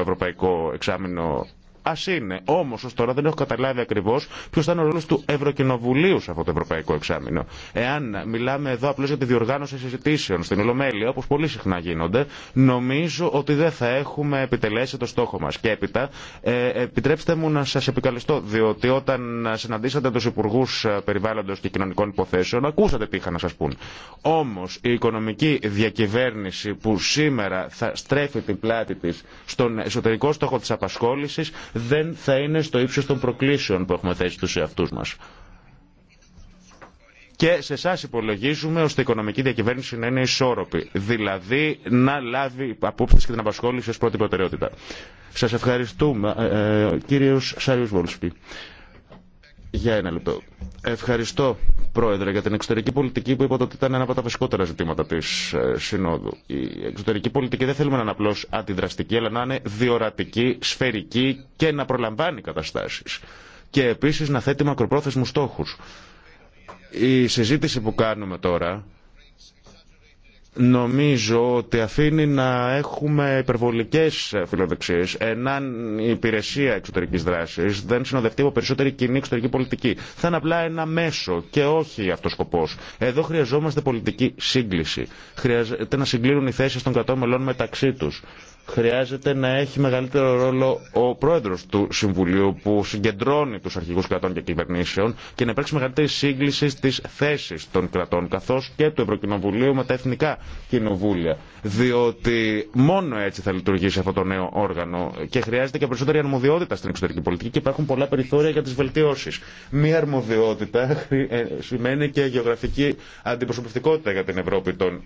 ευρωπαϊκό εξάμεινο α είναι. Όμω, ω τώρα δεν έχω καταλάβει ακριβώ ποιο θα είναι ο ρόλο του Ευρωκοινοβουλίου σε αυτό το Ευρωπαϊκό Εξάμεινο. Εάν μιλάμε εδώ απλώ για τη διοργάνωση συζητήσεων στην Ολομέλεια, όπω πολύ συχνά γίνονται, νομίζω ότι δεν θα έχουμε επιτελέσει το στόχο μα. Και έπειτα, ε, επιτρέψτε μου να σα επικαλεστώ, διότι όταν συναντήσατε του Υπουργού Περιβάλλοντο και Κοινωνικών Υποθέσεων, ακούσατε τι είχαν να σα πούν. Όμω, η οικονομική διακυβέρνηση που σήμερα θα στρέφει την πλάτη τη στον εσωτερικό στόχο τη απασχόληση δεν θα είναι στο ύψος των προκλήσεων που έχουμε θέσει τους εαυτούς μας. Και σε εσά υπολογίζουμε ώστε η οικονομική διακυβέρνηση να είναι ισόρροπη. Δηλαδή να λάβει απόψεις και την απασχόληση ως πρώτη προτεραιότητα. Σας ευχαριστούμε, ε, ε κύριο Σάριος για ένα λεπτό. Ευχαριστώ, Πρόεδρε, για την εξωτερική πολιτική που είπατε ότι ήταν ένα από τα βασικότερα ζητήματα τη ε, Συνόδου. Η εξωτερική πολιτική δεν θέλουμε να είναι απλώ αντιδραστική, αλλά να είναι διορατική, σφαιρική και να προλαμβάνει καταστάσει. Και επίση να θέτει μακροπρόθεσμου στόχου. Η συζήτηση που κάνουμε τώρα νομίζω ότι αφήνει να έχουμε υπερβολικές φιλοδοξίες ενάν υπηρεσία εξωτερικής δράσης δεν συνοδευτεί από περισσότερη κοινή εξωτερική πολιτική. Θα είναι απλά ένα μέσο και όχι αυτός σκοπό. Εδώ χρειαζόμαστε πολιτική σύγκληση. Χρειάζεται να συγκλίνουν οι θέσεις των κρατών μελών μεταξύ τους χρειάζεται να έχει μεγαλύτερο ρόλο ο πρόεδρο του Συμβουλίου που συγκεντρώνει του αρχηγού κρατών και κυβερνήσεων και να υπάρξει μεγαλύτερη σύγκληση στι θέσει των κρατών καθώ και του Ευρωκοινοβουλίου με τα εθνικά κοινοβούλια. Διότι μόνο έτσι θα λειτουργήσει αυτό το νέο όργανο και χρειάζεται και περισσότερη αρμοδιότητα στην εξωτερική πολιτική και υπάρχουν πολλά περιθώρια για τι βελτιώσει. Μία αρμοδιότητα ε, σημαίνει και γεωγραφική αντιπροσωπευτικότητα για την Ευρώπη των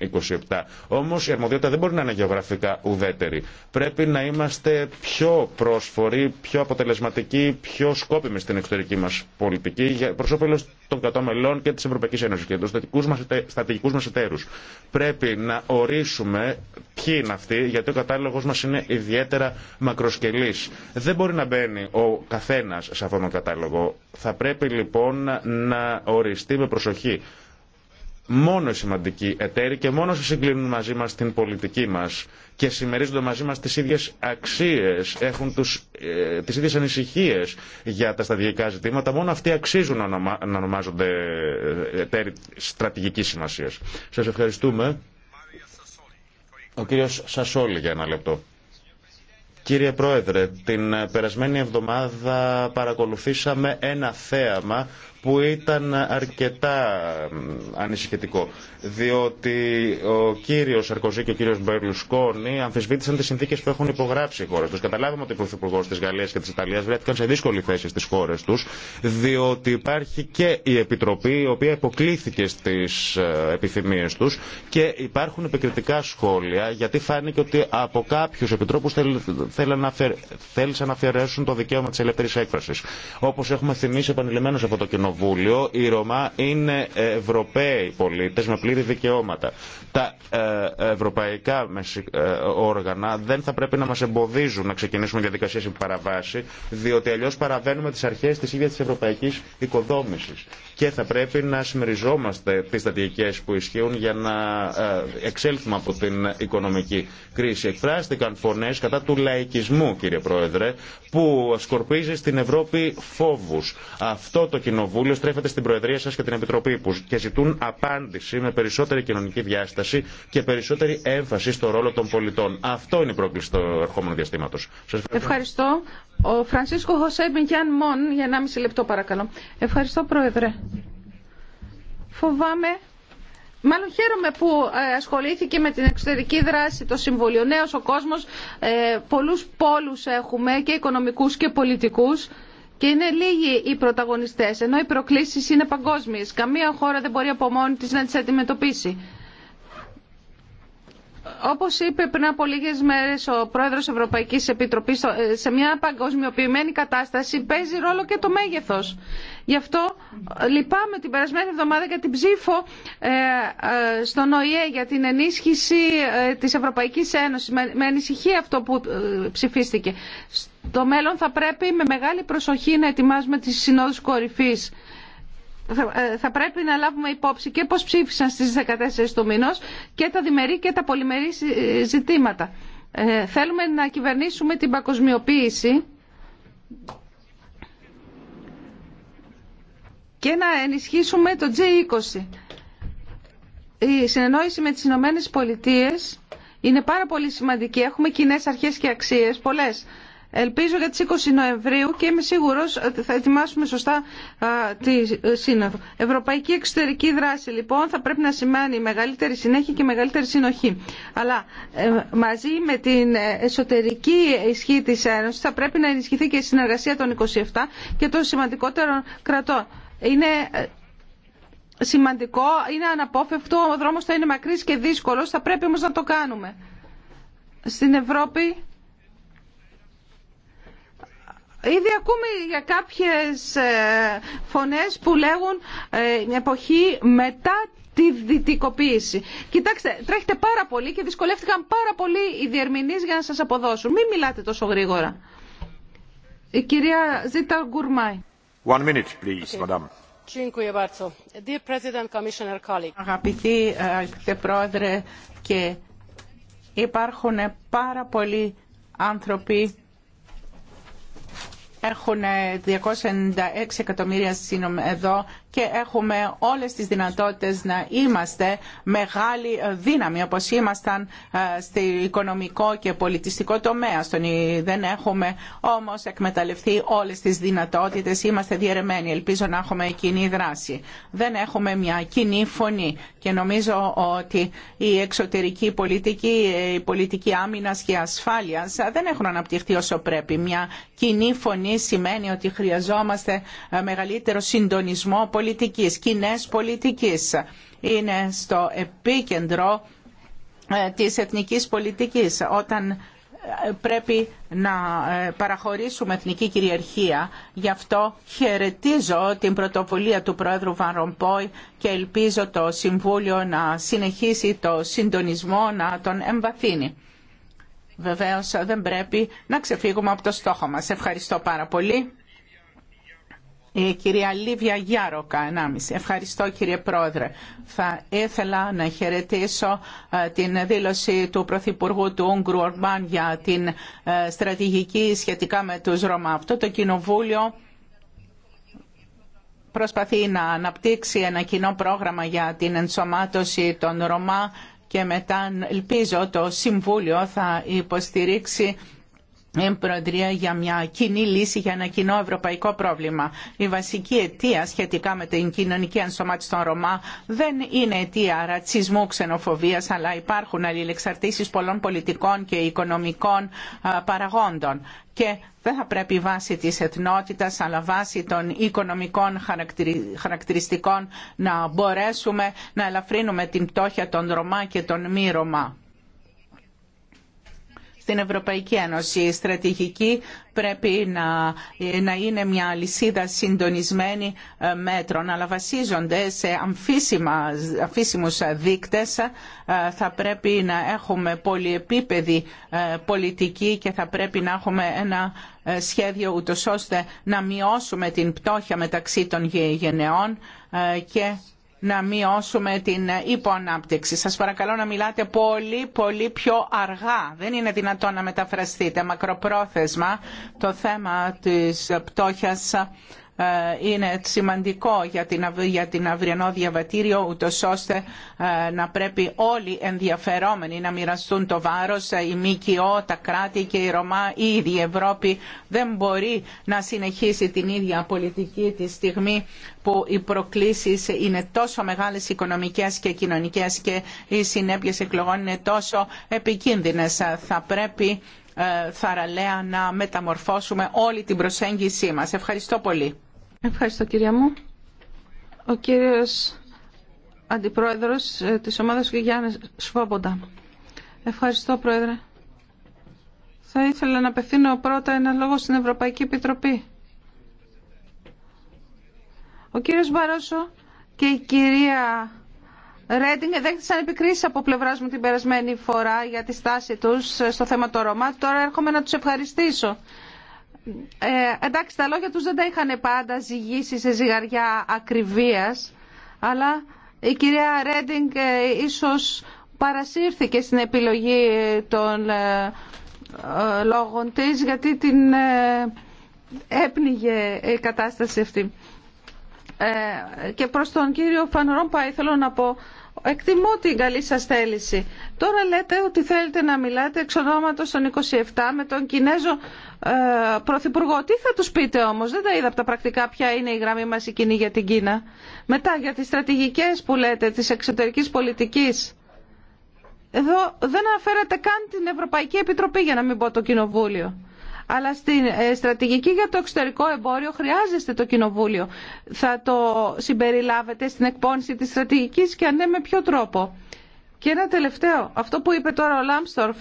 27. Όμω η αρμοδιότητα δεν μπορεί να είναι γεωγραφικά ουδέτερη Πρέπει να είμαστε πιο πρόσφοροι, πιο αποτελεσματικοί, πιο σκόπιμοι στην εξωτερική μα πολιτική προ όφελο των κατώμελών και τη Ευρωπαϊκή Ένωση και των στρατηγικού μα εταίρου. Πρέπει να ορίσουμε ποιοι είναι αυτοί, γιατί ο κατάλογο μα είναι ιδιαίτερα μακροσκελή. Δεν μπορεί να μπαίνει ο καθένα σε αυτόν τον κατάλογο. Θα πρέπει λοιπόν να οριστεί με προσοχή μόνο οι σημαντικοί εταίροι και μόνο όσοι συγκλίνουν μαζί μας την πολιτική μας και συμμερίζονται μαζί μας τις ίδιες αξίες, έχουν τους, ε, τις ίδιες ανησυχίες για τα σταδιακά ζητήματα, μόνο αυτοί αξίζουν να, ονομα, να ονομάζονται ε, εταίροι στρατηγικής σημασίας. Σας ευχαριστούμε. Ο κύριος Σασόλη για ένα λεπτό. Κύριε Πρόεδρε, την ε, περασμένη εβδομάδα παρακολουθήσαμε ένα θέαμα που ήταν αρκετά ανησυχητικό. Διότι ο κύριο Σαρκοζή και ο κύριο Μπερλουσκόνη αμφισβήτησαν τι συνθήκε που έχουν υπογράψει οι χώρε του. Καταλάβαμε ότι ο Πρωθυπουργό τη Γαλλία και τη Ιταλία βρέθηκαν σε δύσκολη θέση στι χώρε του, διότι υπάρχει και η Επιτροπή η οποία υποκλήθηκε στι ε, επιθυμίε του και υπάρχουν επικριτικά σχόλια γιατί φάνηκε ότι από κάποιου επιτρόπου θέλησαν να αφαιρέσουν το δικαίωμα τη ελεύθερη έκφραση. Όπω έχουμε θυμίσει επανειλημμένω από το κοινό Κοινοβούλιο, οι Ρωμά είναι Ευρωπαίοι πολίτες με πλήρη δικαιώματα. Τα ε, ευρωπαϊκά ε, όργανα δεν θα πρέπει να μας εμποδίζουν να ξεκινήσουμε διαδικασίες με παραβάση, διότι αλλιώς παραβαίνουμε τις αρχές της ίδιας της ευρωπαϊκής οικοδόμησης και θα πρέπει να συμμεριζόμαστε τις στρατηγικές που ισχύουν για να ε, εξέλθουμε από την οικονομική κρίση. Εκφράστηκαν φωνέ κατά του λαϊκισμού, κύριε Πρόεδρε, που σκορπίζει στην Ευρώπη φόβους. Αυτό το κοινοβούλιο στρέφεται στην Προεδρία σας και την Επιτροπή που και ζητούν απάντηση με περισσότερη κοινωνική διάσταση και περισσότερη έμφαση στο ρόλο των πολιτών. Αυτό είναι η πρόκληση του ερχόμενου ευχαριστώ. Ευχαριστώ. Ο Φρανσίσκο Χωσέ Μπιγιάν Μον, για 1,5 λεπτό παρακαλώ. Ευχαριστώ Πρόεδρε. Φοβάμαι Μάλλον χαίρομαι που ε, ασχολήθηκε με την εξωτερική δράση το Συμβούλιο. Νέο ο κόσμος, ε, πολλού πόλου έχουμε και οικονομικούς και πολιτικούς και είναι λίγοι οι πρωταγωνιστές, ενώ οι προκλήσεις είναι παγκόσμιες. Καμία χώρα δεν μπορεί από μόνη της να τις αντιμετωπίσει. Όπως είπε πριν από λίγες μέρες ο πρόεδρος Ευρωπαϊκής Επιτροπής, ε, σε μια παγκοσμιοποιημένη κατάσταση παίζει ρόλο και το μέγεθος. Γι' αυτό ε, λυπάμαι την περασμένη εβδομάδα για την ψήφο ε, στον ΟΗΕ για την ενίσχυση της Ευρωπαϊκής Ένωσης. Με ανησυχεί αυτό που ψηφίστηκε. Στο μέλλον θα πρέπει με μεγάλη προσοχή να ετοιμάζουμε τις συνόδους κορυφής ε, θα πρέπει να λάβουμε υπόψη και πώς ψήφισαν στις 14 του μηνός και τα διμερή και τα πολυμερή ζητήματα. Ε, θέλουμε να κυβερνήσουμε την παγκοσμιοποίηση και να ενισχύσουμε το G20. Η συνεννόηση με τις Ηνωμένε Πολιτείες είναι πάρα πολύ σημαντική. Έχουμε κοινέ αρχές και αξίες, πολλές. Ελπίζω για τις 20 Νοεμβρίου και είμαι σίγουρος ότι θα ετοιμάσουμε σωστά τη ε, σύνοδο. Ευρωπαϊκή εξωτερική δράση λοιπόν θα πρέπει να σημαίνει μεγαλύτερη συνέχεια και μεγαλύτερη συνοχή. Αλλά ε, μαζί με την ε, εσωτερική ισχύ της Ένωσης θα πρέπει να ενισχυθεί και η συνεργασία των 27 και των σημαντικότερων κρατών. Είναι σημαντικό, είναι αναπόφευκτο, ο δρόμος θα είναι μακρύς και δύσκολος, θα πρέπει όμως να το κάνουμε. Στην Ευρώπη Ήδη ακούμε για κάποιες ε, φωνές που λέγουν ε, εποχή μετά τη δυτικοποίηση. Κοιτάξτε, τρέχετε πάρα πολύ και δυσκολεύτηκαν πάρα πολύ οι διερμηνείς για να σας αποδώσουν. Μην μιλάτε τόσο γρήγορα. Η κυρία Ζήτα Γκουρμάη. One minute, please, okay. Αγαπητοί ε, πρόεδρε και υπάρχουν πάρα πολλοί άνθρωποι έχουν 296 ε, εκατομμύρια εδώ και έχουμε όλες τις δυνατότητες να είμαστε μεγάλη δύναμη όπως ήμασταν ε, στο οικονομικό και πολιτιστικό τομέα. Δεν έχουμε όμως εκμεταλλευτεί όλες τις δυνατότητες, είμαστε διαιρεμένοι, ελπίζω να έχουμε κοινή δράση. Δεν έχουμε μια κοινή φωνή και νομίζω ότι η εξωτερική πολιτική, η πολιτική άμυνας και ασφάλειας δεν έχουν αναπτυχθεί όσο πρέπει. Μια κοινή φωνή σημαίνει ότι χρειαζόμαστε ε, μεγαλύτερο συντονισμό πολιτικής, κοινές πολιτικής. Είναι στο επίκεντρο ε, της εθνικής πολιτικής όταν ε, πρέπει να ε, παραχωρήσουμε εθνική κυριαρχία. Γι' αυτό χαιρετίζω την πρωτοβουλία του Πρόεδρου Βαν και ελπίζω το Συμβούλιο να συνεχίσει το συντονισμό, να τον εμβαθύνει. Βεβαίως δεν πρέπει να ξεφύγουμε από το στόχο μας. Ευχαριστώ πάρα πολύ. Η ε, κυρία Λίβια Γιάροκα, 1,5. Ευχαριστώ κύριε Πρόεδρε. Θα ήθελα να χαιρετήσω ε, την δήλωση του Πρωθυπουργού του Ούγκρου Ορμπάν για την ε, στρατηγική σχετικά με τους Ρωμά. Αυτό το κοινοβούλιο προσπαθεί να αναπτύξει ένα κοινό πρόγραμμα για την ενσωμάτωση των Ρωμά και μετά ελπίζω το Συμβούλιο θα υποστηρίξει Προεδρία για μια κοινή λύση για ένα κοινό ευρωπαϊκό πρόβλημα. Η βασική αιτία σχετικά με την κοινωνική ενσωμάτιση των Ρωμά δεν είναι αιτία ρατσισμού, ξενοφοβία, αλλά υπάρχουν αλληλεξαρτήσει πολλών πολιτικών και οικονομικών παραγόντων. Και δεν θα πρέπει βάσει της εθνότητας αλλά βάσει των οικονομικών χαρακτηριστικών να μπορέσουμε να ελαφρύνουμε την πτώχεια των Ρωμά και των μη Ρωμά στην Ευρωπαϊκή Ένωση. Η στρατηγική πρέπει να, είναι μια αλυσίδα συντονισμένη ε, μέτρων, αλλά βασίζονται σε αμφίσιμα, αμφίσιμους δείκτες. Ε, θα πρέπει να έχουμε πολυεπίπεδη ε, πολιτική και θα πρέπει να έχουμε ένα σχέδιο ούτως ώστε να μειώσουμε την πτώχεια μεταξύ των γενεών και να μειώσουμε την υποανάπτυξη. Σας παρακαλώ να μιλάτε πολύ, πολύ πιο αργά. Δεν είναι δυνατόν να μεταφραστείτε μακροπρόθεσμα το θέμα της πτώχειας ε, είναι σημαντικό για την, αυριανό διαβατήριο ούτως ώστε ε, να πρέπει όλοι ενδιαφερόμενοι να μοιραστούν το βάρος ε, η ΜΚΟ, τα κράτη και η Ρωμά η η Ευρώπη δεν μπορεί να συνεχίσει την ίδια πολιτική τη στιγμή που οι προκλήσεις είναι τόσο μεγάλες οικονομικές και κοινωνικές και οι συνέπειες εκλογών είναι τόσο επικίνδυνες. Θα πρέπει θαραλέα να μεταμορφώσουμε όλη την προσέγγιση μας. Ευχαριστώ πολύ. Ευχαριστώ κυρία μου. Ο κύριος Αντιπρόεδρος ε, της ομάδας και Γιάννη Σφόμποντα. Ευχαριστώ Πρόεδρε. Θα ήθελα να απευθύνω πρώτα ένα λόγο στην Ευρωπαϊκή Επιτροπή. Ο κύριος Μπαρόσο και η κυρία Ρέντινγκ δέχτησαν επικρίσεις από πλευράς μου την περασμένη φορά για τη στάση τους στο θέμα το Ρωμά. Τώρα έρχομαι να τους ευχαριστήσω ε, εντάξει τα λόγια τους δεν τα είχαν πάντα ζυγίσει σε ζυγαριά ακριβίας, αλλά η κυρία Ρέντινγκ ε, ίσως παρασύρθηκε στην επιλογή ε, των λόγων της γιατί την έπνιγε η κατάσταση αυτή. Και προς τον κύριο Φανρόμπα ήθελα να πω Εκτιμώ την καλή σας θέληση. Τώρα λέτε ότι θέλετε να μιλάτε εξ ονόματος των 27 με τον Κινέζο ε, Πρωθυπουργό. Τι θα τους πείτε όμως, δεν τα είδα από τα πρακτικά ποια είναι η γραμμή μας η κοινή για την Κίνα. Μετά για τις στρατηγικές που λέτε, της εξωτερικής πολιτικής. Εδώ δεν αναφέρατε καν την Ευρωπαϊκή Επιτροπή για να μην πω το Κοινοβούλιο αλλά στην ε, στρατηγική για το εξωτερικό εμπόριο χρειάζεστε το Κοινοβούλιο. Θα το συμπεριλάβετε στην εκπόνηση της στρατηγικής και αν ναι με ποιο τρόπο. Και ένα τελευταίο, αυτό που είπε τώρα ο Λάμπστορφ,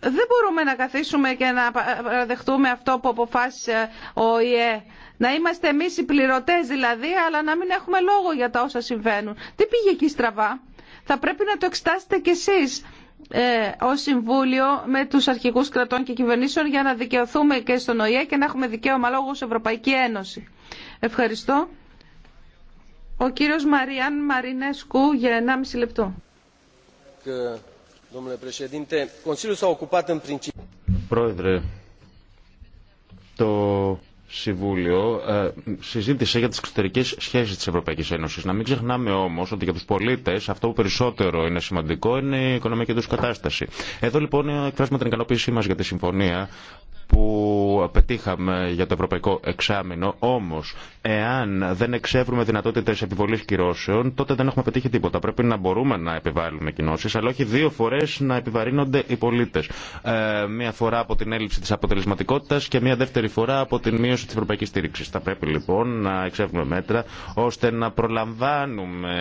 δεν μπορούμε να καθίσουμε και να παραδεχτούμε αυτό που αποφάσισε ο ΙΕ. Να είμαστε εμείς οι πληρωτές δηλαδή, αλλά να μην έχουμε λόγο για τα όσα συμβαίνουν. Τι πήγε εκεί στραβά. Θα πρέπει να το εξτάσετε κι εσείς ε, ως Συμβούλιο με τους αρχηγούς κρατών και κυβερνήσεων για να δικαιωθούμε και στον ΟΗΕ και να έχουμε δικαίωμα λόγω σε Ευρωπαϊκή Ένωση. Ευχαριστώ. Ο κύριος Μαριάν Μαρινέσκου για 1,5 λεπτό. Ε, Πρόεδρε, το Συμβούλιο ε, συζήτησε για τις εξωτερικέ σχέσει της Ευρωπαϊκής Ένωσης. Να μην ξεχνάμε όμω ότι για του πολίτε αυτό που περισσότερο είναι σημαντικό είναι η οικονομική τους κατάσταση. Εδώ λοιπόν ε, εκφράζουμε την ικανοποίησή μα για τη συμφωνία που πετύχαμε για το ευρωπαϊκό εξάμεινο, όμω εάν δεν εξεύρουμε δυνατότητε επιβολή κυρώσεων, τότε δεν έχουμε πετύχει τίποτα. Πρέπει να μπορούμε να επιβάλλουμε κοινώσει, αλλά όχι δύο φορέ να επιβαρύνονται οι πολίτε. Ε, μία φορά από την έλλειψη τη αποτελεσματικότητα και μία δεύτερη φορά από την μείωση τη ευρωπαϊκή στήριξη. Θα πρέπει λοιπόν να εξεύρουμε μέτρα ώστε να προλαμβάνουμε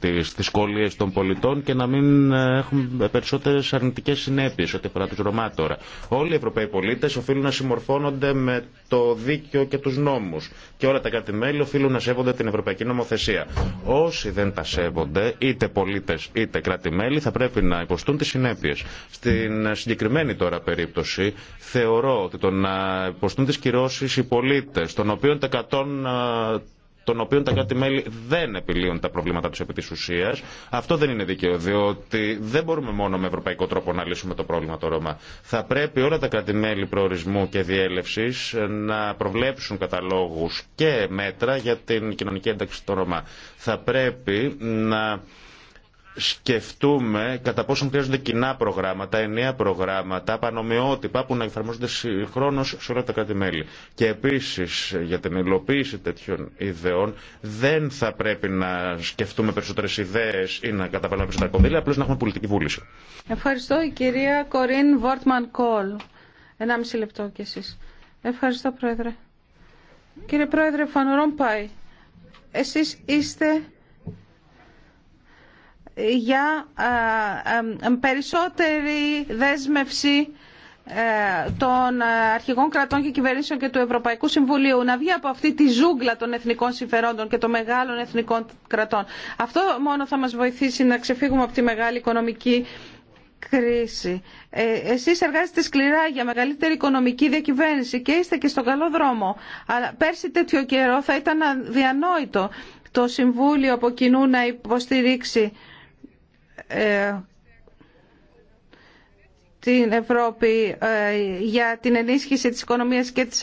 τι δυσκολίε των πολιτών και να μην έχουμε περισσότερε αρνητικέ συνέπειε ό,τι αφορά του Ρωμά τώρα. Όλοι οι Ευρωπαίοι πολίτε οφείλουν να συμμορφώνονται με το δίκαιο και τους νόμους. Και όλα τα κράτη-μέλη οφείλουν να σέβονται την Ευρωπαϊκή Νομοθεσία. Όσοι δεν τα σέβονται, είτε πολίτες είτε κράτη-μέλη, θα πρέπει να υποστούν τις συνέπειες. Στην συγκεκριμένη τώρα περίπτωση, θεωρώ ότι το να υποστούν τις κυρώσεις οι πολίτες, των οποίων τα 100 των οποίων τα κράτη-μέλη δεν επιλύουν τα προβλήματα του επί τη ουσία. Αυτό δεν είναι δίκαιο, διότι δεν μπορούμε μόνο με ευρωπαϊκό τρόπο να λύσουμε το πρόβλημα το Ρώμα. Θα πρέπει όλα τα κράτη-μέλη προορισμού και διέλευση να προβλέψουν καταλόγου και μέτρα για την κοινωνική ένταξη των Ρωμά. Θα πρέπει να σκεφτούμε κατά πόσο χρειάζονται κοινά προγράμματα, ενιαία προγράμματα, πανομοιότυπα που να εφαρμόζονται συγχρόνω σε όλα τα κράτη-μέλη. Και επίση για την υλοποίηση τέτοιων ιδεών δεν θα πρέπει να σκεφτούμε περισσότερε ιδέε ή να καταβάλουμε περισσότερα κονδύλια, απλώ να έχουμε πολιτική βούληση. Ευχαριστώ η κυρία Κορίν Βόρτμαν Κόλ. Ένα μισή λεπτό κι εσείς. Ευχαριστώ πρόεδρε. Κύριε πρόεδρε πάει. εσείς είστε για ε, ε, περισσότερη δέσμευση ε, των αρχηγών κρατών και κυβερνήσεων και του Ευρωπαϊκού Συμβουλίου να βγει από αυτή τη ζούγκλα των εθνικών συμφερόντων και των μεγάλων εθνικών κρατών. Αυτό μόνο θα μας βοηθήσει να ξεφύγουμε από τη μεγάλη οικονομική κρίση. Ε, εσείς εργάζεστε σκληρά για μεγαλύτερη οικονομική διακυβέρνηση και είστε και στον καλό δρόμο. Αλλά πέρσι τέτοιο καιρό θα ήταν αδιανόητο το Συμβούλιο από κοινού να υποστηρίξει ε, την Ευρώπη ε, για την ενίσχυση της οικονομίας και της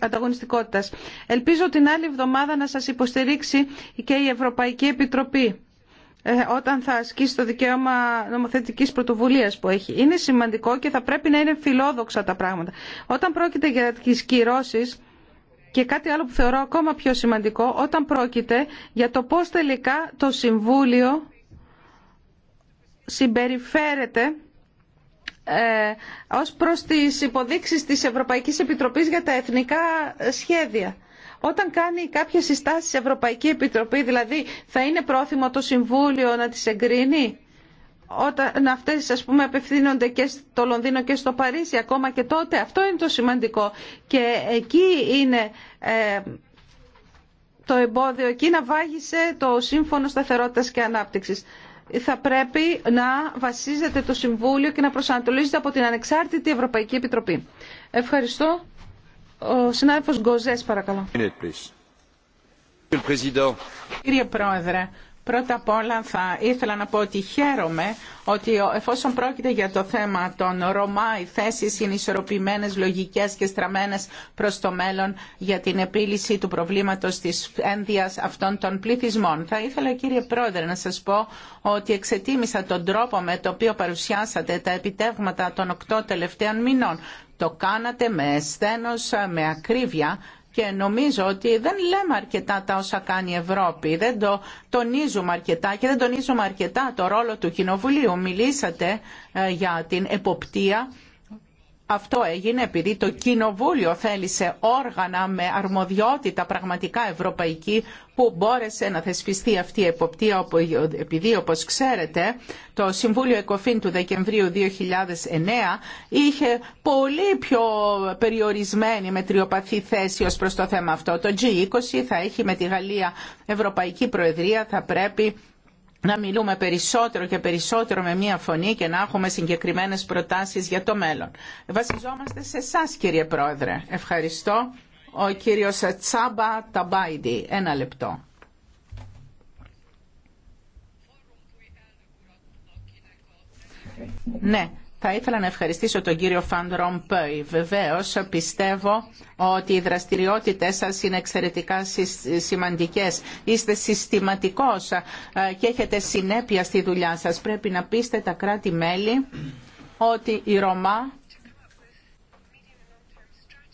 ανταγωνιστικότητας. Ελπίζω την άλλη εβδομάδα να σας υποστηρίξει και η Ευρωπαϊκή Επιτροπή ε, όταν θα ασκήσει το δικαίωμα νομοθετικής πρωτοβουλίας που έχει. Είναι σημαντικό και θα πρέπει να είναι φιλόδοξα τα πράγματα. Όταν πρόκειται για τις κυρώσεις, και κάτι άλλο που θεωρώ ακόμα πιο σημαντικό, όταν πρόκειται για το πώς τελικά το Συμβούλιο συμπεριφέρεται ε, ως προς τις υποδείξεις της Ευρωπαϊκής Επιτροπής για τα εθνικά σχέδια. Όταν κάνει κάποια συστάσεις η Ευρωπαϊκή Επιτροπή, δηλαδή θα είναι πρόθυμο το Συμβούλιο να τις εγκρίνει, όταν αυτές ας πούμε απευθύνονται και στο Λονδίνο και στο Παρίσι ακόμα και τότε, αυτό είναι το σημαντικό. Και εκεί είναι ε, το εμπόδιο, εκεί να βάγισε το Σύμφωνο Σταθερότητας και Ανάπτυξης θα πρέπει να βασίζεται το Συμβούλιο και να προσανατολίζεται από την ανεξάρτητη Ευρωπαϊκή Επιτροπή. Ευχαριστώ. Ο συνάδελφος Γκοζές, παρακαλώ. Κύριε Πρόεδρε, Πρώτα απ' όλα θα ήθελα να πω ότι χαίρομαι ότι εφόσον πρόκειται για το θέμα των Ρωμά, οι θέσει είναι ισορροπημένε, λογικέ και στραμμένε προ το μέλλον για την επίλυση του προβλήματο τη ένδυα αυτών των πληθυσμών. Θα ήθελα, κύριε Πρόεδρε, να σα πω ότι εξετίμησα τον τρόπο με το οποίο παρουσιάσατε τα επιτεύγματα των οκτώ τελευταίων μηνών. Το κάνατε με με ακρίβεια και νομίζω ότι δεν λέμε αρκετά τα όσα κάνει η Ευρώπη, δεν το τονίζουμε αρκετά και δεν τονίζουμε αρκετά το ρόλο του Κοινοβουλίου. Μιλήσατε ε, για την εποπτεία αυτό έγινε επειδή το Κοινοβούλιο θέλησε όργανα με αρμοδιότητα πραγματικά ευρωπαϊκή που μπόρεσε να θεσπιστεί αυτή η εποπτεία επειδή όπως ξέρετε το Συμβούλιο Εκοφήν του Δεκεμβρίου 2009 είχε πολύ πιο περιορισμένη μετριοπαθή θέση ως προς το θέμα αυτό. Το G20 θα έχει με τη Γαλλία Ευρωπαϊκή Προεδρία θα πρέπει να μιλούμε περισσότερο και περισσότερο με μία φωνή και να έχουμε συγκεκριμένες προτάσεις για το μέλλον. Βασιζόμαστε σε εσά, κύριε Πρόεδρε. Ευχαριστώ. Ο κύριος Τσάμπα Ταμπάιντι. Ένα λεπτό. Ναι, θα ήθελα να ευχαριστήσω τον κύριο Φαν Ρομπέι. Βεβαίω, πιστεύω ότι οι δραστηριότητε σα είναι εξαιρετικά σημαντικέ. Είστε συστηματικό ε, και έχετε συνέπεια στη δουλειά σα. Πρέπει να πείστε τα κράτη-μέλη ότι η Ρωμά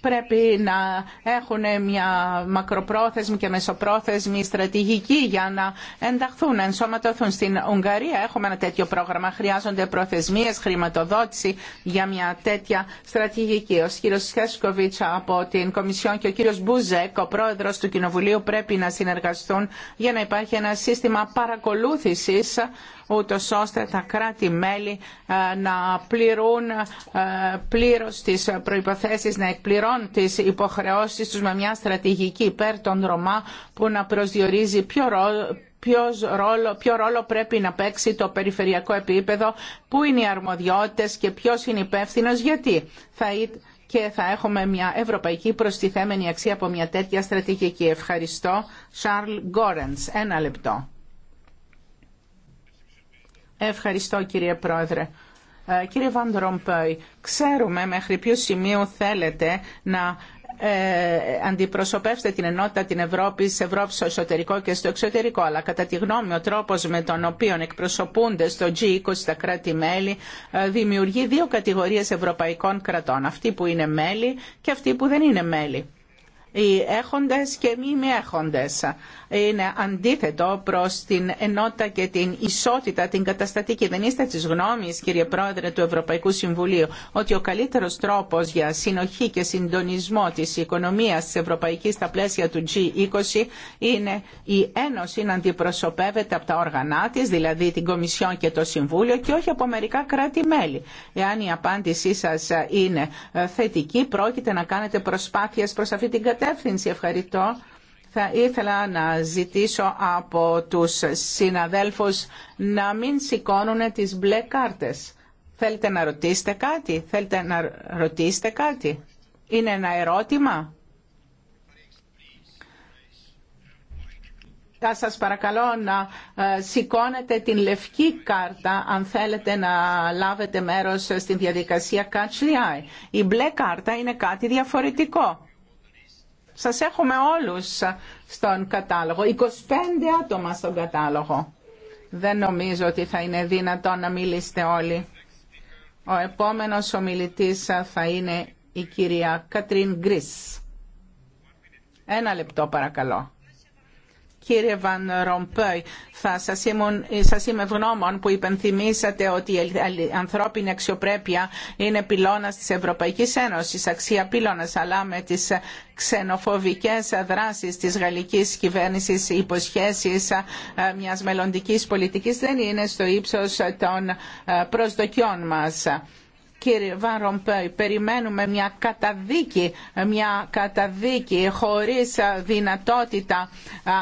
πρέπει να έχουν μια μακροπρόθεσμη και μεσοπρόθεσμη στρατηγική για να ενταχθούν, να ενσωματωθούν. Στην Ουγγαρία έχουμε ένα τέτοιο πρόγραμμα. Χρειάζονται προθεσμίε χρηματοδότηση για μια τέτοια στρατηγική. Ο κύριος Χέσκοβιτ από την Κομισιόν και ο κύριος Μπούζεκ, ο πρόεδρος του Κοινοβουλίου, πρέπει να συνεργαστούν για να υπάρχει ένα σύστημα παρακολούθηση ούτως ώστε τα κράτη-μέλη ε, να πληρούν ε, πλήρως τις προϋποθέσεις, να εκπληρώνουν τις υποχρεώσεις τους με μια στρατηγική υπέρ των Ρωμά που να προσδιορίζει πιο ρόλο, ποιο ρόλο πρέπει να παίξει το περιφερειακό επίπεδο, πού είναι οι αρμοδιότητες και ποιος είναι υπεύθυνο γιατί. Θα, και θα έχουμε μια ευρωπαϊκή προστιθέμενη αξία από μια τέτοια στρατηγική. Ευχαριστώ. Σαρλ Γκόρενς, ένα λεπτό. Ευχαριστώ κύριε Πρόεδρε. Ε, κύριε Βαν Ρομπέι, ξέρουμε μέχρι ποιο σημείο θέλετε να ε, την ενότητα την Ευρώπη σε Ευρώπη στο εσωτερικό και στο εξωτερικό. Αλλά κατά τη γνώμη ο τρόπος με τον οποίο εκπροσωπούνται στο G20 τα κράτη-μέλη ε, δημιουργεί δύο κατηγορίες ευρωπαϊκών κρατών. Αυτοί που είναι μέλη και αυτοί που δεν είναι μέλη οι έχοντες και μη μη έχοντες. Είναι αντίθετο προς την ενότητα και την ισότητα, την καταστατική. Δεν είστε της γνώμης, κύριε Πρόεδρε του Ευρωπαϊκού Συμβουλίου, ότι ο καλύτερος τρόπος για συνοχή και συντονισμό της οικονομίας της Ευρωπαϊκής στα πλαίσια του G20 είναι η Ένωση να αντιπροσωπεύεται από τα όργανά της, δηλαδή την Κομισιόν και το Συμβούλιο και όχι από μερικά κράτη-μέλη. Εάν η απάντησή σας είναι ε, θετική, πρόκειται να κάνετε προσπάθειες προς αυτή την κατεύθυνση κατεύθυνση. Ευχαριστώ. Θα ήθελα να ζητήσω από τους συναδέλφους να μην σηκώνουν τις μπλε κάρτες. Θέλετε να ρωτήσετε κάτι, θέλετε να ρωτήσετε κάτι. Είναι ένα ερώτημα. Θα σας παρακαλώ να ε, σηκώνετε την λευκή κάρτα αν θέλετε να λάβετε μέρος στην διαδικασία Catch the Eye. Η μπλε κάρτα είναι κάτι διαφορετικό. Σας έχουμε όλους στον κατάλογο, 25 άτομα στον κατάλογο. Δεν νομίζω ότι θα είναι δυνατό να μιλήσετε όλοι. Ο επόμενος ομιλητής θα είναι η κυρία Κατρίν Γκρίς. Ένα λεπτό παρακαλώ. Κύριε Βαν Ρομπέι, θα σας, είμαι ευγνώμων που υπενθυμίσατε ότι η ανθρώπινη αξιοπρέπεια είναι πυλώνας της Ευρωπαϊκής Ένωσης, αξία πυλώνας, αλλά με τις ξενοφοβικές δράσεις της γαλλικής κυβέρνησης, υποσχέσεις ε, μιας μελλοντικής πολιτικής δεν είναι στο ύψος των ε, προσδοκιών μας. Κύριε Βαν Ρομπέι, περιμένουμε μια καταδίκη, μια καταδίκη χωρίς δυνατότητα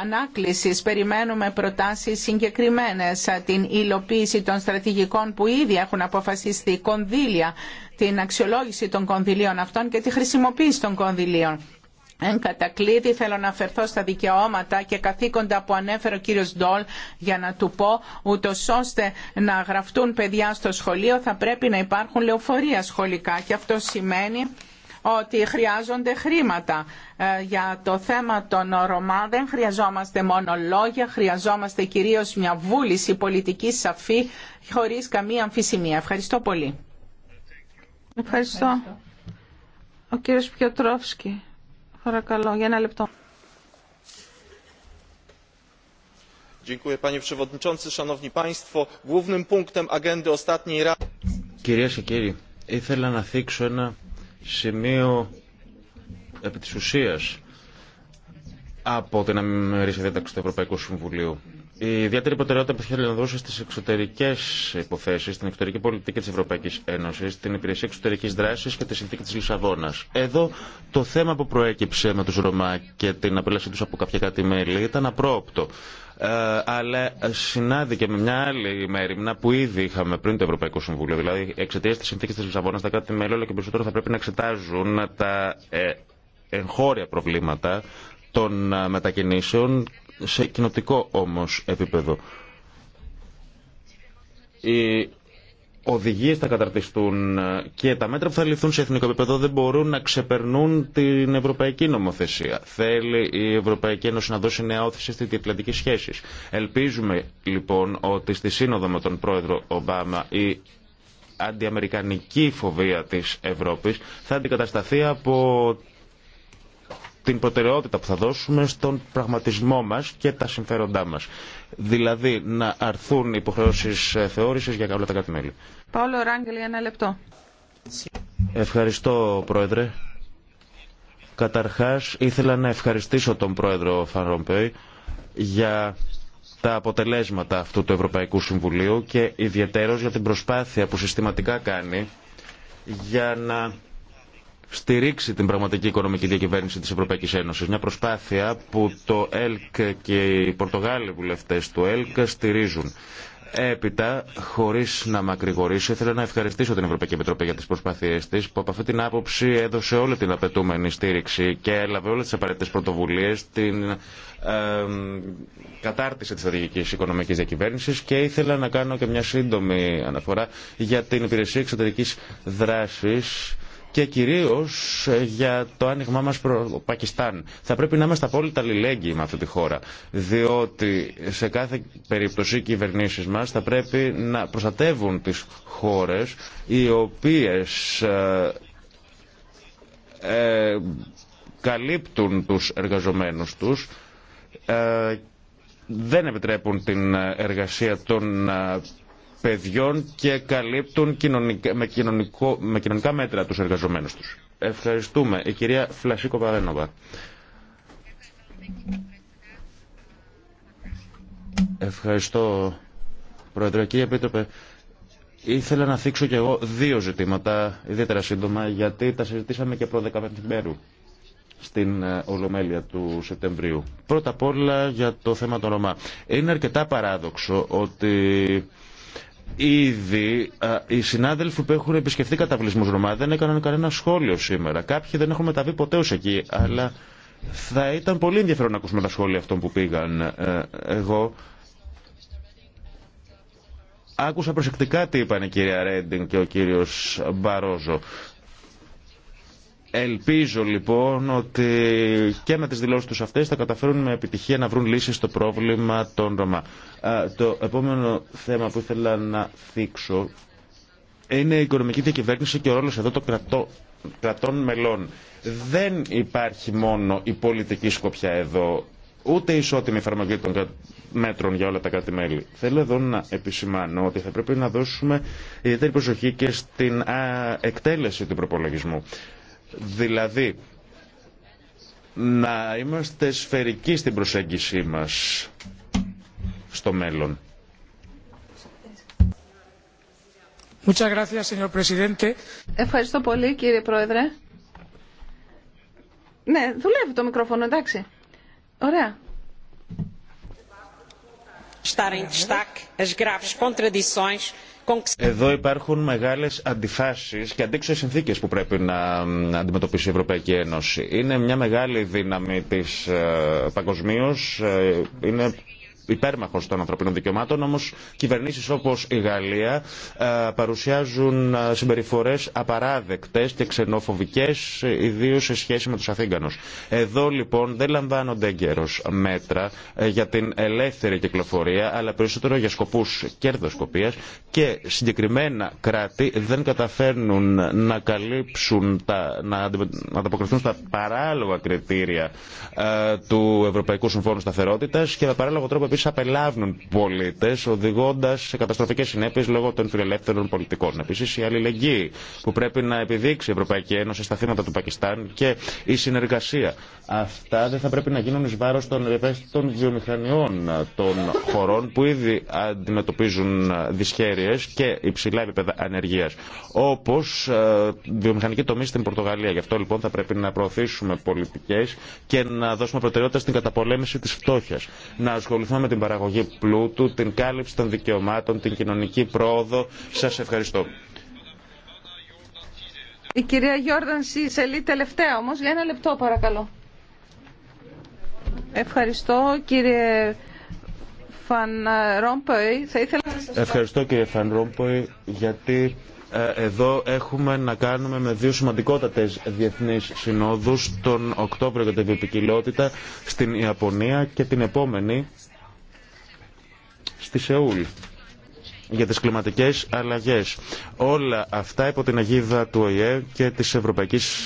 ανάκλησης. Περιμένουμε προτάσεις συγκεκριμένες, την υλοποίηση των στρατηγικών που ήδη έχουν αποφασιστεί, κονδύλια, την αξιολόγηση των κονδυλίων αυτών και τη χρησιμοποίηση των κονδυλίων. Εν κατακλείδη θέλω να αφαιρθώ στα δικαιώματα και καθήκοντα που ανέφερε ο κύριος Ντόλ για να του πω ούτω ώστε να γραφτούν παιδιά στο σχολείο θα πρέπει να υπάρχουν λεωφορεία σχολικά και αυτό σημαίνει ότι χρειάζονται χρήματα. Ε, για το θέμα των Ρωμά δεν χρειαζόμαστε μόνο λόγια, χρειαζόμαστε κυρίως μια βούληση πολιτική σαφή χωρίς καμία αμφισημία. Ευχαριστώ πολύ. Ευχαριστώ. Ο κύριος Πιοτρόφσκι. Παρακαλώ, για ένα λεπτό. Κυρίες και κύριοι, ήθελα να θίξω ένα σημείο επί της ουσίας από την αμερική διάταξη του Ευρωπαϊκού Συμβουλίου. Η ιδιαίτερη προτεραιότητα που θέλει να δώσει στι εξωτερικέ υποθέσει, στην εξωτερική πολιτική τη Ευρωπαϊκή Ένωση, στην υπηρεσία εξωτερική δράση και τη συνθήκη τη Λισαβόνα. Εδώ το θέμα που προέκυψε με του Ρωμά και την απέλασή του από κάποια κάτι μέλη ήταν απρόοπτο. Ε, αλλά συνάδηκε με μια άλλη μέρημνα που ήδη είχαμε πριν το Ευρωπαϊκό Συμβούλιο. Δηλαδή, εξαιτία τη συνθήκη τη Λισαβόνα, τα κάτι μέλη όλο και περισσότερο θα πρέπει να εξετάζουν τα ε, εγχώρια προβλήματα των ε, μετακινήσεων σε κοινοτικό όμως επίπεδο. Οι οδηγίε θα καταρτιστούν και τα μέτρα που θα ληφθούν σε εθνικό επίπεδο δεν μπορούν να ξεπερνούν την ευρωπαϊκή νομοθεσία. Θέλει η Ευρωπαϊκή Ένωση να δώσει νέα όθηση στις διατλαντικέ σχέσεις. Ελπίζουμε λοιπόν ότι στη σύνοδο με τον πρόεδρο Ομπάμα η αντιαμερικανική φοβία της Ευρώπης θα αντικατασταθεί από την προτεραιότητα που θα δώσουμε στον πραγματισμό μας και τα συμφέροντά μας. Δηλαδή να αρθούν οι υποχρεώσεις ε, θεώρησης για όλα τα κρατη μέλη. Παόλο ένα λεπτό. Ευχαριστώ, Πρόεδρε. Καταρχάς, ήθελα να ευχαριστήσω τον Πρόεδρο Φανρομπέη για τα αποτελέσματα αυτού του Ευρωπαϊκού Συμβουλίου και ιδιαίτερως για την προσπάθεια που συστηματικά κάνει για να στηρίξει την πραγματική οικονομική διακυβέρνηση της Ευρωπαϊκής Ένωσης. Μια προσπάθεια που το ΕΛΚ και οι Πορτογάλοι βουλευτές του ΕΛΚ στηρίζουν. Έπειτα, χωρί να μακρηγορήσω, ήθελα να ευχαριστήσω την Ευρωπαϊκή Επιτροπή για τι προσπάθειέ τη, που από αυτή την άποψη έδωσε όλη την απαιτούμενη στήριξη και έλαβε όλε τι απαραίτητε πρωτοβουλίε την ε, κατάρτιση τη στρατηγική οικονομική διακυβέρνηση και ήθελα να κάνω και μια σύντομη αναφορά για την υπηρεσία εξωτερική δράση και κυρίω ε, για το άνοιγμά μας προ Πακιστάν. Θα πρέπει να είμαστε απόλυτα αλληλέγγυοι με αυτή τη χώρα, διότι σε κάθε περίπτωση οι κυβερνήσεις μας θα πρέπει να προστατεύουν τις χώρες οι οποίες ε, ε, καλύπτουν τους εργαζομένους τους δεν επιτρέπουν την εργασία των παιδιών και καλύπτουν με, κοινωνικό, με κοινωνικά μέτρα τους εργαζομένους τους. Ευχαριστούμε. Η κυρία Φλασίκο Παρένοβα. Ευχαριστώ, Πρόεδρε. Κύριε Επίτροπε, ήθελα να θίξω κι εγώ δύο ζητήματα, ιδιαίτερα σύντομα, γιατί τα συζητήσαμε και προ 15 μέρου στην ε, Ολομέλεια του Σεπτεμβρίου. Πρώτα απ' όλα για το θέμα των Ρωμά. Είναι αρκετά παράδοξο ότι Ήδη οι συνάδελφοι που έχουν επισκεφθεί καταβλισμούς Ρωμά δεν έκαναν κανένα σχόλιο σήμερα. Κάποιοι δεν έχουν μεταβεί ποτέ ως εκεί, αλλά θα ήταν πολύ ενδιαφέρον να ακούσουμε τα σχόλια αυτών που πήγαν. Ε, εγώ άκουσα προσεκτικά τι είπαν η κυρία Ρέντινγκ και ο κύριος Μπαρόζο. Ελπίζω λοιπόν ότι και με τις δηλώσεις τους αυτές θα καταφέρουν με επιτυχία να βρουν λύσεις στο πρόβλημα των Ρωμά. Το επόμενο θέμα που ήθελα να θίξω είναι η οικονομική διακυβέρνηση και ο ρόλος εδώ των κρατών μελών. Δεν υπάρχει μόνο η πολιτική σκοπιά εδώ, ούτε η ισότιμη εφαρμογή των μέτρων για όλα τα κράτη-μέλη. Θέλω εδώ να επισημάνω ότι θα πρέπει να δώσουμε ιδιαίτερη προσοχή και στην εκτέλεση του προπολογισμού. Δηλαδή, να είμαστε σφαιρικοί στην προσέγγιση μας στο μέλλον. Ευχαριστώ πολύ κύριε Πρόεδρε. Ναι, δουλεύει το μικρόφωνο, εντάξει. Ωραία. Estar em destaque as graves contradições εδώ υπάρχουν μεγάλε αντιφάσει και αντίξωε συνθήκε που πρέπει να αντιμετωπίσει η Ευρωπαϊκή Ένωση. Είναι μια μεγάλη δύναμη τη ε, παγκοσμίω, ε, είναι υπέρμαχο των ανθρωπίνων δικαιωμάτων, όμω κυβερνήσει όπω η Γαλλία ε, παρουσιάζουν ε, συμπεριφορέ απαράδεκτε και ξενοφοβικέ, ιδίω σε σχέση με του Αθήγανου. Εδώ λοιπόν δεν λαμβάνονται εγκαίρω μέτρα ε, για την ελεύθερη κυκλοφορία, αλλά περισσότερο για σκοπού κερδοσκοπία και συγκεκριμένα κράτη δεν καταφέρνουν να καλύψουν, τα, να ανταποκριθούν στα παράλογα κριτήρια του Ευρωπαϊκού Συμφώνου Σταθερότητα και με παράλογο τρόπο απελάβουν πολίτε οδηγώντα σε καταστροφικέ συνέπειε λόγω των φιλελεύθερων πολιτικών. Επίση η αλληλεγγύη που πρέπει να επιδείξει η Ευρωπαϊκή Ένωση στα θύματα του Πακιστάν και η συνεργασία. Αυτά δεν θα πρέπει να γίνουν ει βάρο των ευαίσθητων βιομηχανιών των χωρών που ήδη αντιμετωπίζουν δυσχέρειε και υψηλά επίπεδα ανεργία. Όπω ε, βιομηχανική τομή στην Πορτογαλία. Γι' αυτό λοιπόν θα πρέπει να προωθήσουμε πολιτικέ και να δώσουμε προτεραιότητα στην καταπολέμηση τη φτώχεια. Να ασχοληθούμε την παραγωγή πλούτου, την κάλυψη των δικαιωμάτων, την κοινωνική πρόοδο. Σας ευχαριστώ. Η κυρία Γιόρδαν Σισελή τελευταία όμως για ένα λεπτό παρακαλώ. Ευχαριστώ κύριε Φαν Ρόμποϊ. Θα Ευχαριστώ κύριε Φαν Ρόμποϊ γιατί ε, εδώ έχουμε να κάνουμε με δύο σημαντικότατες διεθνείς συνόδους τον Οκτώβριο για την Επικοινότητα στην Ιαπωνία και την επόμενη στη Σεούλ για τις κλιματικές αλλαγές. Όλα αυτά υπό την αγίδα του ΟΗΕ και της Ευρωπαϊκής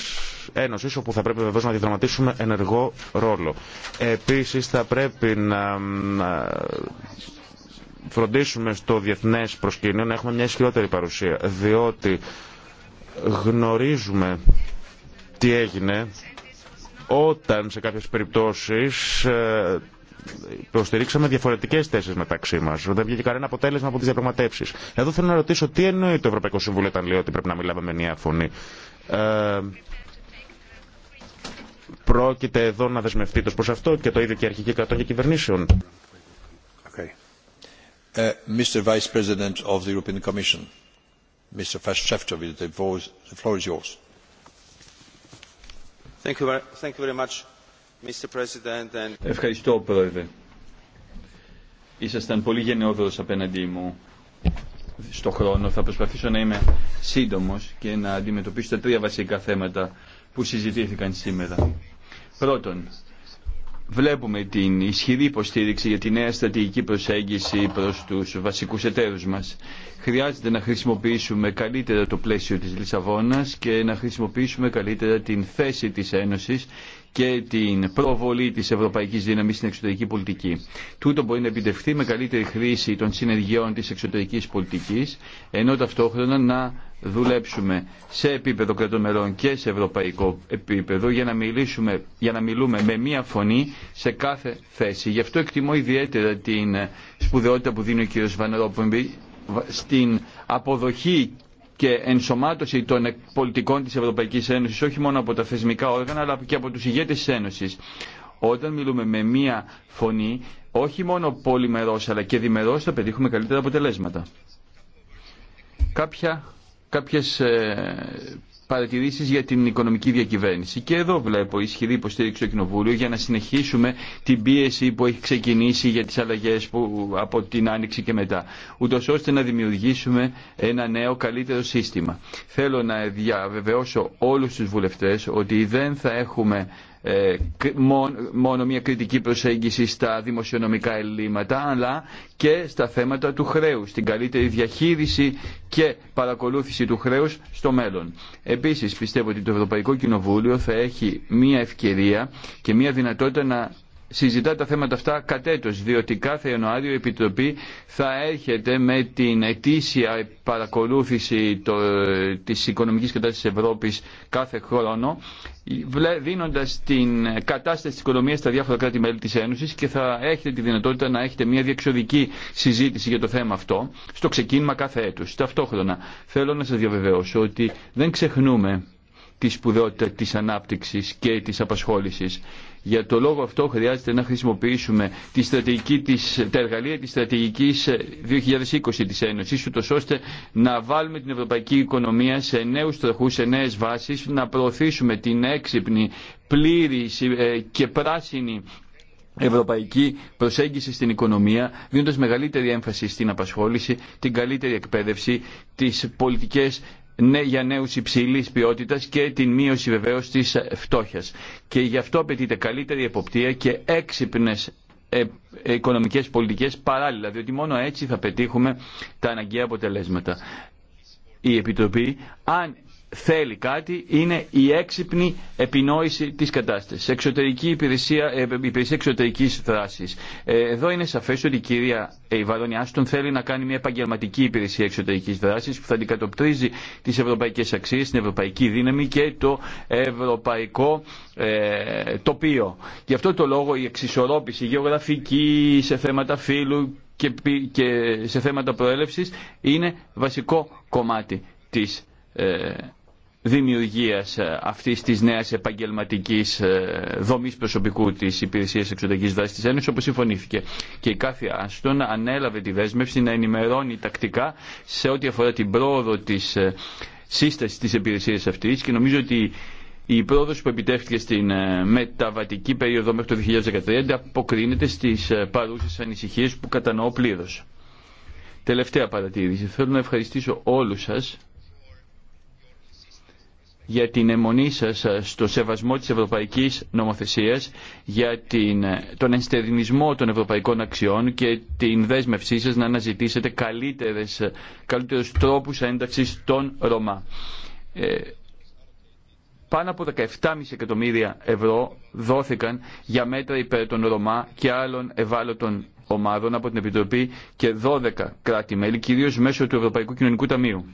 Ένωσης, όπου θα πρέπει βεβαίω να διαδραματίσουμε ενεργό ρόλο. Επίσης θα πρέπει να φροντίσουμε στο διεθνές προσκήνιο να έχουμε μια ισχυρότερη παρουσία, διότι γνωρίζουμε τι έγινε όταν σε κάποιες περιπτώσεις ε, υποστηρίξαμε διαφορετικέ θέσει μεταξύ μα. Δεν βγήκε κανένα αποτέλεσμα από τι διαπραγματεύσει. Εδώ θέλω να ρωτήσω τι εννοεί το Ευρωπαϊκό Συμβούλιο όταν λέει ότι πρέπει να μιλάμε με μια φωνή. Ε, πρόκειται εδώ να δεσμευτεί το προ αυτό και το ίδιο και η αρχική κατόχη κυβερνήσεων. Okay. Ε, Ευχαριστώ, Πρόεδρε. Ήσασταν πολύ γενναιόδωρος απέναντί μου στο χρόνο. Θα προσπαθήσω να είμαι σύντομος και να αντιμετωπίσω τα τρία βασικά θέματα που συζητήθηκαν σήμερα. Πρώτον, βλέπουμε την ισχυρή υποστήριξη για τη νέα στρατηγική προσέγγιση προς τους βασικούς εταίρους μας. Χρειάζεται να χρησιμοποιήσουμε καλύτερα το πλαίσιο της Λισαβόνας και να χρησιμοποιήσουμε καλύτερα την θέση της Ένωσης και την προβολή της ευρωπαϊκής δύναμης στην εξωτερική πολιτική. Τούτο μπορεί να επιτευχθεί με καλύτερη χρήση των συνεργειών της εξωτερικής πολιτικής, ενώ ταυτόχρονα να δουλέψουμε σε επίπεδο κρατών και σε ευρωπαϊκό επίπεδο για να, μιλήσουμε, για να μιλούμε με μία φωνή σε κάθε θέση. Γι' αυτό εκτιμώ ιδιαίτερα την σπουδαιότητα που δίνει ο κ. Βαν στην αποδοχή και ενσωμάτωση των πολιτικών της Ευρωπαϊκής Ένωσης όχι μόνο από τα θεσμικά όργανα αλλά και από τους ηγέτες της Ένωσης. Όταν μιλούμε με μία φωνή, όχι μόνο πολυμερός αλλά και διμερός θα πετύχουμε καλύτερα αποτελέσματα. Κάποια, κάποιες ε, Παρατηρήσει για την οικονομική διακυβέρνηση. Και εδώ βλέπω ισχυρή υποστήριξη στο Κοινοβούλιο για να συνεχίσουμε την πίεση που έχει ξεκινήσει για τις αλλαγές από την Άνοιξη και μετά, ούτω ώστε να δημιουργήσουμε ένα νέο καλύτερο σύστημα. Θέλω να διαβεβαιώσω όλους τους βουλευτές ότι δεν θα έχουμε ε, μόνο μια κριτική προσέγγιση στα δημοσιονομικά ελλείμματα αλλά και στα θέματα του χρέους, την καλύτερη διαχείριση και παρακολούθηση του χρέους στο μέλλον. Επίσης πιστεύω ότι το Ευρωπαϊκό Κοινοβούλιο θα έχει μια ευκαιρία και μια δυνατότητα να συζητά τα θέματα αυτά κατ' έτος, διότι κάθε Ιανουάριο η Επιτροπή θα έρχεται με την ετήσια παρακολούθηση το, της οικονομικής κατάστασης της Ευρώπης κάθε χρόνο, δίνοντας την κατάσταση της οικονομίας στα διάφορα κράτη-μέλη της Ένωσης και θα έχετε τη δυνατότητα να έχετε μια διεξοδική συζήτηση για το θέμα αυτό στο ξεκίνημα κάθε έτους. Ταυτόχρονα θέλω να σας διαβεβαιώσω ότι δεν ξεχνούμε τη σπουδότητα της ανάπτυξης και της απασχόλησης. Για το λόγο αυτό χρειάζεται να χρησιμοποιήσουμε τη στρατηγική της, τα εργαλεία της στρατηγικής 2020 ε, της Ένωσης, ούτως ώστε να βάλουμε την ευρωπαϊκή οικονομία σε νέους τροχούς, σε νέες βάσεις, να προωθήσουμε την έξυπνη, πλήρη ε, και πράσινη ευρωπαϊκή προσέγγιση στην οικονομία, δίνοντας μεγαλύτερη έμφαση στην απασχόληση, την καλύτερη εκπαίδευση, τις πολιτικές ναι, για νέους υψηλής ποιότητας και την μείωση βεβαίως της φτώχειας. Και γι' αυτό απαιτείται καλύτερη εποπτεία και έξυπνες ε, οικονομικές πολιτικές παράλληλα, διότι μόνο έτσι θα πετύχουμε τα αναγκαία αποτελέσματα. Η Επιτροπή, αν θέλει κάτι είναι η έξυπνη επινόηση της κατάστασης. Εξωτερική υπηρεσία, ε, υπηρεσία εξωτερικής δράσης. Ε, εδώ είναι σαφές ότι η κυρία Ιβαρόνι ε, Άστον θέλει να κάνει μια επαγγελματική υπηρεσία εξωτερικής δράσης που θα αντικατοπτρίζει τις ευρωπαϊκές αξίες, την ευρωπαϊκή δύναμη και το ευρωπαϊκό τοπίο. Γι' αυτό το λόγο η εξισορρόπηση γεωγραφική σε θέματα φύλου και, και σε θέματα προέλευσης είναι βασικό κομμάτι της δημιουργίας ε, αυτής της νέας επαγγελματικής ε, δομής προσωπικού της Υπηρεσίας Εξωτερικής Δράσης της Ένωσης όπως συμφωνήθηκε και η κάθε Άστον ανέλαβε τη δέσμευση να ενημερώνει τακτικά σε ό,τι αφορά την πρόοδο της ε, σύστασης της υπηρεσίας αυτής και νομίζω ότι η πρόοδος που επιτεύχθηκε στην μεταβατική περίοδο μέχρι το 2013 αποκρίνεται στις παρούσες ανησυχίες που κατανοώ πλήρω. Τελευταία παρατήρηση. Θέλω να ευχαριστήσω όλου σα για την αιμονή σας ε, στο σεβασμό της ευρωπαϊκής νομοθεσίας, για την, τον ενστερνισμό των ευρωπαϊκών αξιών και την δέσμευσή σας να αναζητήσετε καλύτερες, ε, καλύτερους τρόπους ένταξης των Ρωμά. Ε, πάνω από 17,5 εκατομμύρια ευρώ δόθηκαν για μέτρα υπέρ των Ρωμά και άλλων ευάλωτων ομάδων από την Επιτροπή και 12 κράτη-μέλη, κυρίως μέσω του Ευρωπαϊκού Κοινωνικού Ταμείου.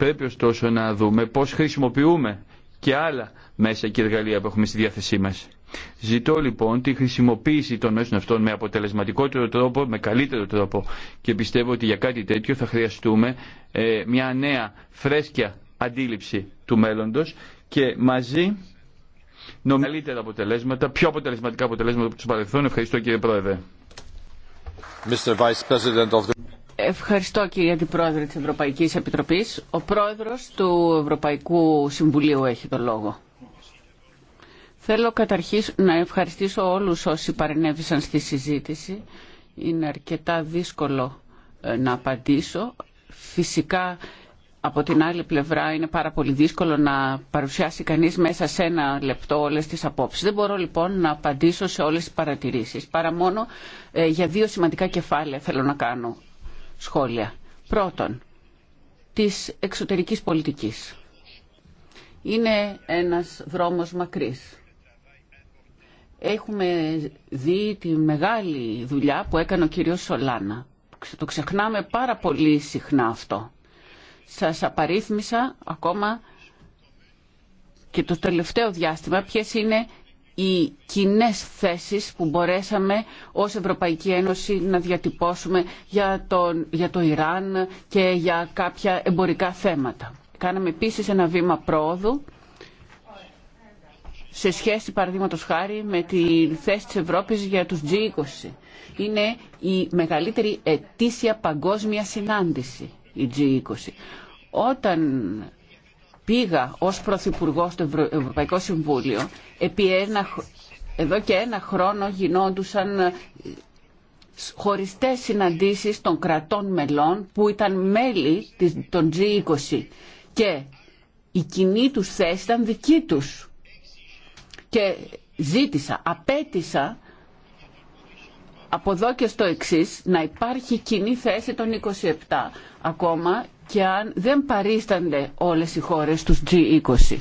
Πρέπει ωστόσο να δούμε πώς χρησιμοποιούμε και άλλα μέσα και εργαλεία που έχουμε στη διάθεσή μας. Ζητώ λοιπόν τη χρησιμοποίηση των μέσων αυτών με αποτελεσματικότερο τρόπο, με καλύτερο τρόπο και πιστεύω ότι για κάτι τέτοιο θα χρειαστούμε ε, μια νέα φρέσκια αντίληψη του μέλλοντος και μαζί νομίζουμε αποτελέσματα, πιο αποτελεσματικά αποτελέσματα από τους παρελθόν. Ευχαριστώ κύριε Πρόεδρε. Mr. Vice President of the... Ευχαριστώ κύριε Αντιπρόεδρε της Ευρωπαϊκής Επιτροπής. Ο πρόεδρος του Ευρωπαϊκού Συμβουλίου έχει το λόγο. Θέλω καταρχήν να ευχαριστήσω όλους όσοι παρενέβησαν στη συζήτηση. Είναι αρκετά δύσκολο ε, να απαντήσω. Φυσικά από την άλλη πλευρά είναι πάρα πολύ δύσκολο να παρουσιάσει κανείς μέσα σε ένα λεπτό όλες τις απόψεις. Δεν μπορώ λοιπόν να απαντήσω σε όλες τις παρατηρήσεις, παρά μόνο ε, για δύο σημαντικά κεφάλαια θέλω να κάνω σχόλια. Πρώτον, της εξωτερικής πολιτικής. Είναι ένας δρόμος μακρύς. Έχουμε δει τη μεγάλη δουλειά που έκανε ο κύριος Σολάνα. Το ξεχνάμε πάρα πολύ συχνά αυτό. Σας απαρίθμησα ακόμα και το τελευταίο διάστημα ποιες είναι οι κοινέ θέσεις που μπορέσαμε ως Ευρωπαϊκή Ένωση να διατυπώσουμε για, τον, για το Ιράν και για κάποια εμπορικά θέματα. Κάναμε επίσης ένα βήμα πρόοδου σε σχέση παραδείγματο χάρη με τη θέση της Ευρώπης για τους G20. Είναι η μεγαλύτερη ετήσια παγκόσμια συνάντηση η G20. Όταν πήγα ως Πρωθυπουργό στο Ευρωπαϊκό Συμβούλιο, επί ένα, εδώ και ένα χρόνο γινόντουσαν ε, χωριστές συναντήσεις των κρατών μελών που ήταν μέλη των G20 και η κοινή τους θέση ήταν δική τους. Και ζήτησα, απέτησα από εδώ και στο εξή να υπάρχει κοινή θέση των 27 ακόμα και αν δεν παρίστανται όλες οι χώρες τους G20.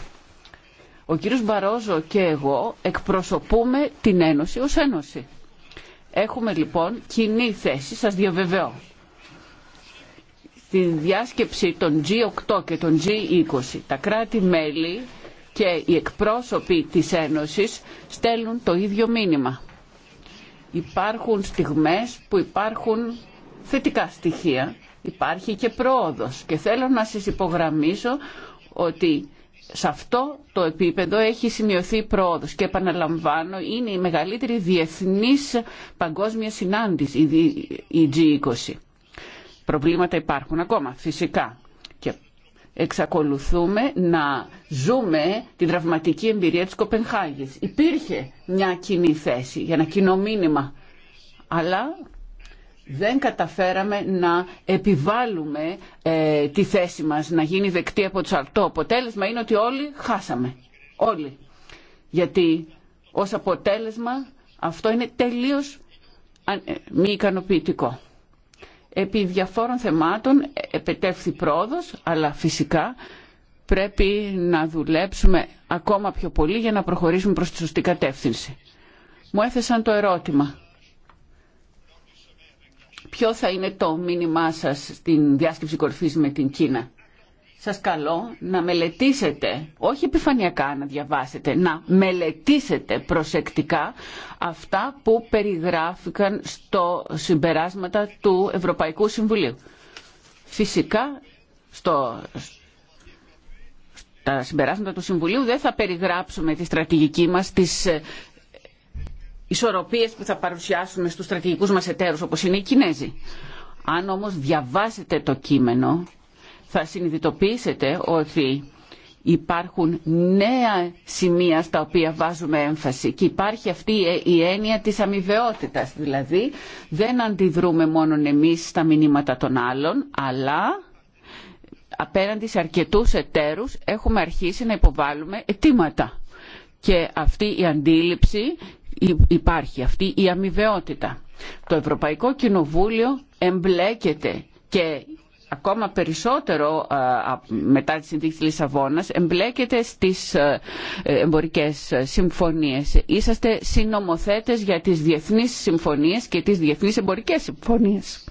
Ο κύριος Μπαρόζο και εγώ εκπροσωπούμε την Ένωση ως Ένωση. Έχουμε λοιπόν κοινή θέση, σας διαβεβαιώ. Στην διάσκεψη των G8 και των G20 τα κράτη-μέλη και οι εκπρόσωποι της Ένωσης στέλνουν το ίδιο μήνυμα υπάρχουν στιγμές που υπάρχουν θετικά στοιχεία. Υπάρχει και πρόοδος και θέλω να σας υπογραμμίσω ότι σε αυτό το επίπεδο έχει σημειωθεί πρόοδος και επαναλαμβάνω είναι η μεγαλύτερη διεθνής παγκόσμια συνάντηση η G20. Προβλήματα υπάρχουν ακόμα φυσικά εξακολουθούμε να ζούμε την τραυματική εμπειρία της Κοπενχάγης. Υπήρχε μια κοινή θέση για ένα κοινό μήνυμα, αλλά δεν καταφέραμε να επιβάλλουμε ε, τη θέση μας να γίνει δεκτή από τους αρτό. Αποτέλεσμα είναι ότι όλοι χάσαμε. Όλοι. Γιατί ως αποτέλεσμα αυτό είναι τελείως ε, μη ικανοποιητικό επί διαφόρων θεμάτων επετέύθη πρόοδος, αλλά φυσικά πρέπει να δουλέψουμε ακόμα πιο πολύ για να προχωρήσουμε προς τη σωστή κατεύθυνση. Μου έθεσαν το ερώτημα. Ποιο θα είναι το μήνυμά σας στην διάσκεψη κορφής με την Κίνα σας καλώ να μελετήσετε, όχι επιφανειακά να διαβάσετε, να μελετήσετε προσεκτικά αυτά που περιγράφηκαν στο συμπεράσματα του Ευρωπαϊκού Συμβουλίου. Φυσικά, στο, στα συμπεράσματα του Συμβουλίου δεν θα περιγράψουμε τη στρατηγική μας, τις ε, ισορροπίες που θα παρουσιάσουμε στους στρατηγικούς μας εταίρους όπως είναι οι Κινέζοι. Αν όμως διαβάσετε το κείμενο, θα συνειδητοποιήσετε ότι υπάρχουν νέα σημεία στα οποία βάζουμε έμφαση και υπάρχει αυτή η έννοια της αμοιβαιότητας. Δηλαδή δεν αντιδρούμε μόνο εμείς στα μηνύματα των άλλων, αλλά απέναντι σε αρκετούς εταίρους έχουμε αρχίσει να υποβάλλουμε αιτήματα. Και αυτή η αντίληψη υπάρχει, αυτή η αμοιβαιότητα. Το Ευρωπαϊκό Κοινοβούλιο εμπλέκεται και ακόμα περισσότερο μετά τη συνθήκη της Λισαβόνας εμπλέκεται στις ε, ε, εμπορικές συμφωνίες. Είσαστε συνομοθέτες για τις διεθνείς συμφωνίες και τις διεθνείς εμπορικές συμφωνίες.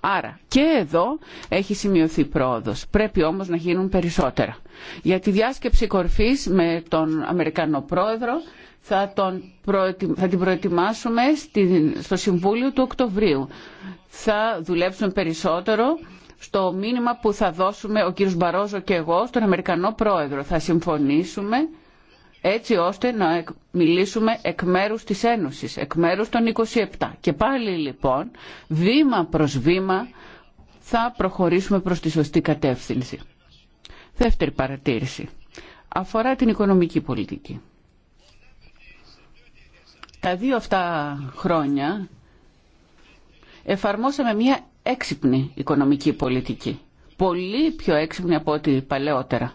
Άρα και εδώ έχει σημειωθεί πρόοδος. Πρέπει όμως να γίνουν περισσότερα. Για τη διάσκεψη κορφής με τον Αμερικανό πρόεδρο θα, την προετοιμάσουμε στο Συμβούλιο του Οκτωβρίου. Θα δουλέψουμε περισσότερο στο μήνυμα που θα δώσουμε ο κύριος Μπαρόζο και εγώ στον Αμερικανό Πρόεδρο. Θα συμφωνήσουμε έτσι ώστε να μιλήσουμε εκ μέρους της Ένωσης, εκ μέρους των 27. Και πάλι λοιπόν, βήμα προς βήμα, θα προχωρήσουμε προς τη σωστή κατεύθυνση. Δεύτερη παρατήρηση. Αφορά την οικονομική πολιτική. Τα δύο αυτά χρόνια εφαρμόσαμε μια έξυπνη οικονομική πολιτική. Πολύ πιο έξυπνη από ό,τι παλαιότερα.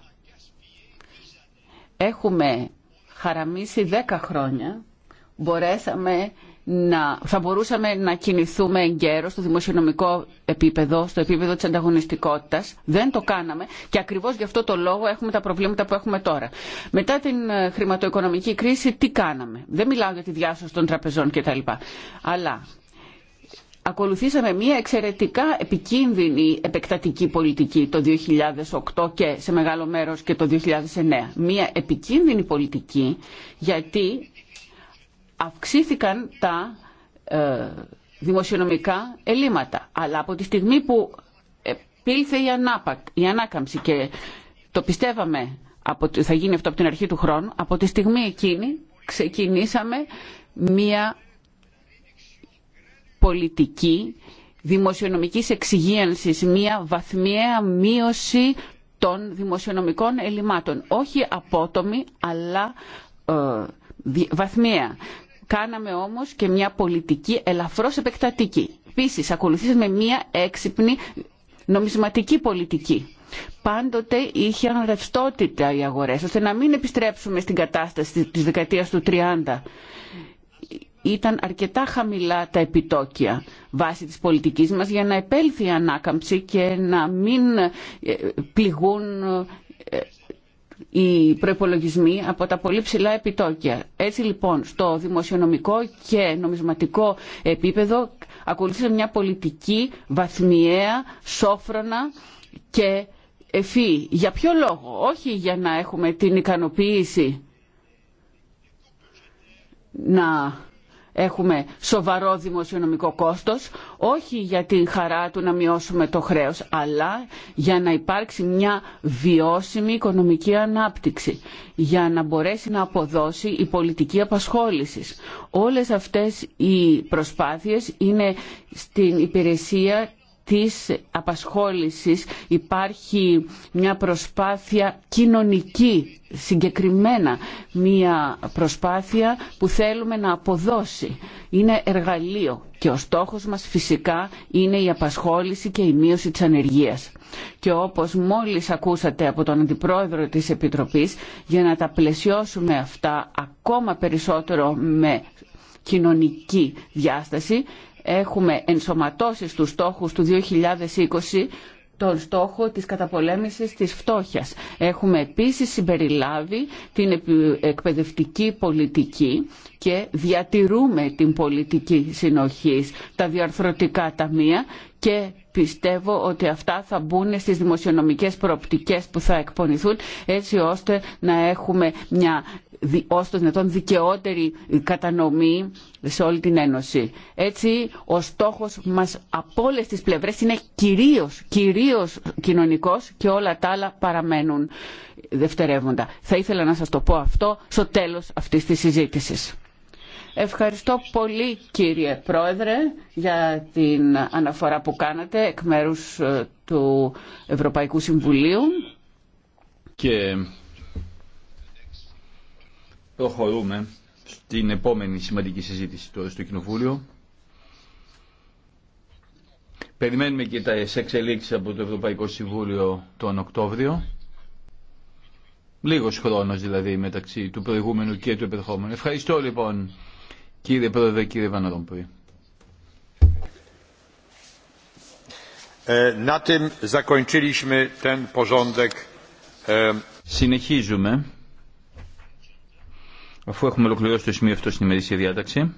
Έχουμε χαραμίσει 10 χρόνια. Μπορέσαμε να, θα μπορούσαμε να κινηθούμε εγκαίρως στο δημοσιονομικό επίπεδο, στο επίπεδο της ανταγωνιστικότητας. Δεν το κάναμε και ακριβώς γι' αυτό το λόγο έχουμε τα προβλήματα που έχουμε τώρα. Μετά την ε, χρηματοοικονομική κρίση τι κάναμε. Δεν μιλάω για τη διάσωση των τραπεζών κτλ. Αλλά ακολουθήσαμε μια εξαιρετικά επικίνδυνη επεκτατική πολιτική το 2008 και σε μεγάλο μέρος και το 2009. Μια επικίνδυνη πολιτική γιατί αυξήθηκαν τα ε, δημοσιονομικά ελλείμματα. Αλλά από τη στιγμή που επήλθε η, ανάπα, η ανάκαμψη και το πιστεύαμε από, θα γίνει αυτό από την αρχή του χρόνου, από τη στιγμή εκείνη ξεκινήσαμε μια πολιτική δημοσιονομικής εξυγίανσης, μια βαθμιαία μείωση των δημοσιονομικών ελλημάτων. Όχι απότομη, αλλά βαθμία. Ε, βαθμιαία. Κάναμε όμως και μια πολιτική ελαφρώς επεκτατική. Επίση, ακολουθήσαμε μια έξυπνη νομισματική πολιτική. Πάντοτε είχε ρευστότητα οι αγορές, ώστε να μην επιστρέψουμε στην κατάσταση της δεκαετίας του 30 ήταν αρκετά χαμηλά τα επιτόκια βάσει της πολιτικής μας για να επέλθει η ανάκαμψη και να μην ε, πληγούν ε, οι προπολογισμοί από τα πολύ ψηλά επιτόκια. Έτσι λοιπόν στο δημοσιονομικό και νομισματικό επίπεδο ακολούθησε μια πολιτική βαθμιαία, σόφρονα και ευφύ. Για ποιο λόγο, όχι για να έχουμε την ικανοποίηση να έχουμε σοβαρό δημοσιονομικό κόστος, όχι για την χαρά του να μειώσουμε το χρέος, αλλά για να υπάρξει μια βιώσιμη οικονομική ανάπτυξη, για να μπορέσει να αποδώσει η πολιτική απασχόλησης. Όλες αυτές οι προσπάθειες είναι στην υπηρεσία της απασχόλησης υπάρχει μια προσπάθεια κοινωνική συγκεκριμένα μια προσπάθεια που θέλουμε να αποδώσει. Είναι εργαλείο και ο στόχος μας φυσικά είναι η απασχόληση και η μείωση της ανεργίας. Και όπως μόλις ακούσατε από τον Αντιπρόεδρο της Επιτροπής, για να τα πλαισιώσουμε αυτά ακόμα περισσότερο με κοινωνική διάσταση, έχουμε ενσωματώσει στους στόχους του 2020 τον στόχο της καταπολέμησης της φτώχειας. Έχουμε επίσης συμπεριλάβει την εκπαιδευτική πολιτική και διατηρούμε την πολιτική συνοχής, τα διαρθρωτικά ταμεία και πιστεύω ότι αυτά θα μπουν στις δημοσιονομικές προοπτικές που θα εκπονηθούν έτσι ώστε να έχουμε μια ως το δυνατόν δικαιότερη κατανομή σε όλη την Ένωση. Έτσι, ο στόχος μας από όλε τις πλευρές είναι κυρίως, κυρίως κοινωνικός και όλα τα άλλα παραμένουν δευτερεύοντα. Θα ήθελα να σας το πω αυτό στο τέλος αυτής της συζήτησης. Ευχαριστώ πολύ κύριε Πρόεδρε για την αναφορά που κάνατε εκ μέρους ε, του Ευρωπαϊκού Συμβουλίου. Προχωρούμε στην επόμενη σημαντική συζήτηση τώρα στο Κοινοβούλιο. Περιμένουμε και τα εξελίξεις από το Ευρωπαϊκό Συμβούλιο τον Οκτώβριο. Λίγος χρόνος δηλαδή μεταξύ του προηγούμενου και του επερχόμενου. Ευχαριστώ λοιπόν κύριε Πρόεδρε, κύριε Βαναρόμπουρη. Ε, ε, Συνεχίζουμε Αφού έχουμε ολοκληρώσει το σημείο αυτό στην ημερήσια διάταξη,